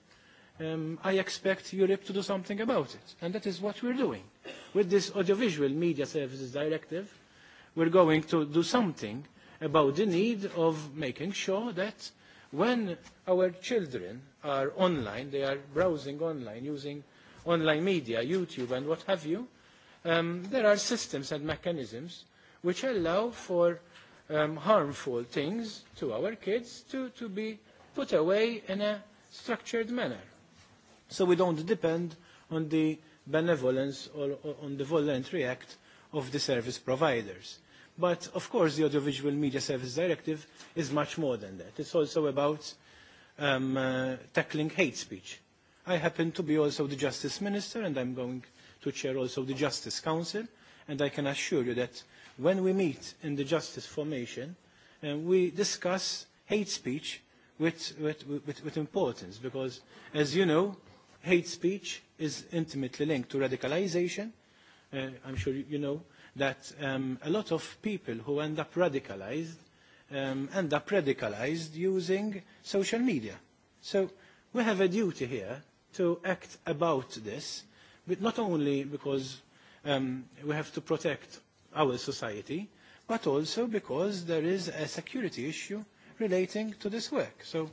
um, I expect Europe to do something about it. And that is what we're doing. With this Audiovisual Media Services Directive, we're going to do something about the need of making sure that when our children are online, they are browsing online, using online media, YouTube and what have you, um, there are systems and mechanisms which allow for um, harmful things to our kids to, to be put away in a structured manner. So we don't depend on the benevolence or, or on the voluntary act of the service providers. But of course, the Audiovisual Media Service Directive is much more than that. It's also about um, uh, tackling hate speech. I happen to be also the Justice Minister, and I'm going to chair also the Justice Council, and I can assure you that when we meet in the justice formation, um, we discuss hate speech with, with, with, with importance because, as you know, hate speech is intimately linked to radicalization. Uh, I'm sure you know that um, a lot of people who end up radicalized um, end up radicalized using social media. So we have a duty here to act about this, but not only because um, we have to protect our society, but also because there is a security issue relating to this work. So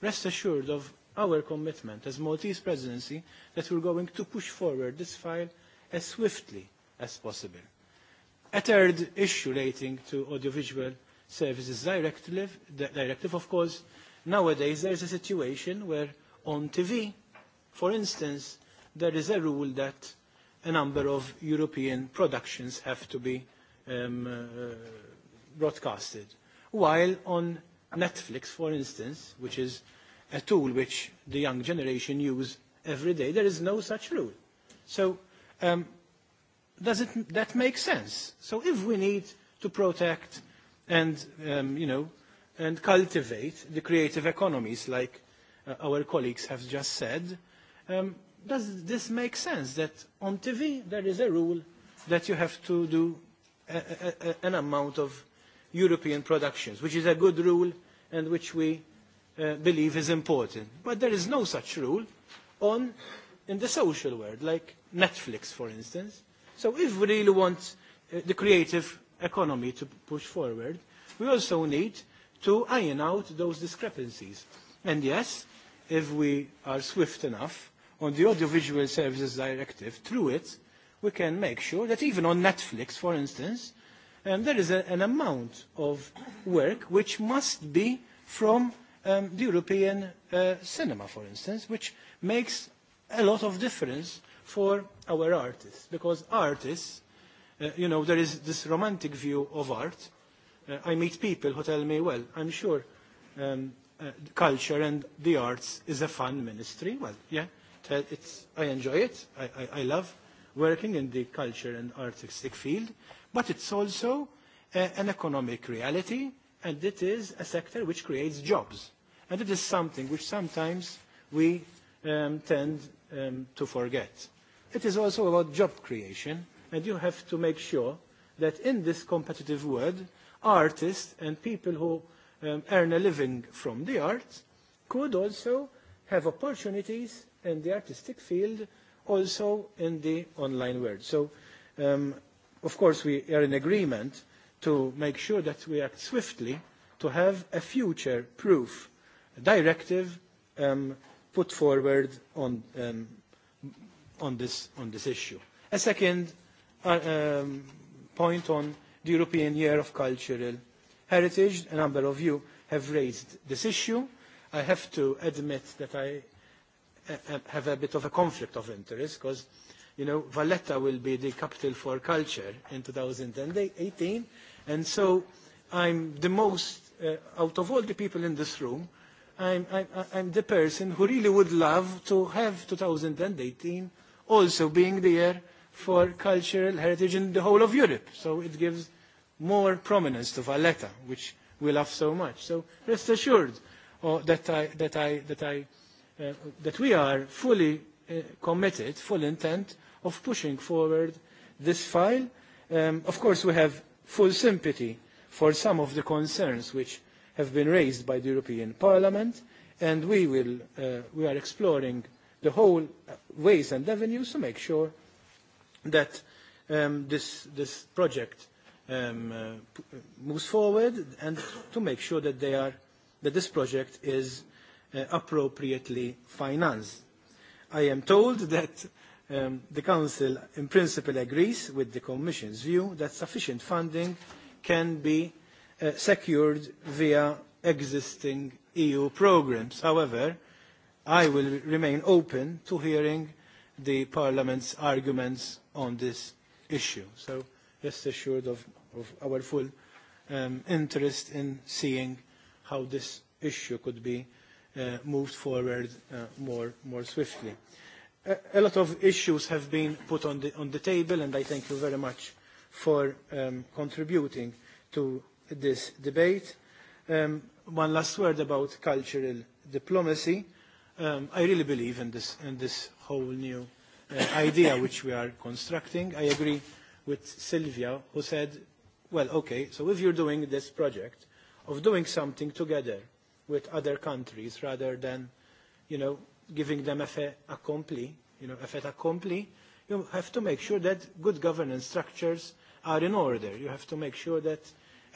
rest assured of our commitment as Maltese presidency that we're going to push forward this file as swiftly as possible. A third issue relating to audiovisual services directive, directive of course, nowadays there is a situation where on TV, for instance, there is a rule that a number of European productions have to be um, uh, broadcasted. While on Netflix, for instance, which is a tool which the young generation use every day, there is no such rule. So um, does it, that make sense? So if we need to protect and, um, you know, and cultivate the creative economies like uh, our colleagues have just said, um, Does this make sense that on TV there is a rule that you have to do a, a, a, an amount of European productions, which is a good rule and which we uh, believe is important. But there is no such rule on, in the social world, like Netflix, for instance. So if we really want uh, the creative economy to push forward, we also need to iron out those discrepancies. And yes, if we are swift enough, on the Audiovisual Services Directive, through it, we can make sure that even on Netflix, for instance, um, there is a, an amount of work which must be from um, the European uh, cinema, for instance, which makes a lot of difference for our artists, because artists, uh, you know, there is this romantic view of art. Uh, I meet people who tell me, well, I'm sure um, uh, culture and the arts is a fun ministry. Well, yeah, that uh, it's, I enjoy it. I, I, I love working in the culture and artistic field, but it's also uh, an economic reality, and it is a sector which creates jobs. And it is something which sometimes we um, tend um, to forget. It is also about job creation, and you have to make sure that in this competitive world, artists and people who um, earn a living from the arts could also have opportunities in the artistic field, also in the online world. So, um, of course, we are in agreement to make sure that we act swiftly to have a future-proof directive um, put forward on, um, on, this, on this issue. A second uh, um, point on the European Year of Cultural Heritage. A number of you have raised this issue. I have to admit that I have a bit of a conflict of interest because you know, Valletta will be the capital for culture in 2018. And so I'm the most, uh, out of all the people in this room, I'm, I'm, I'm the person who really would love to have 2018 also being the year for cultural heritage in the whole of Europe. So it gives more prominence to Valletta, which we love so much. So rest assured oh, that I, that I, that I uh, that we are fully uh, committed, full intent of pushing forward this file. Um, of course, we have full sympathy for some of the concerns which have been raised by the European Parliament, and we, will, uh, we are exploring the whole uh, ways and avenues to make sure that um, this, this project um, uh, uh, moves forward and to make sure that, they are, that this project is uh, appropriately financed. I am told that um, the Council in principle agrees with the Commission's view that sufficient funding can be uh, secured via existing EU programs. However, I will remain open to hearing the Parliament's arguments on this issue. So rest assured of, of our full um, interest in seeing how this issue could be uh, uh, moved forward uh, more, more swiftly. A, a lot of issues have been put on the, on the table, and I thank you very much for um, contributing to this debate. Um, one last word about cultural diplomacy. Um, I really believe in this, in this whole new uh, idea which we are constructing. I agree with Sylvia, who said, well, okay, so if you're doing this project of doing something together with other countries rather than, you know, giving them a fait accompli. You know, a fait accompli, you have to make sure that good governance structures are in order. You have to make sure that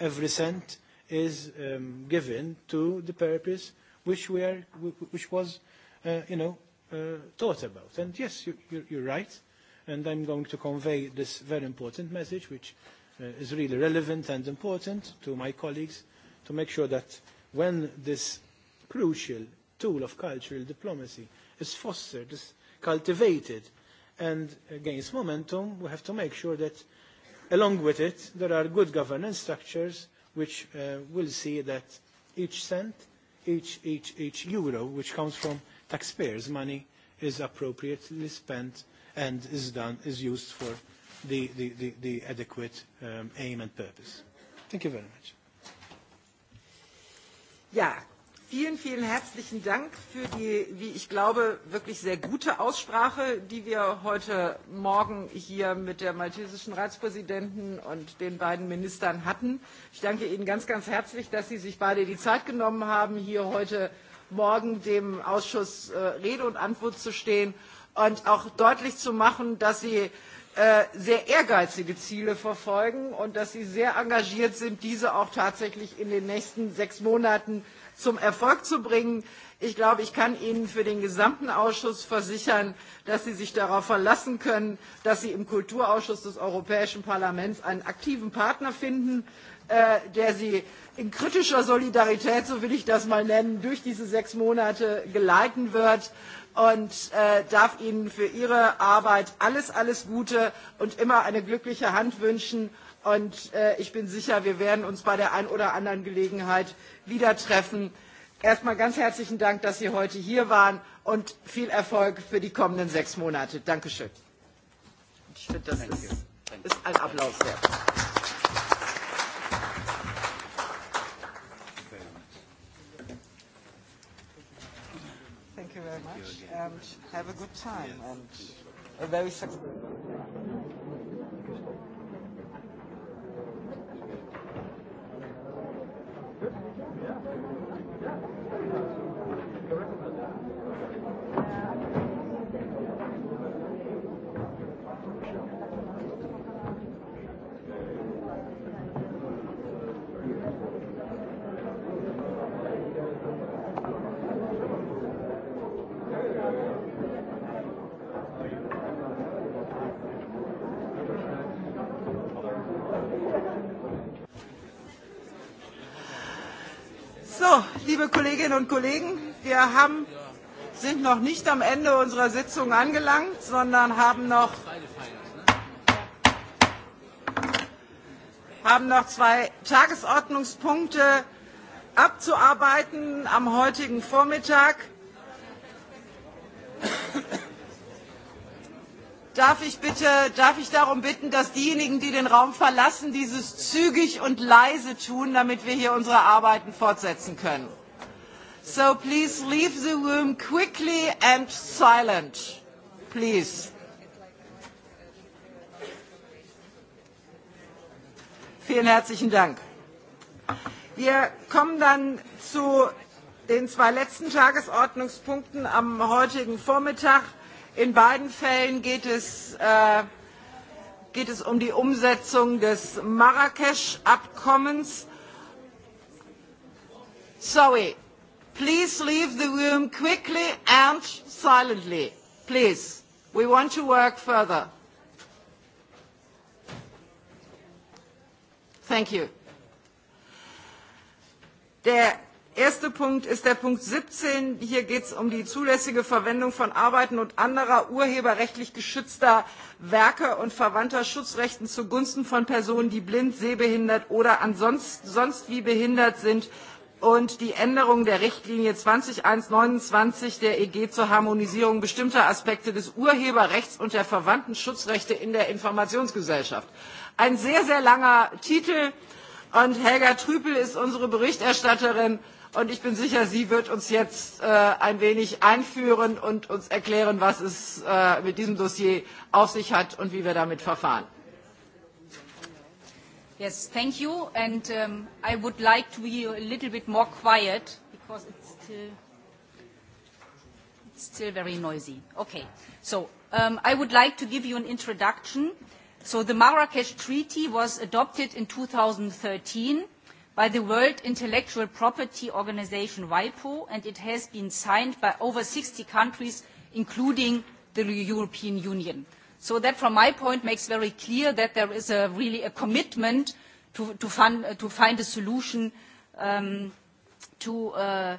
every cent is um, given to the purpose which, we are, which was, uh, you know, uh, thought about. And yes, you, you're, you're right. And I'm going to convey this very important message, which uh, is really relevant and important to my colleagues, to make sure that when this crucial tool of cultural diplomacy is fostered, is cultivated, and gains momentum, we have to make sure that along with it, there are good governance structures which uh, will see that each cent, each, each, each euro which comes from taxpayers' money is appropriately spent and is, done, is used for the, the, the, the adequate um, aim and purpose. Thank you very much. Ja, vielen, vielen herzlichen Dank für die, wie ich glaube, wirklich sehr gute Aussprache, die wir heute Morgen hier mit der maltesischen Ratspräsidenten und den beiden Ministern hatten. Ich danke Ihnen ganz, ganz herzlich, dass Sie sich beide die Zeit genommen haben, hier heute Morgen dem Ausschuss äh, Rede und Antwort zu stehen und auch deutlich zu machen, dass Sie Äh, sehr ehrgeizige Ziele verfolgen und dass Sie sehr engagiert sind, diese auch tatsächlich in den nächsten sechs Monaten zum Erfolg zu bringen. Ich glaube, ich kann Ihnen für den gesamten Ausschuss versichern, dass Sie sich darauf verlassen können, dass Sie im Kulturausschuss des Europäischen Parlaments einen aktiven Partner finden, äh, der Sie in kritischer Solidarität, so will ich das mal nennen, durch diese sechs Monate geleiten wird und äh, darf Ihnen für Ihre Arbeit alles, alles Gute und immer eine glückliche Hand wünschen. Und äh, ich bin sicher, wir werden uns bei der einen oder anderen Gelegenheit wieder treffen. Erstmal ganz herzlichen Dank, dass Sie heute hier waren und viel Erfolg für die kommenden sechs Monate. Dankeschön. Ich finde, das ist, ist ein Applaus wert. you very much, and have a good time and a very successful. Kolleginnen und Kollegen, wir haben, sind noch nicht am Ende unserer Sitzung angelangt, sondern haben noch, haben noch zwei Tagesordnungspunkte abzuarbeiten am heutigen Vormittag. Darf ich, bitte, darf ich darum bitten, dass diejenigen, die den Raum verlassen, dieses zügig und leise tun, damit wir hier unsere Arbeiten fortsetzen können? So please leave the room quickly and silent, please. Vielen herzlichen Dank. Wir kommen dann zu den zwei letzten Tagesordnungspunkten am heutigen Vormittag. In beiden Fällen geht es, äh, geht es um die Umsetzung des Marrakesch-Abkommens. Sorry, Please leave the room quickly and silently. Please. We want to work further. Thank you. Der erste Punkt ist der Punkt 17. Hier geht es um die zulässige Verwendung von Arbeiten und anderer urheberrechtlich geschützter Werke und verwandter Schutzrechten zugunsten von Personen, die blind, sehbehindert oder ansonsten sonst wie behindert sind und die Änderung der Richtlinie 20129 der EG zur Harmonisierung bestimmter Aspekte des Urheberrechts und der verwandten Schutzrechte in der Informationsgesellschaft. Ein sehr, sehr langer Titel und Helga Trüpel ist unsere Berichterstatterin und ich bin sicher, sie wird uns jetzt äh, ein wenig einführen und uns erklären, was es äh, mit diesem Dossier auf sich hat und wie wir damit verfahren. Yes, thank you. And um, I would like to be a little bit more quiet because it's still, it's still very noisy. Okay. So um, I would like to give you an introduction. So the Marrakesh Treaty was adopted in 2013 by the World Intellectual Property Organization, WIPO, and it has been signed by over 60 countries, including the European Union. So that, from my point, makes very clear that there is a, really a commitment to, to, fund, uh, to find a solution um, to, uh,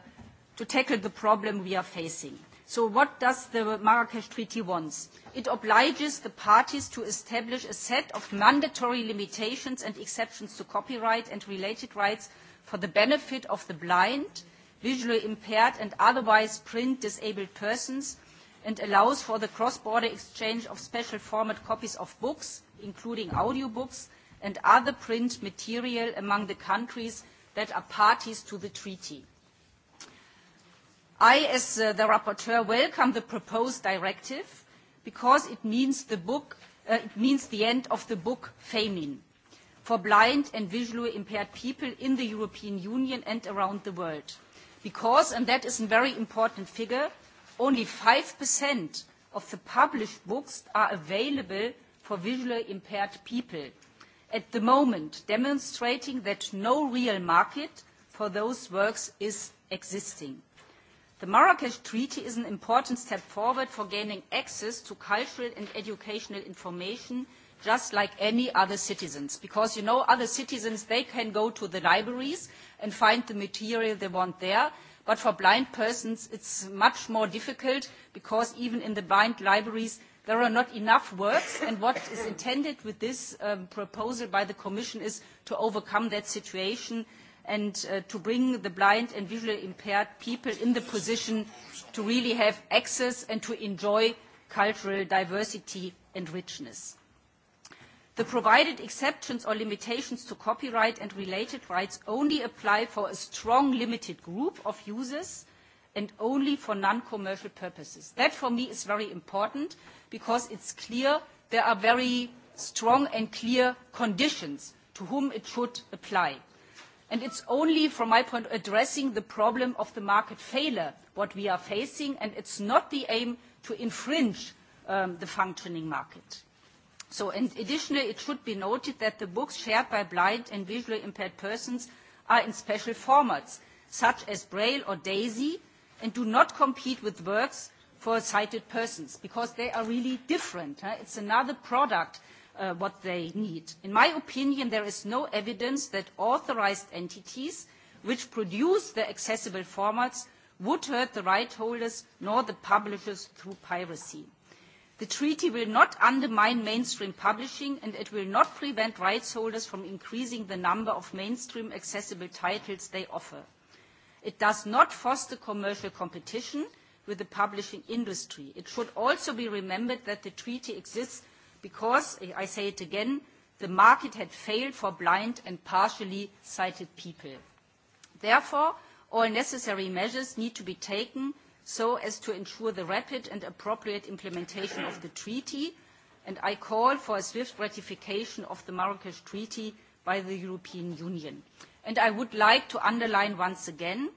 to tackle the problem we are facing. So what does the Marrakesh Treaty wants? It obliges the parties to establish a set of mandatory limitations and exceptions to copyright and related rights for the benefit of the blind, visually impaired and otherwise print disabled persons – and allows for the cross-border exchange of special format copies of books, including audiobooks, and other print material among the countries that are parties to the treaty. I, as uh, the rapporteur, welcome the proposed directive because it means the book uh, it means the end of the book famine for blind and visually impaired people in the European Union and around the world. Because, and that is a very important figure, only 5% of the published books are available for visually impaired people at the moment, demonstrating that no real market for those works is existing. The Marrakesh Treaty is an important step forward for gaining access to cultural and educational information just like any other citizens because you know other citizens they can go to the libraries and find the material they want there but for blind persons it's much more difficult because even in the blind libraries there are not enough works and what is intended with this um, proposal by the commission is to overcome that situation and uh, to bring the blind and visually impaired people in the position to really have access and to enjoy cultural diversity and richness. The provided exceptions or limitations to copyright and related rights only apply for a strong limited group of users and only for non-commercial purposes. That for me is very important because it's clear there are very strong and clear conditions to whom it should apply. And it's only, from my point, addressing the problem of the market failure, what we are facing, and it's not the aim to infringe um, the functioning market. So, and additionally, it should be noted that the books shared by blind and visually impaired persons are in special formats, such as Braille or DAISY, and do not compete with works for sighted persons because they are really different. Huh? It's another product uh, what they need. In my opinion, there is no evidence that authorized entities which produce the accessible formats would hurt the right holders nor the publishers through piracy. The treaty will not undermine mainstream publishing and it will not prevent rights holders from increasing the number of mainstream accessible titles they offer. It does not foster commercial competition with the publishing industry. It should also be remembered that the treaty exists because, I say it again, the market had failed for blind and partially sighted people. Therefore, all necessary measures need to be taken so as to ensure the rapid and appropriate implementation of the treaty, and I call for a swift ratification of the Marrakesh Treaty by the European Union. And I would like to underline once again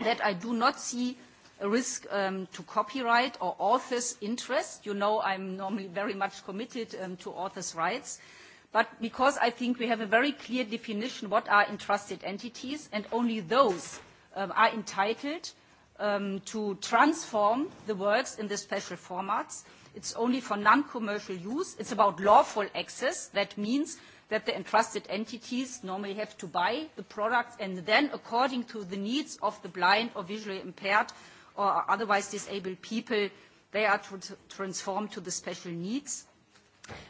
that I do not see a risk um, to copyright or authors' interest. You know I'm normally very much committed um, to authors' rights. But because I think we have a very clear definition what are entrusted entities, and only those um, are entitled um, to transform the works in the special formats. It's only for non-commercial use. It's about lawful access. That means that the entrusted entities normally have to buy the product and then, according to the needs of the blind or visually impaired or otherwise disabled people, they are tr transformed to the special needs.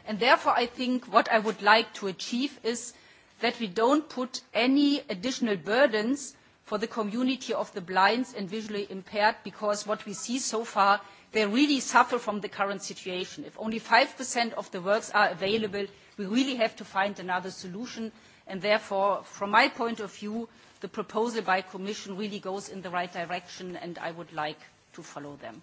And therefore, I think what I would like to achieve is that we don't put any additional burdens for the community of the blind and visually impaired because what we see so far, they really suffer from the current situation. If only 5% of the works are available, we really have to find another solution. And therefore, from my point of view, the proposal by Commission really goes in the right direction and I would like to follow them.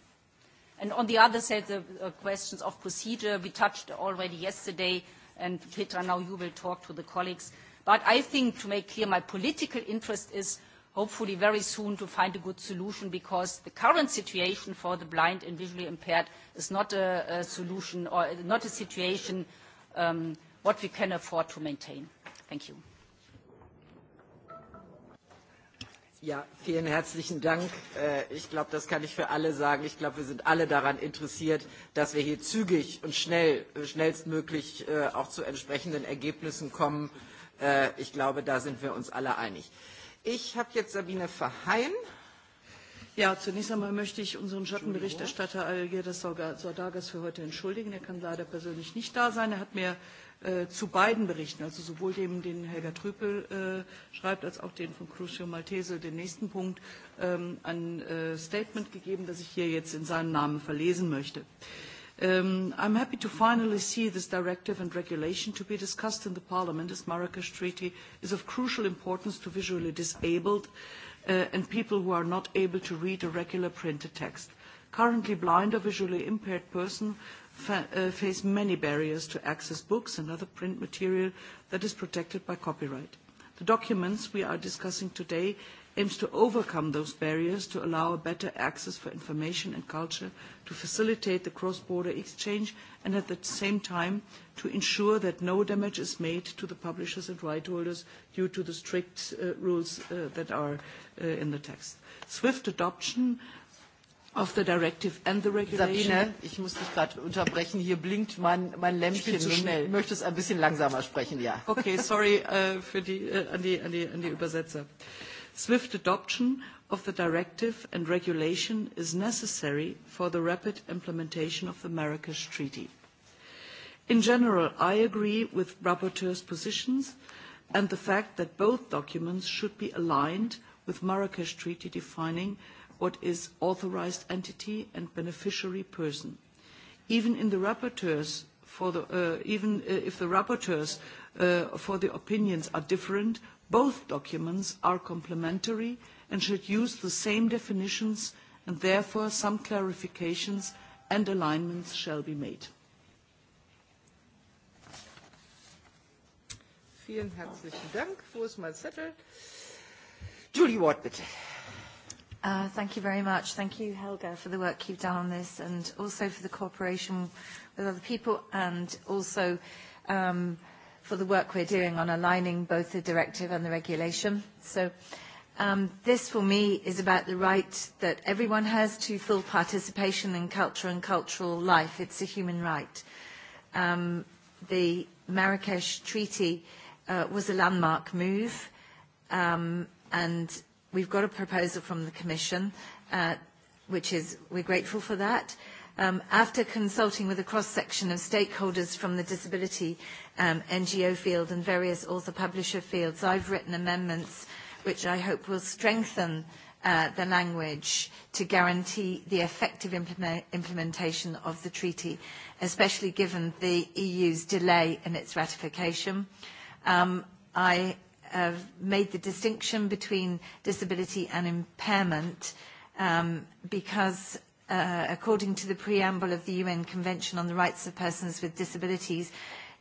And on the other side, the uh, questions of procedure, we touched already yesterday, and Petra, now you will talk to the colleagues. But I think to make clear, my political interest is hopefully very soon to find a good solution because the current situation for the blind and visually impaired is not a, a solution or not a situation um, what we can afford to maintain. Thank you. Ja, vielen herzlichen Dank. Äh, ich glaube, das kann ich für alle sagen. Ich glaube, wir sind alle daran interessiert, dass wir hier zügig und schnell, äh, schnellstmöglich äh, auch zu entsprechenden Ergebnissen kommen. Ich glaube, da sind wir uns alle einig. Ich habe jetzt Sabine Verheyen. Ja, zunächst einmal möchte ich unseren Schattenberichterstatter Algirdas Sordagas für heute entschuldigen. Er kann leider persönlich nicht da sein. Er hat mir äh, zu beiden Berichten, also sowohl dem, den Helga Trüpel äh, schreibt, als auch den von Crucio Maltese, den nächsten Punkt, ähm, ein äh, Statement gegeben, das ich hier jetzt in seinem Namen verlesen möchte. Äh, Um, I'm happy to finally see this directive and regulation to be discussed in the Parliament as Marrakesh Treaty is of crucial importance to visually disabled uh, and people who are not able to read a regular printed text. Currently blind or visually impaired person fa uh, face many barriers to access books and other print material that is protected by copyright. The documents we are discussing today aims to overcome those barriers to allow better access for information and culture, to facilitate the cross-border exchange, and at the same time to ensure that no damage is made to the publishers and right holders due to the strict uh, rules uh, that are uh, in the text. Swift adoption of the directive and the regulation. Sabine, ich muss dich gerade unterbrechen. Hier blinkt mein, mein Lämpchen. Ich bin zu schnell. Ich möchte es ein bisschen langsamer sprechen, ja. Okay, sorry äh, für die, äh, an, die, an, die, an die Übersetzer. Äh, Swift adoption of the directive and regulation is necessary for the rapid implementation of the Marrakesh Treaty. In general, I agree with Rapporteur's positions and the fact that both documents should be aligned with Marrakesh Treaty defining what is authorized entity and beneficiary person. Even in the rapporteurs for the, uh, even uh, if the rapporteurs uh, for the opinions are different, both documents are complementary and should use the same definitions and therefore some clarifications and alignments shall be made. Vielen herzlichen Dank. Wo ist mein Zettel? Julie Ward, bitte. Uh, thank you very much. Thank you, Helga, for the work you've done on this and also for the cooperation with other people and also um, for the work we're doing on aligning both the directive and the regulation. So um, this, for me, is about the right that everyone has to full participation in culture and cultural life. It's a human right. Um, the Marrakesh Treaty uh, was a landmark move, um, and we've got a proposal from the Commission, uh, which is we're grateful for that. Uh, um, after consulting with a cross-section of stakeholders from the disability um, NGO field and various author-publisher fields, I've written amendments which I hope will strengthen uh, the language to guarantee the effective implement implementation of the treaty, especially given the EU's delay in its ratification. Um, I have made the distinction between disability and impairment um, because uh, according to the preamble of the UN Convention on the Rights of Persons with Disabilities,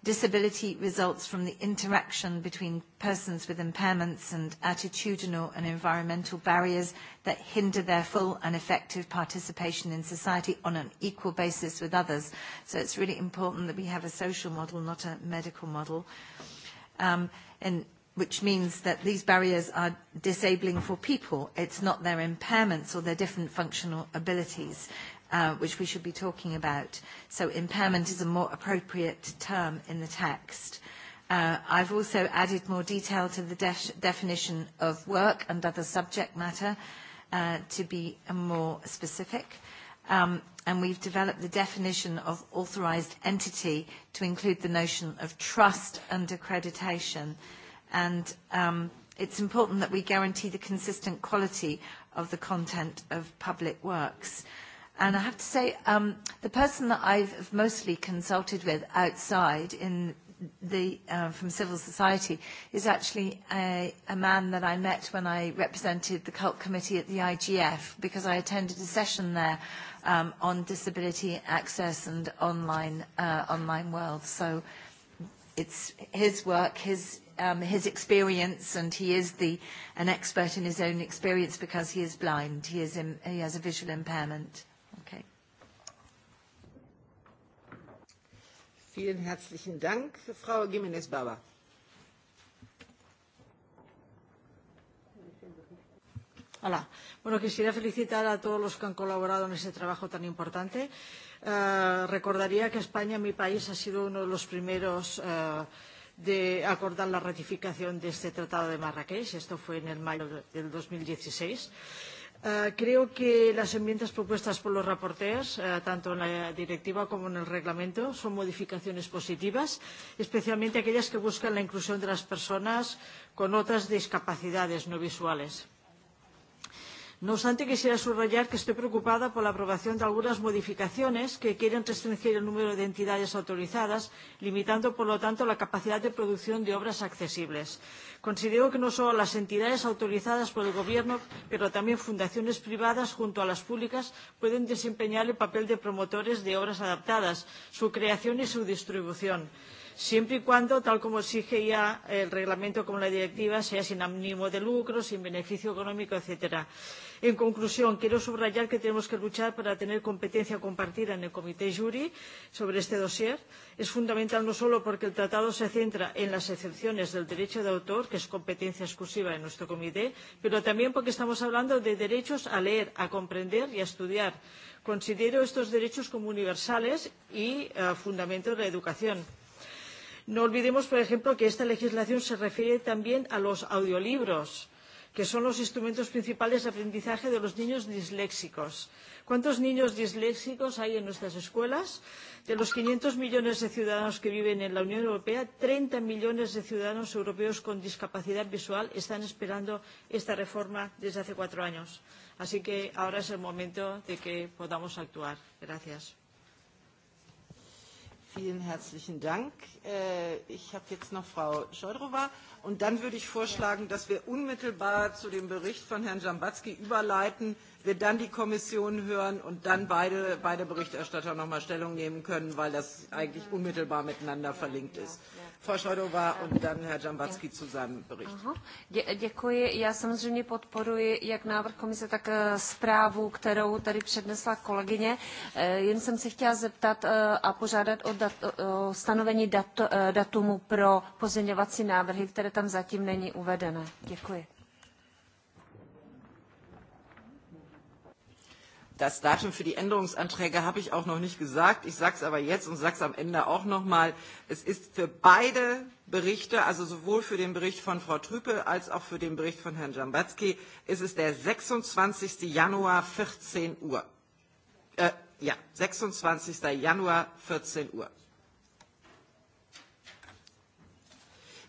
disability results from the interaction between persons with impairments and attitudinal and environmental barriers that hinder their full and effective participation in society on an equal basis with others. So it's really important that we have a social model, not a medical model. Um, and which means that these barriers are disabling for people. It's not their impairments or their different functional abilities, uh, which we should be talking about. So impairment is a more appropriate term in the text. Uh, I've also added more detail to the de- definition of work and other subject matter uh, to be more specific. Um, and we've developed the definition of authorized entity to include the notion of trust and accreditation. Uh, and um, it's important that we guarantee the consistent quality of the content of public works. And I have to say, um, the person that I've mostly consulted with outside in the, uh, from civil society is actually a, a man that I met when I represented the cult committee at the IGF because I attended a session there um, on disability access and online, uh, online world. So it's his work, his um, his experience, and he is the, an expert in his own experience because he is blind. He, is in, he has a visual impairment. Okay. Vielen herzlichen Dank, Frau Gimenez-Baba. Hola. Bueno, quisiera felicitar a todos los que han colaborado en este trabajo tan importante. Eh, recordaría que España, mi país, ha sido uno de los primeros eh, de acordar la ratificación de este Tratado de Marrakech. Esto fue en el mayo del 2016. Uh, eh, creo que las enmiendas propuestas por los reporteros, uh, tanto en la directiva como en el reglamento, son modificaciones positivas, especialmente aquellas que buscan la inclusión de las personas con otras discapacidades no visuales. Uh, No obstante, quisiera subrayar que estoy preocupada por la aprobación de algunas modificaciones que quieren restringir el número de entidades autorizadas, limitando, por lo tanto, la capacidad de producción de obras accesibles. Considero que no solo las entidades autorizadas por el Gobierno, pero también fundaciones privadas junto a las públicas pueden desempeñar el papel de promotores de obras adaptadas, su creación y su distribución siempre y cuando, tal como exige ya el reglamento como la directiva, sea sin ánimo de lucro, sin beneficio económico, etcétera. En conclusión, quiero subrayar que tenemos que luchar para tener competencia compartida en el Comité Jury sobre este dossier. Es fundamental no solo porque el tratado se centra en las excepciones del derecho de autor, que es competencia exclusiva de nuestro comité, pero también porque estamos hablando de derechos a leer, a comprender y a estudiar. Considero estos derechos como universales y uh, eh, fundamentos de la educación. No olvidemos, por ejemplo, que esta legislación se refiere también a los audiolibros que son los instrumentos principales de aprendizaje de los niños disléxicos. ¿Cuántos niños disléxicos hay en nuestras escuelas? De los 500 millones de ciudadanos que viven en la Unión Europea, 30 millones de ciudadanos europeos con discapacidad visual están esperando esta reforma desde hace cuatro años. Así que ahora es el momento de que podamos actuar. Gracias. Vielen herzlichen Dank. Äh, ich habe jetzt noch Frau Scheudrova. Und dann würde ich vorschlagen, dass wir unmittelbar zu dem Bericht von Herrn Jambatzki überleiten wir dann die Kommission hören und dann beide, beide Berichterstatter nochmal Stellung nehmen können, weil das eigentlich unmittelbar miteinander verlinkt ist. Frau Scheudowa und dann Herr Jambatski zu seinem Bericht. Aha. Dě děkuji. Já samozřejmě podporuji jak návrh komise, tak eh, zprávu, kterou tady přednesla kolegyně. Eh, jen jsem se chtěla zeptat eh, a požádat o, dat, o stanovení dat, datumu pro pozměňovací návrhy, které tam zatím není uvedené. Děkuji. Das Datum für die Änderungsanträge habe ich auch noch nicht gesagt. Ich sage es aber jetzt und sage es am Ende auch nochmal. Es ist für beide Berichte, also sowohl für den Bericht von Frau Trüpel als auch für den Bericht von Herrn Jambatzki, ist es der 26. Januar 14 Uhr. Äh, ja, 26. Januar 14 Uhr.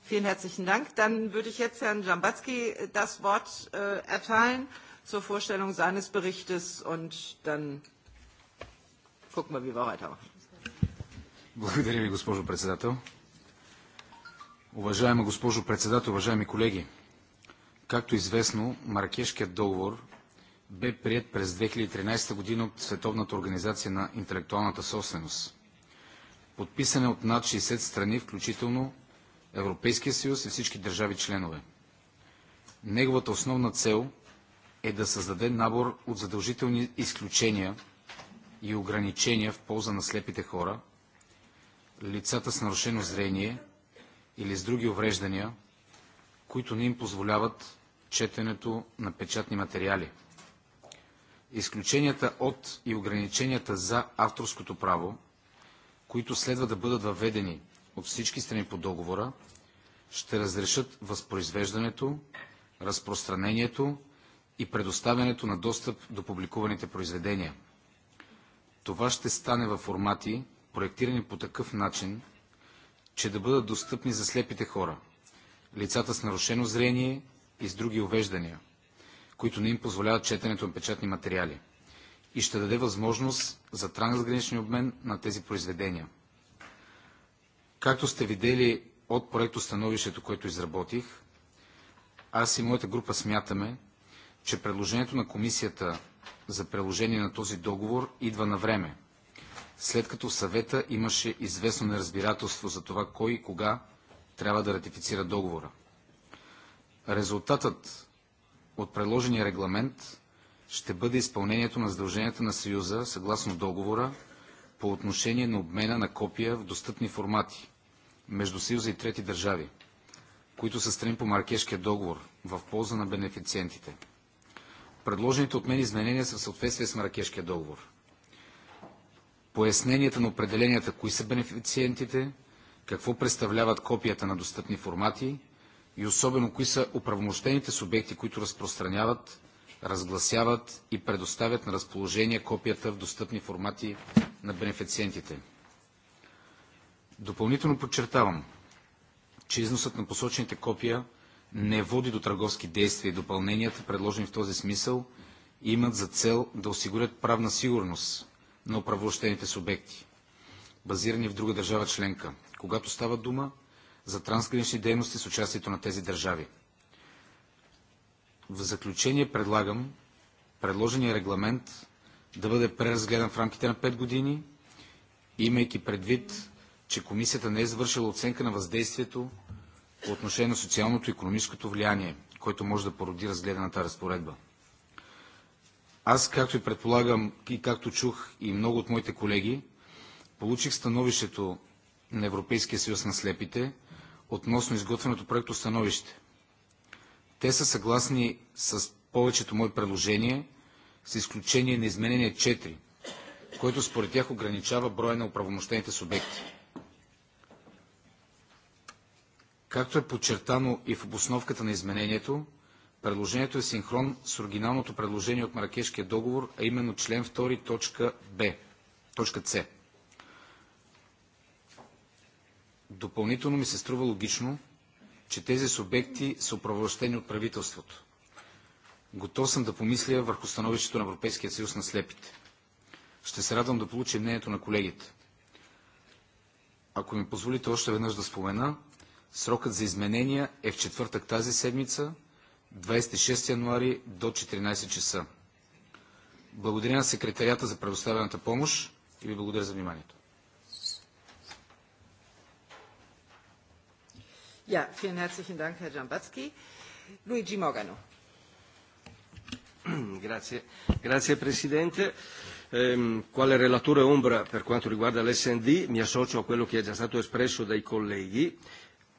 Vielen herzlichen Dank. Dann würde ich jetzt Herrn Jambatzki äh, das Wort äh, erteilen. Äh, zur Vorstellung seines Berichtes und dann gucken wir, wie wir weitermachen. Благодаря ви, госпожо председател. Уважаема госпожо председател, уважаеми колеги, както известно, Маракешкият договор бе прият през 2013 година от Световната организация на интелектуалната собственост. Подписан е от над 60 страни, включително Европейския съюз и всички държави членове. Неговата основна цел е да създаде набор от задължителни изключения и ограничения в полза на слепите хора, лицата с нарушено зрение или с други увреждания, които не им позволяват четенето на печатни материали. Изключенията от и ограниченията за авторското право, които следва да бъдат въведени от всички страни по договора, ще разрешат възпроизвеждането, разпространението и предоставянето на достъп до публикуваните произведения. Това ще стане във формати, проектирани по такъв начин, че да бъдат достъпни за слепите хора, лицата с нарушено зрение и с други увеждания, които не им позволяват четенето на печатни материали и ще даде възможност за трансграничния обмен на тези произведения. Както сте видели от проекто становището, което изработих, аз и моята група смятаме, че предложението на комисията за приложение на този договор идва на време, след като в съвета имаше известно неразбирателство за това кой и кога трябва да ратифицира договора. Резултатът от предложения регламент ще бъде изпълнението на задълженията на Съюза съгласно договора по отношение на обмена на копия в достъпни формати между Съюза и трети държави, които са страни по Маркешкия договор в полза на бенефициентите – предложените от мен изменения са в съответствие с Маракешкия договор. Поясненията на определенията, кои са бенефициентите, какво представляват копията на достъпни формати и особено кои са оправомощените субекти, които разпространяват, разгласяват и предоставят на разположение копията в достъпни формати на бенефициентите. Допълнително подчертавам, че износът на посочените копия – не води до търговски действия и допълненията, предложени в този смисъл, имат за цел да осигурят правна сигурност на управлощените субекти, базирани в друга държава членка, когато става дума за трансгранични дейности с участието на тези държави. В заключение предлагам предложения регламент да бъде преразгледан в рамките на 5 години, имайки предвид, че комисията не е извършила оценка на въздействието по отношение на социалното и економическото влияние, който може да породи разгледаната разпоредба. Аз, както и предполагам, и както чух и много от моите колеги, получих становището на Европейския съюз на слепите относно изготвеното проекто становище. Те са съгласни с повечето мои предложения, с изключение на изменение 4, което според тях ограничава броя на оправомощените субекти. Както е подчертано и в обосновката на изменението, предложението е синхрон с оригиналното предложение от Маракешкия договор, а именно член 2, точка Б, точка С. Допълнително ми се струва логично, че тези субекти са управлащени от правителството. Готов съм да помисля върху становището на Европейския съюз на слепите. Ще се радвам да получа мнението на колегите. Ако ми позволите още веднъж да спомена, Срокът за изменения е в четвъртък тази седмица, 26 януари до 14 часа. Благодаря на секретарията за предоставената помощ и ви благодаря за вниманието. Ja, vielen herzlichen Dank, Herr Giambatzki. Luigi Mogano. (clears throat) Grazie, Grazie Presidente. Ehm, quale relatore ombra per quanto riguarda l'SND mi associo a quello che è già stato espresso dai colleghi. Eh,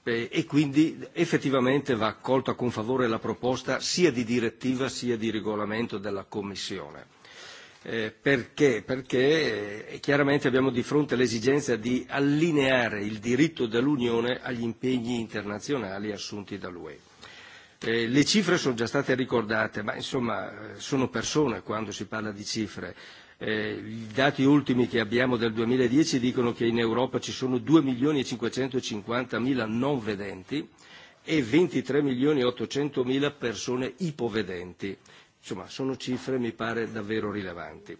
eh, e quindi effettivamente va accolta con favore la proposta sia di direttiva sia di regolamento della Commissione. Eh, perché? Perché eh, chiaramente abbiamo di fronte l'esigenza di allineare il diritto dell'Unione agli impegni internazionali assunti dall'UE. Eh, le cifre sono già state ricordate, ma insomma eh, sono persone quando si parla di cifre. Eh, I dati ultimi che abbiamo del 2010 dicono che in Europa ci sono 2 milioni e 550 mila non vedenti e 23 milioni e 800 mila persone ipovedenti. Insomma, sono cifre mi pare davvero rilevanti.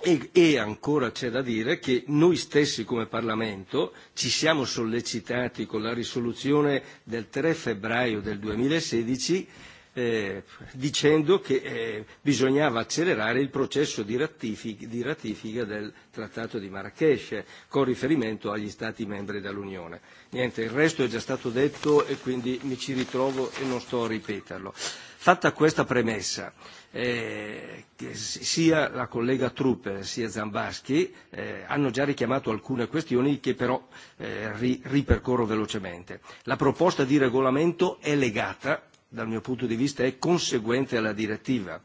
E, e ancora c'è da dire che noi stessi come Parlamento ci siamo sollecitati con la risoluzione del 3 febbraio del 2016 eh, dicendo che eh, bisognava accelerare il processo di ratifica, di ratifica del Trattato di Marrakesh con riferimento agli Stati membri dell'Unione. Niente, il resto è già stato detto e quindi mi ci ritrovo e non sto a ripeterlo. Fatta questa premessa, eh, che sia la collega Truppe sia Zambaschi eh, hanno già richiamato alcune questioni che però eh, ri, ripercorro velocemente. La proposta di regolamento è legata dal mio punto di vista, è conseguente alla direttiva,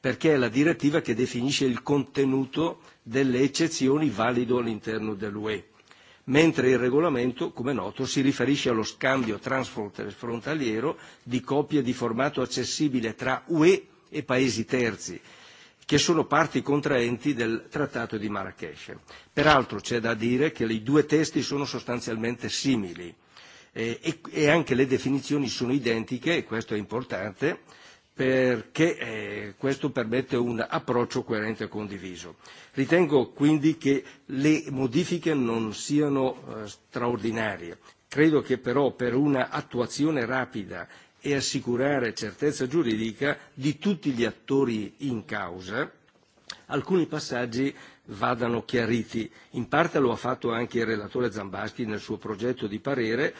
perché è la direttiva che definisce il contenuto delle eccezioni valido all'interno dell'UE, mentre il regolamento, come noto, si riferisce allo scambio transfrontaliero di copie di formato accessibile tra UE e paesi terzi, che sono parti contraenti del Trattato di Marrakesh. Peraltro c'è da dire che i due testi sono sostanzialmente simili eh, e, e anche le definizioni sono identiche e questo è importante perché eh, questo permette un approccio coerente e condiviso. Ritengo quindi che le modifiche non siano eh, straordinarie. Credo che però per una attuazione rapida e assicurare certezza giuridica di tutti gli attori in causa, alcuni passaggi vadano chiariti. In parte lo ha fatto anche il relatore Zambaschi nel suo progetto di parere,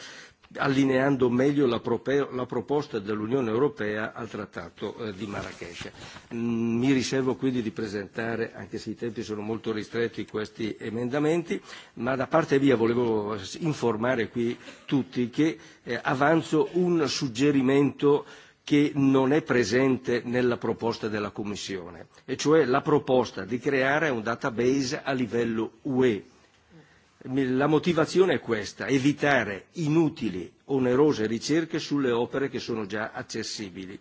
allineando meglio la, propeo, la proposta dell'Unione Europea al Trattato eh, di Marrakesh. Mm, mi riservo quindi di presentare, anche se i tempi sono molto ristretti, questi emendamenti, ma da parte mia volevo informare qui tutti che eh, avanzo un suggerimento eh, che non è presente nella proposta della Commissione, e cioè la proposta di creare un database a livello UE. La motivazione è questa, evitare inutili, onerose ricerche sulle opere che sono già accessibili.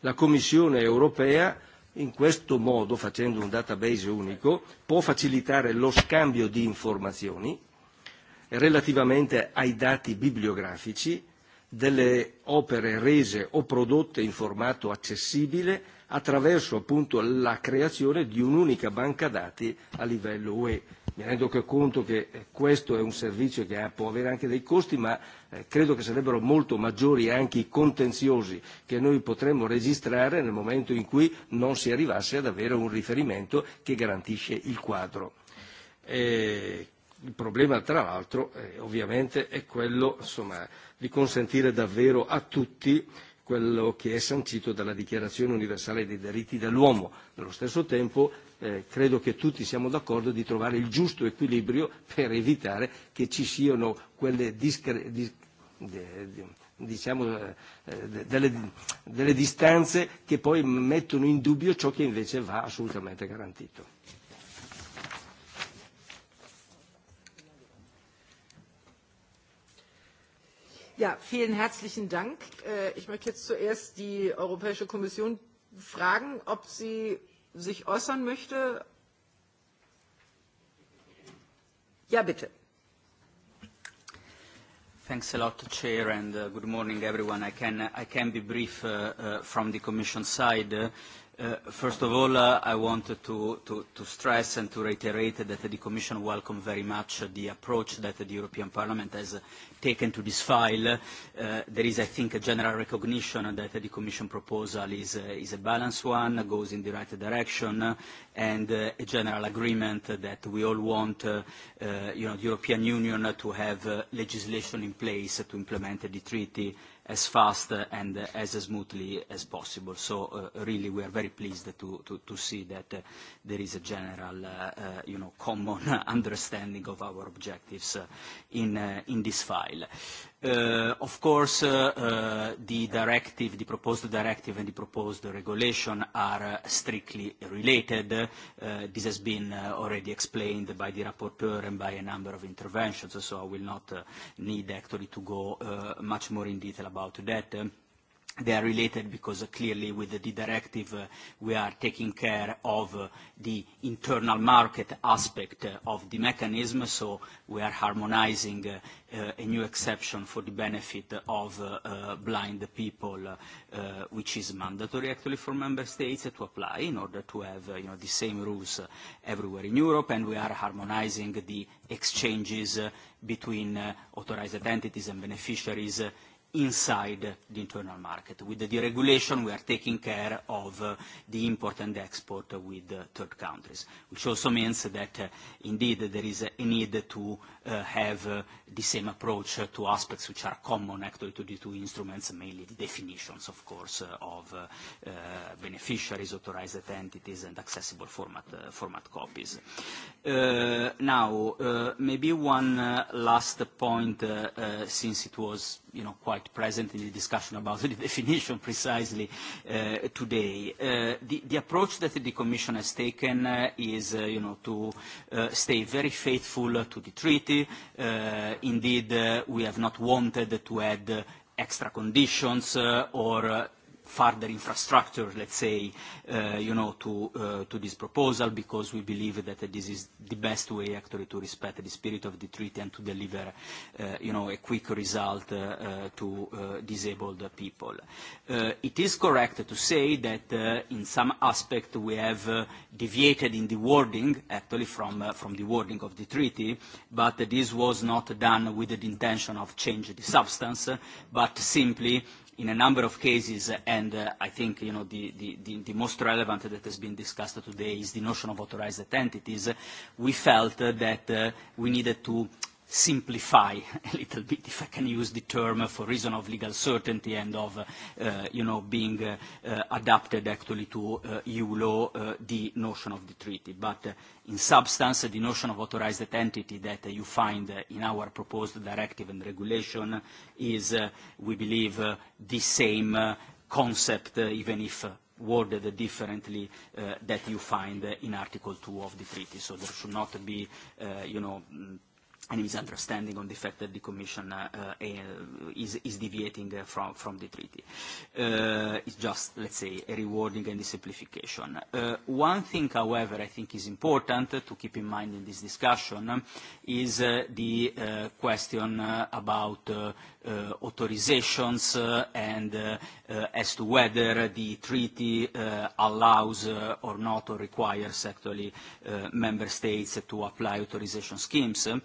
La Commissione europea in questo modo, facendo un database unico, può facilitare lo scambio di informazioni relativamente ai dati bibliografici delle opere rese o prodotte in formato accessibile attraverso appunto la creazione di un'unica banca dati a livello UE. Mi rendo conto che eh, questo è un servizio che ha, può avere anche dei costi, ma eh, credo che sarebbero molto maggiori e anche i contenziosi che noi potremmo registrare nel momento in cui non si arrivasse ad avere un riferimento che garantisce il quadro. Eh, Il problema, tra l'altro, eh, ovviamente è quello insomma, di consentire davvero a tutti quello che è sancito dalla Dichiarazione universale dei diritti dell'uomo. Nello stesso tempo eh, credo che tutti siamo d'accordo di trovare il giusto equilibrio per evitare che ci siano quelle discre- dis- de- de- diciamo, eh, delle, delle distanze che poi mettono in dubbio ciò che invece va assolutamente garantito. Ja, vielen herzlichen Dank. Äh, ich möchte jetzt zuerst die Europäische Kommission fragen, ob sie sich äußern möchte. Ja, bitte. Thanks a lot, Chair, and uh, good morning, everyone. I can, I can be brief uh, uh, from the Commission side. Uh, Uh, first of all, uh, I wanted to, to, to stress and to reiterate that the Commission welcomes very much the approach that the European Parliament has taken to this file. Uh, there is, I think, a general recognition that the Commission proposal is, uh, is a balanced one, goes in the right direction, and uh, a general agreement that we all want uh, uh, you know, the European Union to have uh, legislation in place to implement the treaty as fast uh, and uh, as smoothly as possible. So, uh, really, we are very pleased to, to, to see that uh, there is a general, uh, uh you know, common (laughs) understanding of our objectives in, in this file. Uh, of course, uh, uh, the directive, the proposed directive and the proposed regulation are uh, strictly related. Uh, this has been uh, already explained by the rapporteur and by a number of interventions, so I will not need actually to go much more in detail about that they are related because uh, clearly with the directive uh, we are taking care of uh, the internal market aspect uh, of the mechanism, so we are harmonizing uh, uh, a new exception for the benefit of uh, uh, blind people, uh, uh, which is mandatory actually for member states uh, to apply in order to have uh, you know, the same rules uh, everywhere in Europe, and we are harmonizing the exchanges uh, between uh, authorized entities and beneficiaries uh, inside the internal market. With the deregulation, we are taking care of uh, the import and export with uh, third countries, which also means that uh, indeed there is a need to uh, have uh, the same approach uh, to aspects which are common actually to the two instruments, mainly the definitions, of course, uh, of uh, uh, beneficiaries, authorized entities, and accessible format, uh, format copies. Uh, now, uh, maybe one uh, last point, uh, uh, since it was you know, quite present in the discussion about (laughs) the definition precisely uh, today. Uh, the, the approach that the Commission has taken uh, is, uh, you know, to uh, stay very faithful to the treaty, country. Uh, indeed, uh, we have not wanted to add uh, extra conditions uh, or uh, further infrastructure, let's say, uh, you know, to, uh, to this proposal because we believe that uh, this is the best way actually to respect the spirit of the treaty and to deliver, uh, you know, a quick result uh, uh, to uh, disabled people. Uh, it is correct to say that uh, in some aspect we have uh, deviated in the wording, actually, from, uh, from the wording of the treaty, but uh, this was not done with the intention of changing the substance, uh, but simply in a number of cases, and uh, I think you know, the, the, the, the most relevant that has been discussed today is the notion of authorized entities, we felt that uh, we needed to simplify (laughs) a little bit, if I can use the term, for reason of legal certainty and of, uh, uh, you know, being uh, uh, adapted actually to uh, EU law, uh, the notion of the treaty. But uh, in substance, uh, the notion of authorized entity that uh, you find uh, in our proposed directive and regulation is, uh, we believe, uh, the same uh, concept, uh, even if uh, worded differently uh, that you find in Article 2 of the treaty. So there should not be, uh, you know, mm, any misunderstanding on the fact that the Commission uh, uh, is, is deviating uh, from, from the treaty. Uh, it's just, let's say, a rewarding and a simplification. Uh, one thing, however, I think is important to keep in mind in this discussion is uh, the uh, question uh, about uh, uh, authorizations uh, and uh, uh, as to whether the treaty uh, allows uh, or not or requires actually uh, member states to apply authorization schemes. Uh,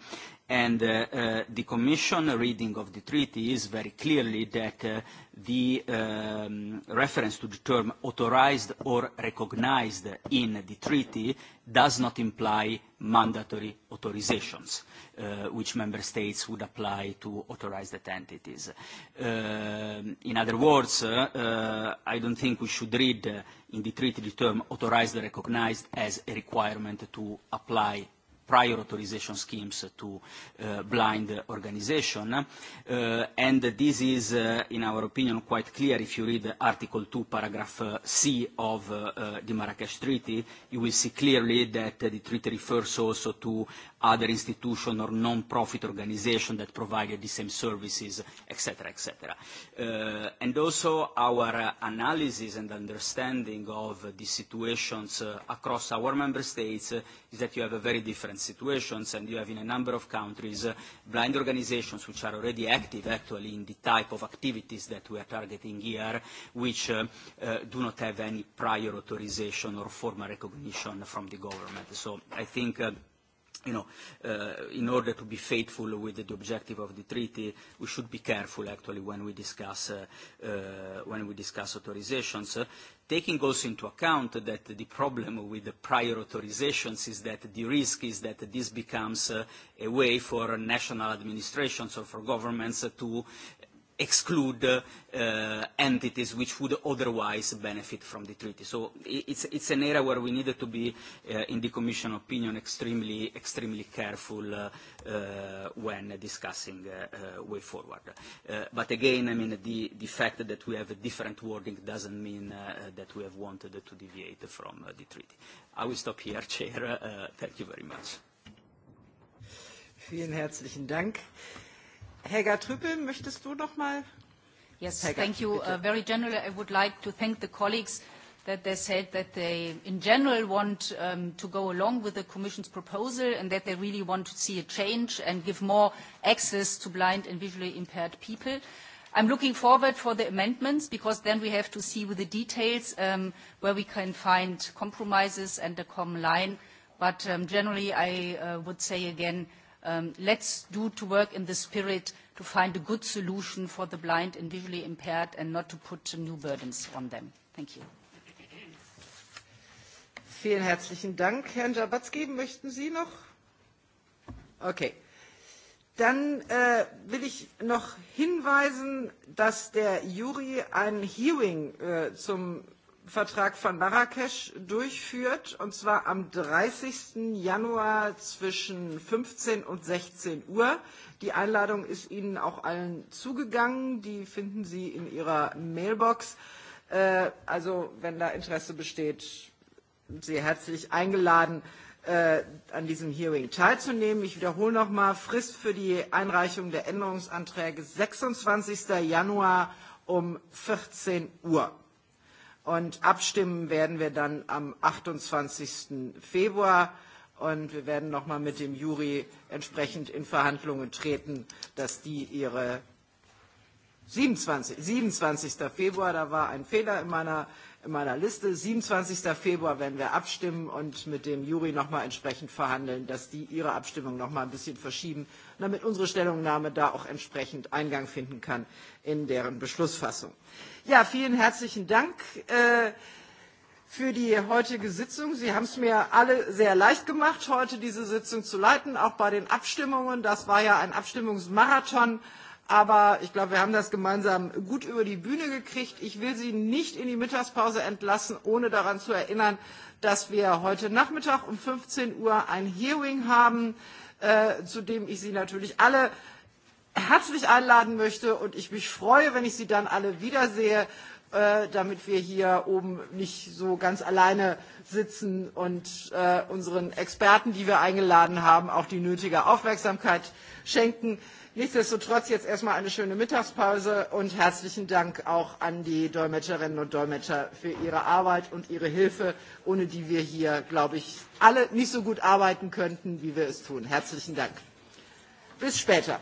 And uh, uh, the Commission reading of the treaty is very clearly that uh, the um, reference to the term authorized or recognized in the treaty does not imply mandatory authorizations, uh, which member states would apply to authorized entities. Uh, in other words, uh, uh, I don't think we should read uh, in the treaty the term authorized or recognized as a requirement to apply prior authorization schemes to uh, blind organization. Uh, and this is, uh, in our opinion, quite clear if you read Article 2, Paragraph uh, C of uh, uh, the Marrakesh Treaty. You will see clearly that uh, the treaty refers also to other institution or non-profit organization that provided the same services, etc., etc. Uh, and also our uh, analysis and understanding of uh, the situations uh, across our member states uh, is that you have a very different different situations, and you have in a number of countries uh, blind organizations which are already active actually in the type of activities that we are targeting here, which uh, uh, do not have any prior authorization or formal recognition from the government. So I think uh, you know, uh, in order to be faithful with the objective of the treaty, we should be careful actually when we discuss, uh, uh, when we discuss authorizations, uh, taking also into account that the problem with the prior authorizations is that the risk is that this becomes uh, a way for national administrations or for governments uh, to exclude uh, uh, entities which would otherwise benefit from the treaty. So it's, it's an area where we needed to be, uh, in the Commission opinion, extremely, extremely careful uh, uh, when discussing uh, uh, way forward. Uh, but again, I mean, the, the fact that we have a different wording doesn't mean uh, that we have wanted to deviate from uh, the treaty. I will stop here, (laughs) Chair. Uh, thank you very much. Vielen herzlichen Dank. Uh, Helga Trüppel, möchtest du noch mal? Yes, Helga, thank you. Bitte. Uh, very generally, I would like to thank the colleagues that they said that they, in general, want um, to go along with the Commission's proposal and that they really want to see a change and give more access to blind and visually impaired people. I'm looking forward for the amendments because then we have to see with the details um, where we can find compromises and a common line. But um, generally, I uh, would say again um, let's do to work in the spirit to find a good solution for the blind and visually impaired and not to put new burdens on them. Thank you. Vielen herzlichen Dank. Herrn Jabatzki, möchten Sie noch? Okay. Dann äh, will ich noch hinweisen, dass der Jury ein Hearing äh, zum Vertrag von Marrakesch durchführt, und zwar am 30. Januar zwischen 15 und 16 Uhr. Die Einladung ist Ihnen auch allen zugegangen. Die finden Sie in Ihrer Mailbox. Äh, also, wenn da Interesse besteht, sehr herzlich eingeladen, äh, an diesem Hearing teilzunehmen. Ich wiederhole nochmal, Frist für die Einreichung der Änderungsanträge 26. Januar um 14 Uhr. Und abstimmen werden wir dann am 28. Februar. Und wir werden nochmal mit dem Jury entsprechend in Verhandlungen treten, dass die ihre 27, 27. Februar, da war ein Fehler in meiner, in meiner Liste, 27. Februar werden wir abstimmen und mit dem Jury nochmal entsprechend verhandeln, dass die ihre Abstimmung nochmal ein bisschen verschieben, damit unsere Stellungnahme da auch entsprechend Eingang finden kann in deren Beschlussfassung. Äh, Ja, vielen herzlichen Dank. Äh, für die heutige Sitzung. Sie haben es mir alle sehr leicht gemacht, heute diese Sitzung zu leiten, auch bei den Abstimmungen. Das war ja ein Abstimmungsmarathon. Aber ich glaube, wir haben das gemeinsam gut über die Bühne gekriegt. Ich will Sie nicht in die Mittagspause entlassen, ohne daran zu erinnern, dass wir heute Nachmittag um 15 Uhr ein Hearing haben, äh, zu dem ich Sie natürlich alle herzlich einladen möchte und ich mich freue, wenn ich Sie dann alle wiedersehe, äh, damit wir hier oben nicht so ganz alleine sitzen und äh, unseren Experten, die wir eingeladen haben, auch die nötige Aufmerksamkeit schenken. Nichtsdestotrotz jetzt erstmal eine schöne Mittagspause und herzlichen Dank auch an die Dolmetscherinnen und Dolmetscher für ihre Arbeit und ihre Hilfe, ohne die wir hier, glaube ich, alle nicht so gut arbeiten könnten, wie wir es tun. Herzlichen Dank. Bis später.